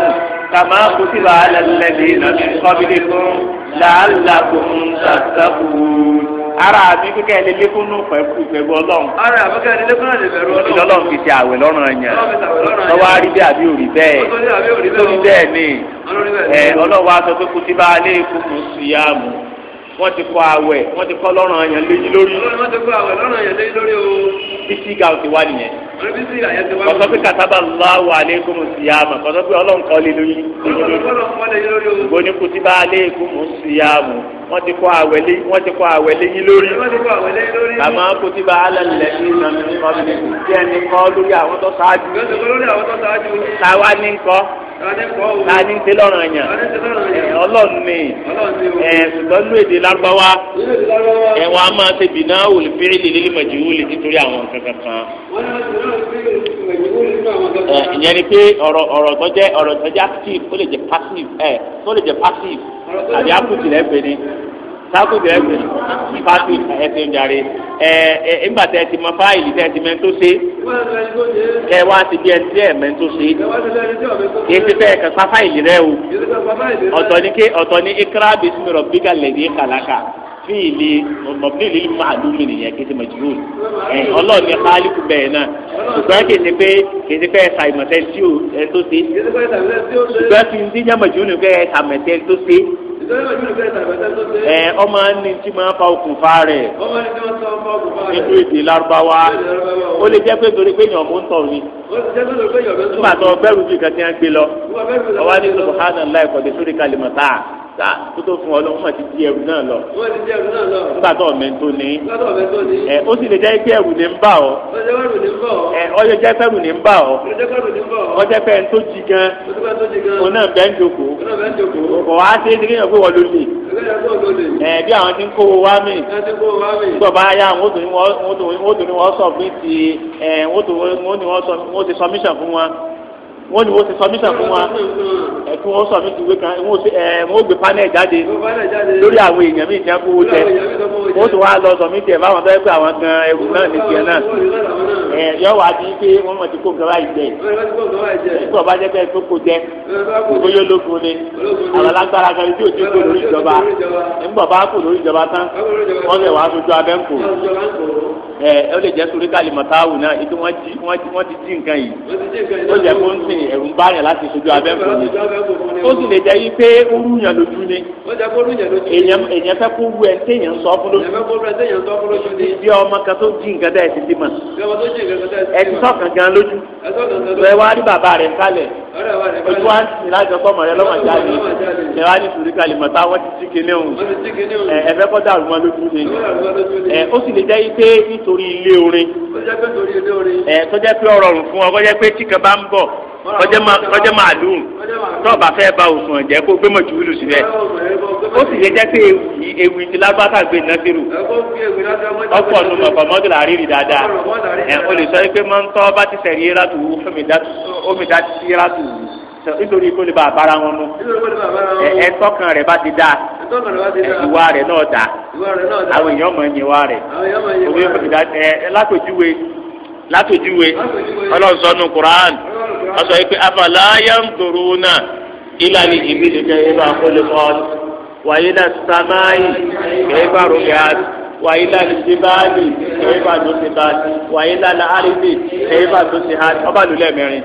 kama kutiba ala alladhina min qablikum la'allakum tattaqun. ara àbí kíkẹ́ ilé lékún ìfẹ̀gbọ́ ọlọ́run. ara àbí kíkẹ́ ilé lékún náà lè bẹ̀rù ọlọ́run. ọlọ́run fi ti àwẹ̀ lọ́rùn ẹ̀yàn. lọ́wọ́ àrí bẹ́ẹ̀ àbí òrí bẹ́ẹ̀. bẹ́ẹ̀ ni ọlọ́run sọ wọ́n ti kọ́ àwẹ̀ wọ́n ti kọ́ lọ́rùn àyàn léyìn lórí. wọ́n ti kọ́ àwẹ̀ lọ́rùn àyàn léyìn lórí o. bísí ga ò ti wá nìyẹn. kọ́sọ́ pé kàtàbà láwọ̀ aleikum síyàmù kọ́sọ́ pé ọlọ́run kọ́ lé lórí. gbogbo ní kùtìbà aleikum síyàmù wọ́n ti kọ́ àwẹ̀ lé wọ́n ti kọ́ àwẹ̀ léyìn lórí. kàmá kùtìbà alẹ́lẹ̀ ní ìlànà ìkọ́ni kí ẹni kọ́ lórí àwọn tó ṣáájú. táwa ní ń kọ́ ta ni ń ṣe lọ́rùn ẹ̀yàn ọlọ́run ni ẹ̀ ṣùgbọ́n ní èdè lárúbáwá ẹ̀ wọ́n a máa ṣe bìnnà olùfẹ́rẹ́ lè lélẹ́ màjìwúlì nítorí àwọn kankan kan. ìyẹn ni pé ọ̀rọ̀ ọ̀rọ̀ tó jẹ́ ọ̀rọ̀ tó jẹ́ active ó lè jẹ́ passive ẹ̀ tó lè jẹ́ passive àbí akutì lẹ́gbẹ̀ẹ́ ni fàtàkù bẹ̀rẹ̀ pé fàtù ẹ̀sìn ìjàre ẹ̀ ńgbà tẹ̀ ti mọ fáìlì tẹ̀ ti se, ṣe kẹ̀ wá ti bí ẹni tí ẹ̀ mẹ́tò ṣe kìí ti bẹ́ẹ̀ kẹ́ o rẹ o ọ̀tọ̀ ni ké ọ̀tọ̀ ni ikra bismi rabbika lẹ́dí kàlákà fíìlì mọ̀bílì màlúmi nìyẹn kìí ti mọ̀júlù ẹ̀ ọlọ́ọ̀ni kálíkù bẹ́ẹ̀ náà ṣùgbọ́n kìí ti pé kìí ti pé ẹ̀ sàmẹ̀tẹ̀ tí o ẹ̀ tó ṣe ṣùgbọ́n kìí ti yẹ mọ̀júlù pé ẹ̀ sàmẹ̀tẹ̀ tó ẹ ọmọ ní tí máa fa okùnfà rẹ nínú èdè Lárúbáwá ó lè jẹ pé torí pé yàn mú ń tọ̀ ni nígbà tó bẹ̀rù bí kankan gbé lọ ọwọ́ ní subhanallah kọ̀dé sórí kalimata. gbà tó tó fún ọ lọ wọn ti di ẹrù náà lọ. wọn ti di ẹrù náà lọ. nígbà tó ọmọ tó ní. nígbà tó ọmọ tó ní. ẹ ó sì lè jẹ́ pé ẹrù ní ń bà ọ́. ó lè jẹ́ pẹ́rù ní ń bà ọ́. ó lè jẹ́ pẹ́rù ní ń bà ọ́. ó jẹ́ pẹ́rù tó jí gan. ó jẹ́ pẹ́rù tó jí gan. òun náà bẹ́ẹ̀ ń jòkó. òun náà bẹ́ẹ̀ ń jòkó. kò wá sí ẹni kéèyàn pé wọ́n ló lè ẹ bí àwọn ti ń kówó wá mi gbọ́ bá yá àwọn ó tó ní wọ́n sọ fún ti wọ́n ti sọmíṣàn fún wọn wọ́n ní wọ́n ti sọmítà fún wa ẹ̀kún wọ́n sọmítì ìwé kan wọ́n ti ẹ̀ wọ́n gbé panel jáde lórí àwọn èèyàn míì tí wọ́n kó tẹ wọ́n ti wá lọ sọmítì ẹ̀ báwọn tẹ́lẹ̀ pé àwọn gan ẹrù náà ní tiẹ̀ náà ẹ̀ yọ wá di pé wọ́n mọ̀ ti kó nǹkan báyìí jẹ nígbà bá jẹ́ bẹ́ẹ̀ tó kó jẹ bóyá ológun ni àwọn alágbára kan tí ò ti kó lórí ìjọba nígbà bá kó lórí ìjọba tán wọ́n lè wá sojú abẹ́ ń kó ẹ̀ ó lè jẹ́ sórí kálí mọ̀táwù náà ètò wọ́n ti jí nǹkan yìí ó jẹ́ kó ń sìn ni ẹ̀rù ń bá yàn láti sojú abẹ́kùn ni ó sì lè jẹ́ yí pé ó rú yàn lójú ni èèyàn fẹ́ kó wú ẹ téèyàn sọ fún lójú bí ọmọ kan tó jí nǹkan dáhẹ̀ sí ti mọ̀ ẹni sọ̀kan gan lójú ẹ wá rí bàbá rẹ̀ kálẹ̀ ojú wa ń sìn láti ọkọ mọ̀rẹ́ lọ́mọ jáde ẹ wá ní sùúrù kalẹ̀ mọ̀tá wọ́n ti jí kele òun ẹ fẹ́ kọ́ dàrú mọ́ lójú ni ó sì lè jẹ́ yí pé nítorí ilé orin tó jẹ́ pé ọ̀rọ̀ ọ̀rùn fún ọ kọjá pé tí bá ń bọ̀ kọjá máa lùn tọ́ọ̀bà fẹ́ ba òsùn jẹ́ kó gbé mọ̀júwìlù sílẹ̀ ó sì lè jẹ́ pé ewì ti lágbàtà gbé násìrù ọ̀pọ̀ ọ̀nù mọ̀kọ́ mọ́tòlá rírì dáadáa ẹ̀ o lè sọ pé máa ń tọ́ bá ti sẹ̀rí yẹ́rà tù wú omi dá ti yẹ́rà tù wú nítorí kó lè bá abara wọn mú ẹ̀tọ́ kan rẹ̀ bá ti dáa ìwà rẹ̀ náà dáa àwọn èèyàn mọ̀ ẹ̀yìn ìwà rẹ̀ òwe omi dá ẹ lápèjúwe látòjúwe ọlọ́sọ̀nù Qur'an ọsọ yìí pé afala yanzuruna ila ní ìbí ni kẹ́ ibà kólé kọ́ọ̀lù wàyí náà sàmáyì kẹ́ ibà rògbìyàtì wàyí lálẹ́ ìdíbàálì kẹ́ ibà tó ti bàálì wàyí lálẹ́ àrídì kẹ́ ibà tó ti hàdì ọba mẹ́rin.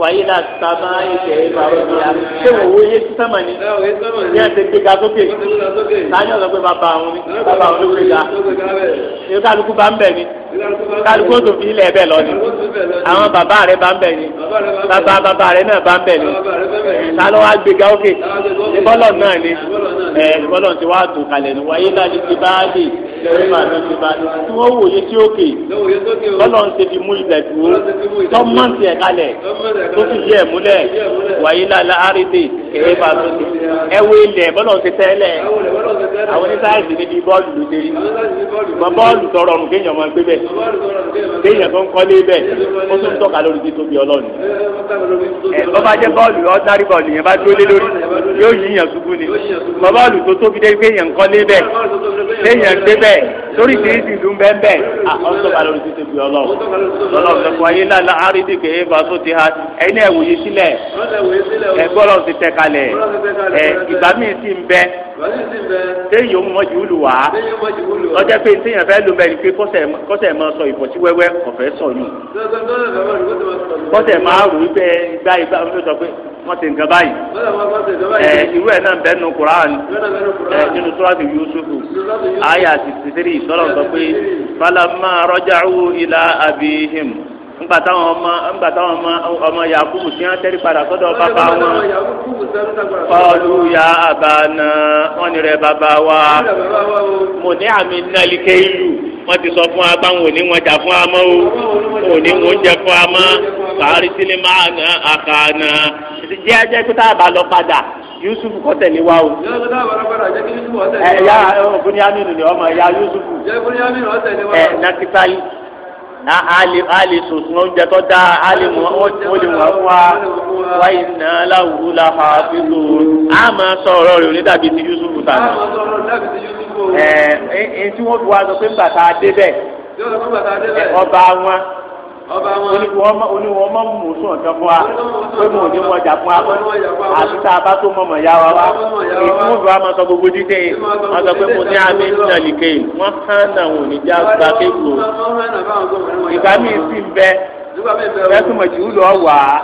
wàyí la sábà ìkẹ́ ìbá òbí ya ṣé wò wó yé sísámà ni ní àti gbéga sókè sáyẹn ọ̀sán pé bàbá àwọn ni bàbá àwọn ló gbéga èyí kálukú bá ń bẹ̀ ni kálukú tó fi ilẹ̀ bẹ̀ lọ ni àwọn bàbá rẹ̀ bá ń bẹ̀ ni bàbá bàbá rẹ̀ náà bá ń bẹ̀ ni sálọ́ wá gbéga òkè ìbọ́lọ̀ náà ni ìbọ́lọ̀ ti wá tó kalẹ̀ ni wàyí la ti bá dé ìgbà náà ti bá tí wọ́n wòye sí òkè lọ́lọ́ ń ṣe fi mú ilẹ̀ dúró tọ́mọ̀tì ẹ̀ kalẹ̀ tó fi yẹ múlẹ̀ wàyí lálẹ́ àrídè kẹ̀kẹ́ bá tó ti ẹ wo ilẹ̀ bọ́lọ̀ ń ṣe tẹ́lẹ̀ àwọn oníṣáàsì níbi bọ́ọ̀lù ló dérí mọ bọ́ọ̀lù tọrọ ọ̀run kéèyàn máa gbé bẹ́ẹ̀ kéèyàn tó ń kọ́lé bẹ́ẹ̀ ó tún tọ́ka lórí ti tóbi ọlọ́run ẹ bọ́bá jẹ́ bọ́ọ̀lù ọ́dínárì bọ́ọ̀lù yẹn bá dúró lé lórí yóò yíyàn ṣubú ni mọ bọ́ọ̀lù tó tóbi dé kéèyàn kọ́lé bẹ́ẹ̀ kéèyàn gbé bẹ́ẹ̀ bẹ́ẹ̀ lórí ìdírísì ìlú bẹ́ẹ̀ bẹ́ẹ̀ ọ̀sọ̀gbà ah, lórí ti tóbi ọlọ́run lọ́lọ́run tó fún ayé lánàá àrídì kèé bá tó ti ha ẹ̀yin náà sílẹ̀ ẹ̀ ti tẹ̀ kalẹ̀ ẹ̀ ìgbà míì sì ń bẹ téèyàn ó mọ jùlù wá lọ́jọ́ pé téèyàn fẹ́ lu mẹ́rin pé kọ́sẹ̀ máa sọ wẹ́wẹ́ ọ̀fẹ́ sọ yìí kọ́sẹ̀ máa rò wípé gbá ìgbà wọ́n ti nǹkan báyìí. ẹ irú ẹ̀ náà bẹ́ẹ̀ nu Qur'an ẹ nínú sọ́láṣí Yusufu àyà sixty three sọ́lá ń sọ pé falamma raja'u ila abihim ńgbà táwọn ọmọ ńgbà táwọn ọmọ ọmọ Yakubu tí wọ́n tẹ́rí padà sọ́dọ̀ bàbá wọn kọlu ya abana wọn ni rẹ bàbá wa mo ní àmì nàlíkẹ́ ìlú wọ́n ti sọ fún wa báwọn ò ní wọn jà fún wa mọ́ o ò ní wọn jẹ fún wa mọ́. fàárísílẹ̀ máa na aka na. jẹ́ ajẹ́ pé tá a bá padà yusuf kọ́ wa o. ya tá a bá lọ padà jẹ́ kí yusuf wa. ya ni ya yusuf. jẹ́ wa. nakitali na ali ali sosun oúnjẹ ẹ ẹ tí ọba wọn oníwọ̀n mọ̀ mú sùn ọ̀kan fún wa pé mo ní mọ̀ jà fún wa àti tá a bá tó mọ̀ mọ̀ yá wa wa ìfún ìfún wa máa sọ gbogbo dídé yìí wọ́n sọ pé mo ní àmì ìdánilìkè wọ́n hàn náà wò ní já gba kéko ìgbà mi sì ń bẹ fẹ́sùn mọ̀jìwú lọ wà á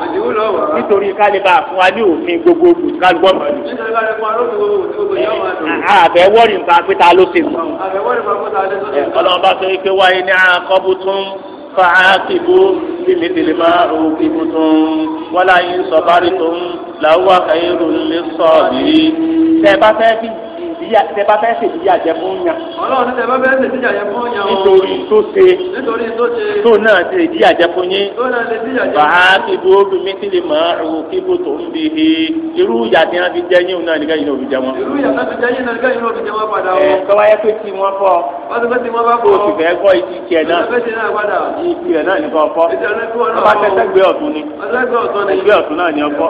nítorí kálíbà fún wa ní òfin gbogbogbò kálukọ́ mọ̀ ní. àbẹ̀ wọ́ọ̀rì nǹkan pé ta ló ṣe sùn. ọlọ́run bá sọ wípé wáyé ní akọ́bùtún. فعاقبوا بمثل ما عوقبتم ولئن صبرتم لهو خير للصابرين ìdíyà tẹ bá fẹ́ ṣe ìdíyà jẹ fún yàn. ọlọ́run tẹ bá fẹ́ ṣe ìdíyà jẹ fún yàn o. nítorí tó ṣe. nítorí tó ṣe. tó náà ṣe ìdíyà jẹ fún yín. tó náà ṣe ìdíyà jẹ fún yín. bàá ti dúró bí mi ti lè mọ àwọn kíbo tó ń bi he. irú ìyá tí wọn fi jẹ yín náà nígbà yìí ló fi jẹ wọn. irú ìyá náà fi jẹ yín náà nígbà yìí ló fi jẹ wọn padà o. ẹ tọ́wá yẹ pé tí wọ́n fọ. wọ́n ti fẹ́ tí wọ́n bá fọ. o ti fẹ́ kọ́ ìdí tiẹ̀ náà. o ti fẹ́ fọ́. ni. ọ̀tún ọ̀tún ni. ni ọkọ. ọ̀tún náà ni ọkọ.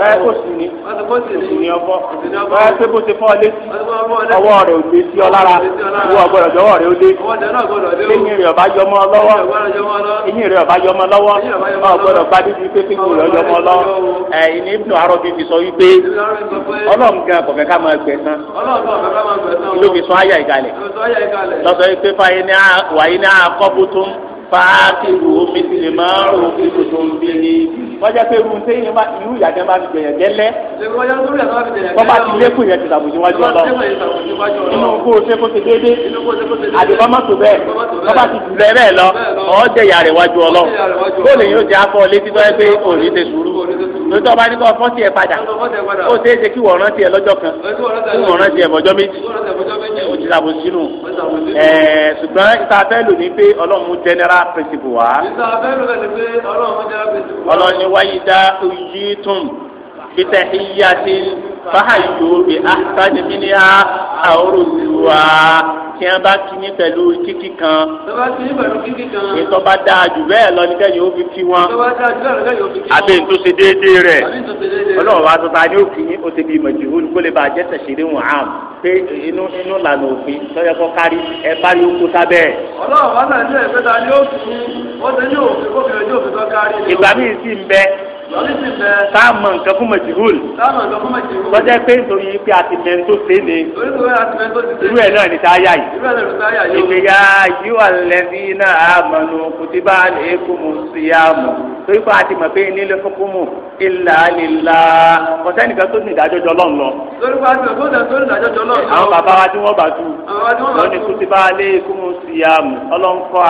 báyà kò ni. ọ̀tún kò sí ni. ọ̀tún ni ọwọ́ rẹ̀ ò lé sí ọ lára ìwọ ọgbọ́dọ̀ jọwọ́ rẹ̀ ó lé eyín rẹ̀ ọba jọmọ lọ́wọ́ eyín rẹ̀ ọba jọmọ lọ́wọ́ ọgbọ́dọ̀ fi sọ wípé ọlọ́run gan ká máa tán fàákìlù omi ti lè máa rò kíkò tó ń bí ni. wọ́n jẹ́ pé irú sẹ́yìn irú ìyàjẹ́ máa fi jẹ̀yẹ̀ gẹ́lẹ́. bọ́bá ti lékún yẹn ti tàbùjú wájú ọlọ. inú kó o ṣe kó ṣe déédé. àdìbọn má tó bẹ́ẹ̀. bọ́bá ti jùlọ ẹ̀rẹ́ lọ. ọ̀ jẹ̀yà rẹ̀ wájú ọlọ. bóòlù yóò jẹ́ afọ létí tó yẹ pé òní ti sùúrù lójú ọba ní kọ́ fọ́ọ̀tì ẹ̀ padà ó ṣeé ṣe kí wọ́n rántí ẹ lọ́jọ́ kan kí wọ́n rántí ẹ bọ́jọ́ méjì ó ti sàbò sínú ṣùgbọ́n ìtafẹ́ lò ní pé ọlọ́run general principle wá ọlọ́run wáyé dá oyè tún bitahiyatin fahayu bi ahsani minha awuruwa tí wọn bá kí ní pẹ̀lú kíkí kan. tọ́ba kí ní pẹ̀lú kíkí kan. ètò bá dáa jù bẹ́ẹ̀ lọ ní kẹ́yìn ó fi kí wọn. tọ́ba dáa jù bẹ́ẹ̀ lọ ní kẹ́yìn ó fi kí wọn. àbẹ̀ tó ṣe déédéé rẹ̀. àbẹ̀ tó ṣe déédéé rẹ̀. ọlọ́run wa tó ta ni ó kì í ó ti bí mọ̀jìhún kó lè bá a jẹ́ tẹ̀síre wọn àm pé inú inú lànà òfin lọ́yọ̀ kọ́ kárí ẹ bá rí oko sábẹ́. ọlọ́run wa náà ní ẹ̀fẹ́ ta ni ó tún ó ti ní táàmù nǹkan fún mẹjìhúl tọ́jà pé nítorí pé àti mẹ́ńtò ṣe ni irú ẹ̀ náà ní táyà yìí ìgbéyà yíwà lẹ́bí náà àmọ́nù kùtìbá lẹ́kùnmù síyàmù torí pé àti mọ̀ pé nílé fúnkúmù ìlà lílà ọ̀sẹ́ nìkan tó ní ìdájọ́ jọ lọ́n lọ. torí pé àti mọ̀ pé tó ní ìdájọ́ jọ lọ́n lọ. àwọn bàbá wa tí wọ́n bá tú wọ́n ní kùtìbá lẹ́kùnmù síyàmù ọlọ́nkọ́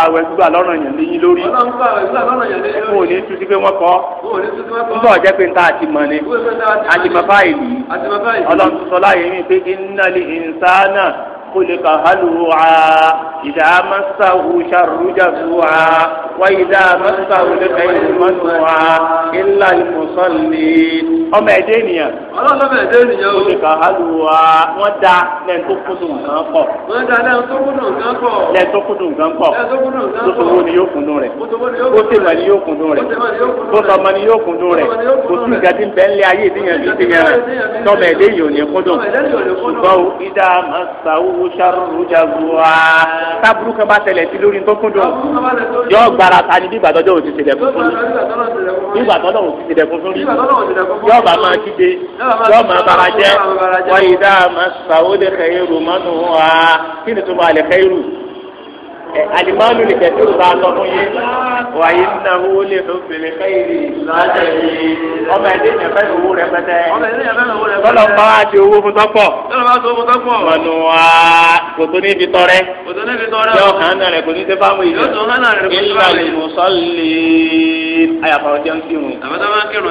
nígbà ọ̀jẹ́ pé nta àti mọ̀ ni àti mọ̀ báyìí ọlọ́run sọ láyé mi pé innal insana. خلق هلوعا إذا مسه شر جزوعا وإذا مسه الخير منوعا إلا المصلين ọmọ ẹdẹ ènìyàn ọlọ́mọ ẹdẹ ènìyàn o ṣe kàn hálùwà wọn da lẹ́yìn tó kúndùn nǹkan pọ̀ wọn da lẹ́yìn tó kúndùn nǹkan pọ̀ lẹ́yìn tó kúndùn nǹkan pọ̀ lóṣòwò ni yóò kúndùn rẹ̀ bóṣèlú ni yóò kúndùn rẹ̀ bóṣọmọ ni yóò kúndùn rẹ̀ kò sí ìgbà tí ń bẹ́ẹ̀ lé ayé ìdíyàn ti ti yẹn rẹ̀ tọmọ ẹdẹ yìí ò ní kúndùn ṣùgbọ́n ìdá máa ń sa owó sharru jazua tábùrú kan bá tẹlẹ̀ sí lórí tó kúndùn yóò gbára ta ni bí ìgbà tọ́jọ́ òsì tilẹ̀ fún fún rí bí ìgbà tọ́jọ́ òsì tilẹ̀ fún fún rí yóò bá máa kígbe yóò máa bára jẹ́ wáyé dáa máa sàwó lè mọ́nù wá kí ni tó máa lè alimami ni kẹtù bá lọ fún yín wà yín náà wó lè tó fèrè káyìrì lọ́dẹ̀ yìí ọmọ ẹ̀dẹ́ yẹn fẹ́ owó rẹ pẹ́tẹ́ tọ́lọ̀ bá a ti owó fún tọ́pọ̀ mọ̀nù wa kòtò ní ibi tọrẹ yóò kàn án rẹ kò ní ṣe fáwọn ìlú ìlà lè mú sọ́ọ̀lì ayàfà ọjọ́ ń kírun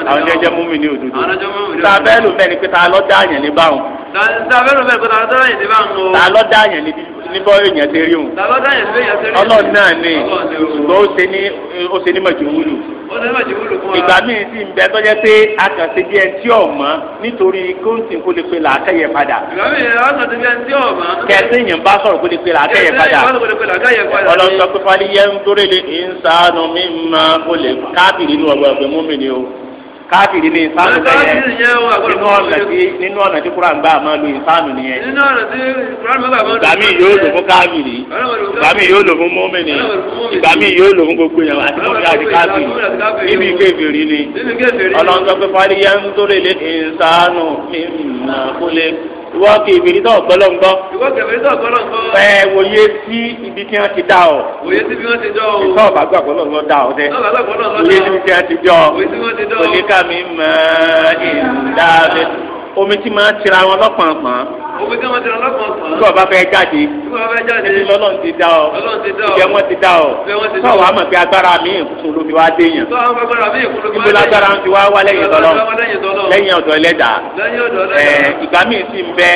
àwọn ọjọ́ jẹ́ múmi ní òdodo tàbẹ́lù bẹ́ẹ̀ ni pé ta lọ́ọ́ dá àyàn ní báwọn. tàbẹ́lù bẹ́ẹ̀ ni pé ta lọ́ọ́ dá ní báwọn. ta lọ́ọ́ dá àyàn ní bíbí níbọ̀ èèyàn ti rí òun ọlọ́run náà ni ṣùgbọ́n ó ṣe ní ó ṣe ní màjúwúlù ìgbà míì sì ń bẹ tọ́jẹ́ pé a kàn ṣe bí ẹni tí ò mọ́ nítorí kóńtì kó lè pe làákẹ́yẹ padà. ìgbà míì a kàn ṣe bí ẹni tí ò mọ́. kẹsí èèyàn bá sọ̀rọ̀ kó lè pe làákẹ́yẹ padà. ọlọ́run sọ pé fali yẹn ń torí lè ń sànù mímọ́ kó lè káàbì nínú ọgbà ọ̀gbìn múmi ni káfíìrì ní ìsánù lẹ́yìn nínú ọ̀nà tí nínú ọ̀nà tí kúrò àgbà máa lo ìsánù nìyẹn. ìgbà mi yóò lò fún káfíìrì ìgbà mi yóò lò fún mọ́mìnì ìgbà mi yóò lò fún gbogbo yẹn àti mọ́mìnì àti káfíìrì níbi kébìrì ni ọlọ́run sọ pé fọ́lì yẹn ń tó lè lé ìsánù mímà ìwọ kèbèrè tó ọgbọlọ ńgbọ. ìwọ kèbèrè tó ọgbọlọ ńgbọ. ẹ wòye sí ibi tí wọn ti dá ọ. wòye sí ibi wọn ti dá ọ. ìtọ́ ọba gbà gbọ́dọ̀ dá ọ dẹ. ìtọ́ ọba gbà gbọ́dọ̀ dá ọ. wòye sí ibi tí wọn ti dá ọ. wòye sí ibi wọn ti dá ọ. oníkàmí mọ́ ìdáàbẹ̀ omi tí máa tira wọn lọ́pọ̀npọ̀n. omi tí máa tira lọ́pọ̀npọ̀n. tí ọba fẹ́ jáde. tí ọba fẹ́ jáde. ẹbí lọ́lọ́run ti dá ọ. lọ́lọ́run ti dá ọ. ìjẹ́ wọn ti dá ọ. tó àwọn àmọ̀ pé agbára mi ìkùsùn ló fi wá dé yàn. tó àwọn agbára mi ìkùsùn ló fi wá dé yàn. ibi lágbára ń fi wá wá lẹ́yìn tọ́lọ́. lẹ́yìn ọ̀dọ̀ ẹlẹ́dà. lẹ́yìn ọ̀dọ̀ ẹlẹ́dà. ìgbà mi sì ń bẹ.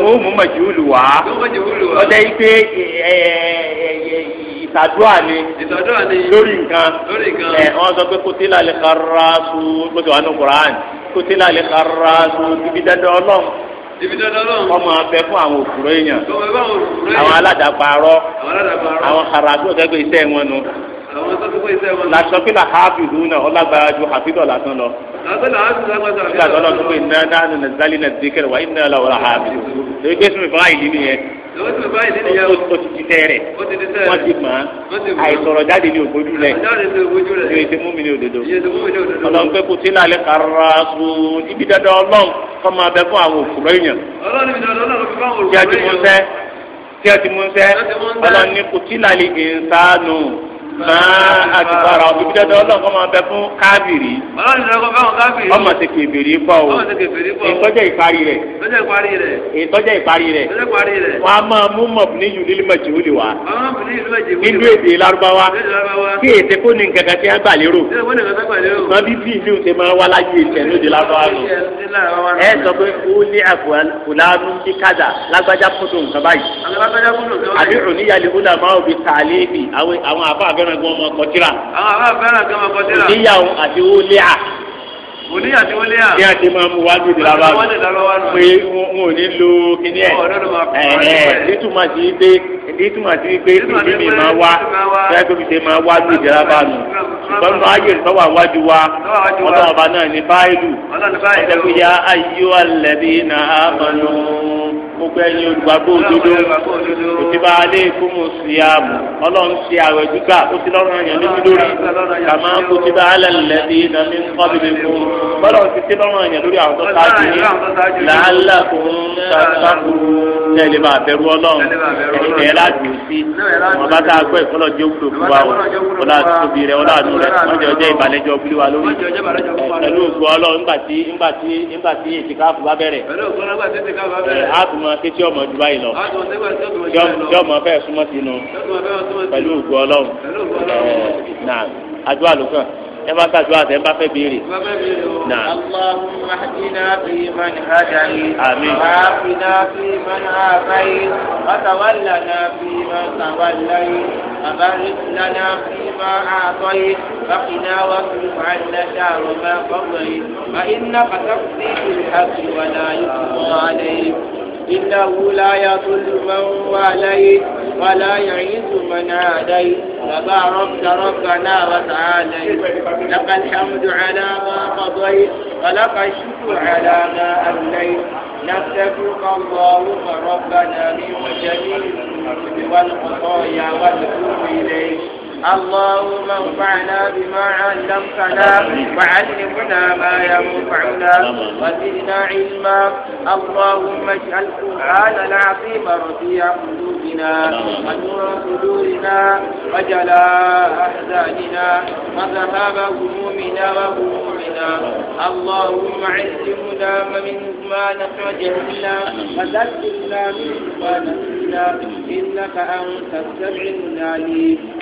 ìwọ mú màjúùlù wá. ọdẹ yìí pé ìtàdúrà ni lórí nǹkan. lórí nǹkan. ẹ wọn sọ pé kò tí ì lálẹ́ kára sùn gbọ́dọ̀ wà ní Kùránì kutila lè kara ibi dandan ọlọ́run ọmọ abẹ fún àwọn òkúrò èèyàn àwọn aládàpárọ àwọn harajú ọ̀gẹ́gbẹ́ iṣẹ́ wọn nu lasọpila hafidu na ọlágbára ju hafidọ lásán lọ nígbà tó lọ sọ pé iná dáhùn nàzálì nàzíkẹrẹ wà iná lọ wọlá hafidu lórí gbèsè mi fún àyè nínú yẹn lọ́wọ́ tí bàbá yìí nínú yàrá o ti ti tẹ́ rẹ̀ wọ́n ti mọ̀ án àìsọ̀rọ̀ jáde ní ògbójú rẹ̀ yóò ṣe mú mi ní òdodo ọlọ́run pé kò sí lálẹ́ kàrà sùn ibi dandan ọlọ́run kọ́ máa bẹ fún àwọn òkúrọ̀ èèyàn tí a ti mú sẹ́ ọlọ́run ní kò sí lálẹ́ ìsánu máa àtìbára ọ̀bí bí dandan ọlọ́run kọ́ máa bẹ fún káàbìrì. ọlọ́run ìdáná kọ́ fáwọn káàbìrì. ọmọ ti kè bèrè pọ̀ o. ọmọ ti kè bèrè pọ̀ o. ìtọ́jẹ́ ìparí rẹ̀. ìtọ́jẹ́ ìparí rẹ̀. ìtọ́jẹ́ ìparí rẹ̀. ìtọ́jẹ́ ìparí rẹ̀. wọ́n á máa mú mọ̀bù ní yù nílùú mọ̀jì wúlì wá. nínú èdè Lárúbáwá. kí ètè kó ní nǹkan kan tí a gbà lérò. wọ́n bí bí ìlú ti máa wá láyé ìtẹ̀ lóde Lárúbáwá lọ. ẹ sọ pé ó ní àfọlánú bí kádà lágbájá kúndùn nǹkan báyìí. àbí òníyàlè ó là fẹ́ràn kí wọ́n máa kọ tíra. àwọn àbá fẹ́ràn kí wọ́n máa kọ tíra. oníyàwó àti wọléà. oníyà àti wọléà. ní àti máa mú wájú ìdílé wa pé wọn ò ní lo kíní ẹ. ẹ̀ẹ́ nítumọ̀ sí pé nítumọ̀ sí pé ìdí mi máa wá fẹ́ẹ́ tó fi ṣe máa wájú ìdílé wa báyìí lù. ọlọ́ọ̀bá náà gbogbo ẹni olùgbàgbọ́ òdodo òtítọ́ alẹ́ ìkúmù síyàmù ọlọ́run sí àwẹ̀ gbígbà ó ti lọ́rùn ẹ̀yàn lórí lórí kàmá kó ti bá alẹ́ lẹ́bi nàmi kọ́bìbì fún bọ́lá ti ti lọ́rùn ẹ̀yàn lórí àwọn tó sáájú yìí làálà fún sàkàkù tẹ̀lé máa bẹ̀rù ọlọ́run ẹ̀yìn tẹ̀yẹ láti sí wọn bá tá a gbọ́ ìfọlọ́ jẹ́ òkúrò fún wa o ọlá tóbi rẹ ọlá àánú rẹ wọ́n jẹ́ ọjọ́ ìbàlẹ́jọ́ gbé wa lórí pẹ̀lú ògbó ọlọ́run nígbà tí nígbà tí nígbà máa ké tí ọmọ ju báyìí lọ tí ọmọ fẹ́ súnmọ́ sí inú pẹ̀lú ògùn ọlọ́run náà àdúrà ló kàn ẹ bá ṣàdúrà tẹ ẹ bá fẹ́ béèrè. Allahumma hdina fi man hadayt. Àmín. Wa afina fi man afayt. Wa tawallana fi man tawallayt. Wa barik lana fi ma a'tayt. Wa qina wasrif 'anna sharra ma qadayt. Fa innaka taqdi bil haqqi wa la yuqda 'alayk. إنه لا يضل من واليه ولا يعز من عاديه تباركت ربنا وتعاليت لك الحمد على ما قضيت ولك الشكر على ما أمليت نستغفرك اللهم ربنا من جميع والخطايا والذنوب إليك اللهم انفعنا بما علمتنا وعلمنا ما ينفعنا وزدنا علما اللهم اجعل القرآن العظيم رضي قلوبنا ونور صدورنا وجلاء أحزاننا وذهاب همومنا وغمومنا اللهم علمنا من ما نتجهلنا وذكرنا من ما نسينا إنك أنت السميع العليم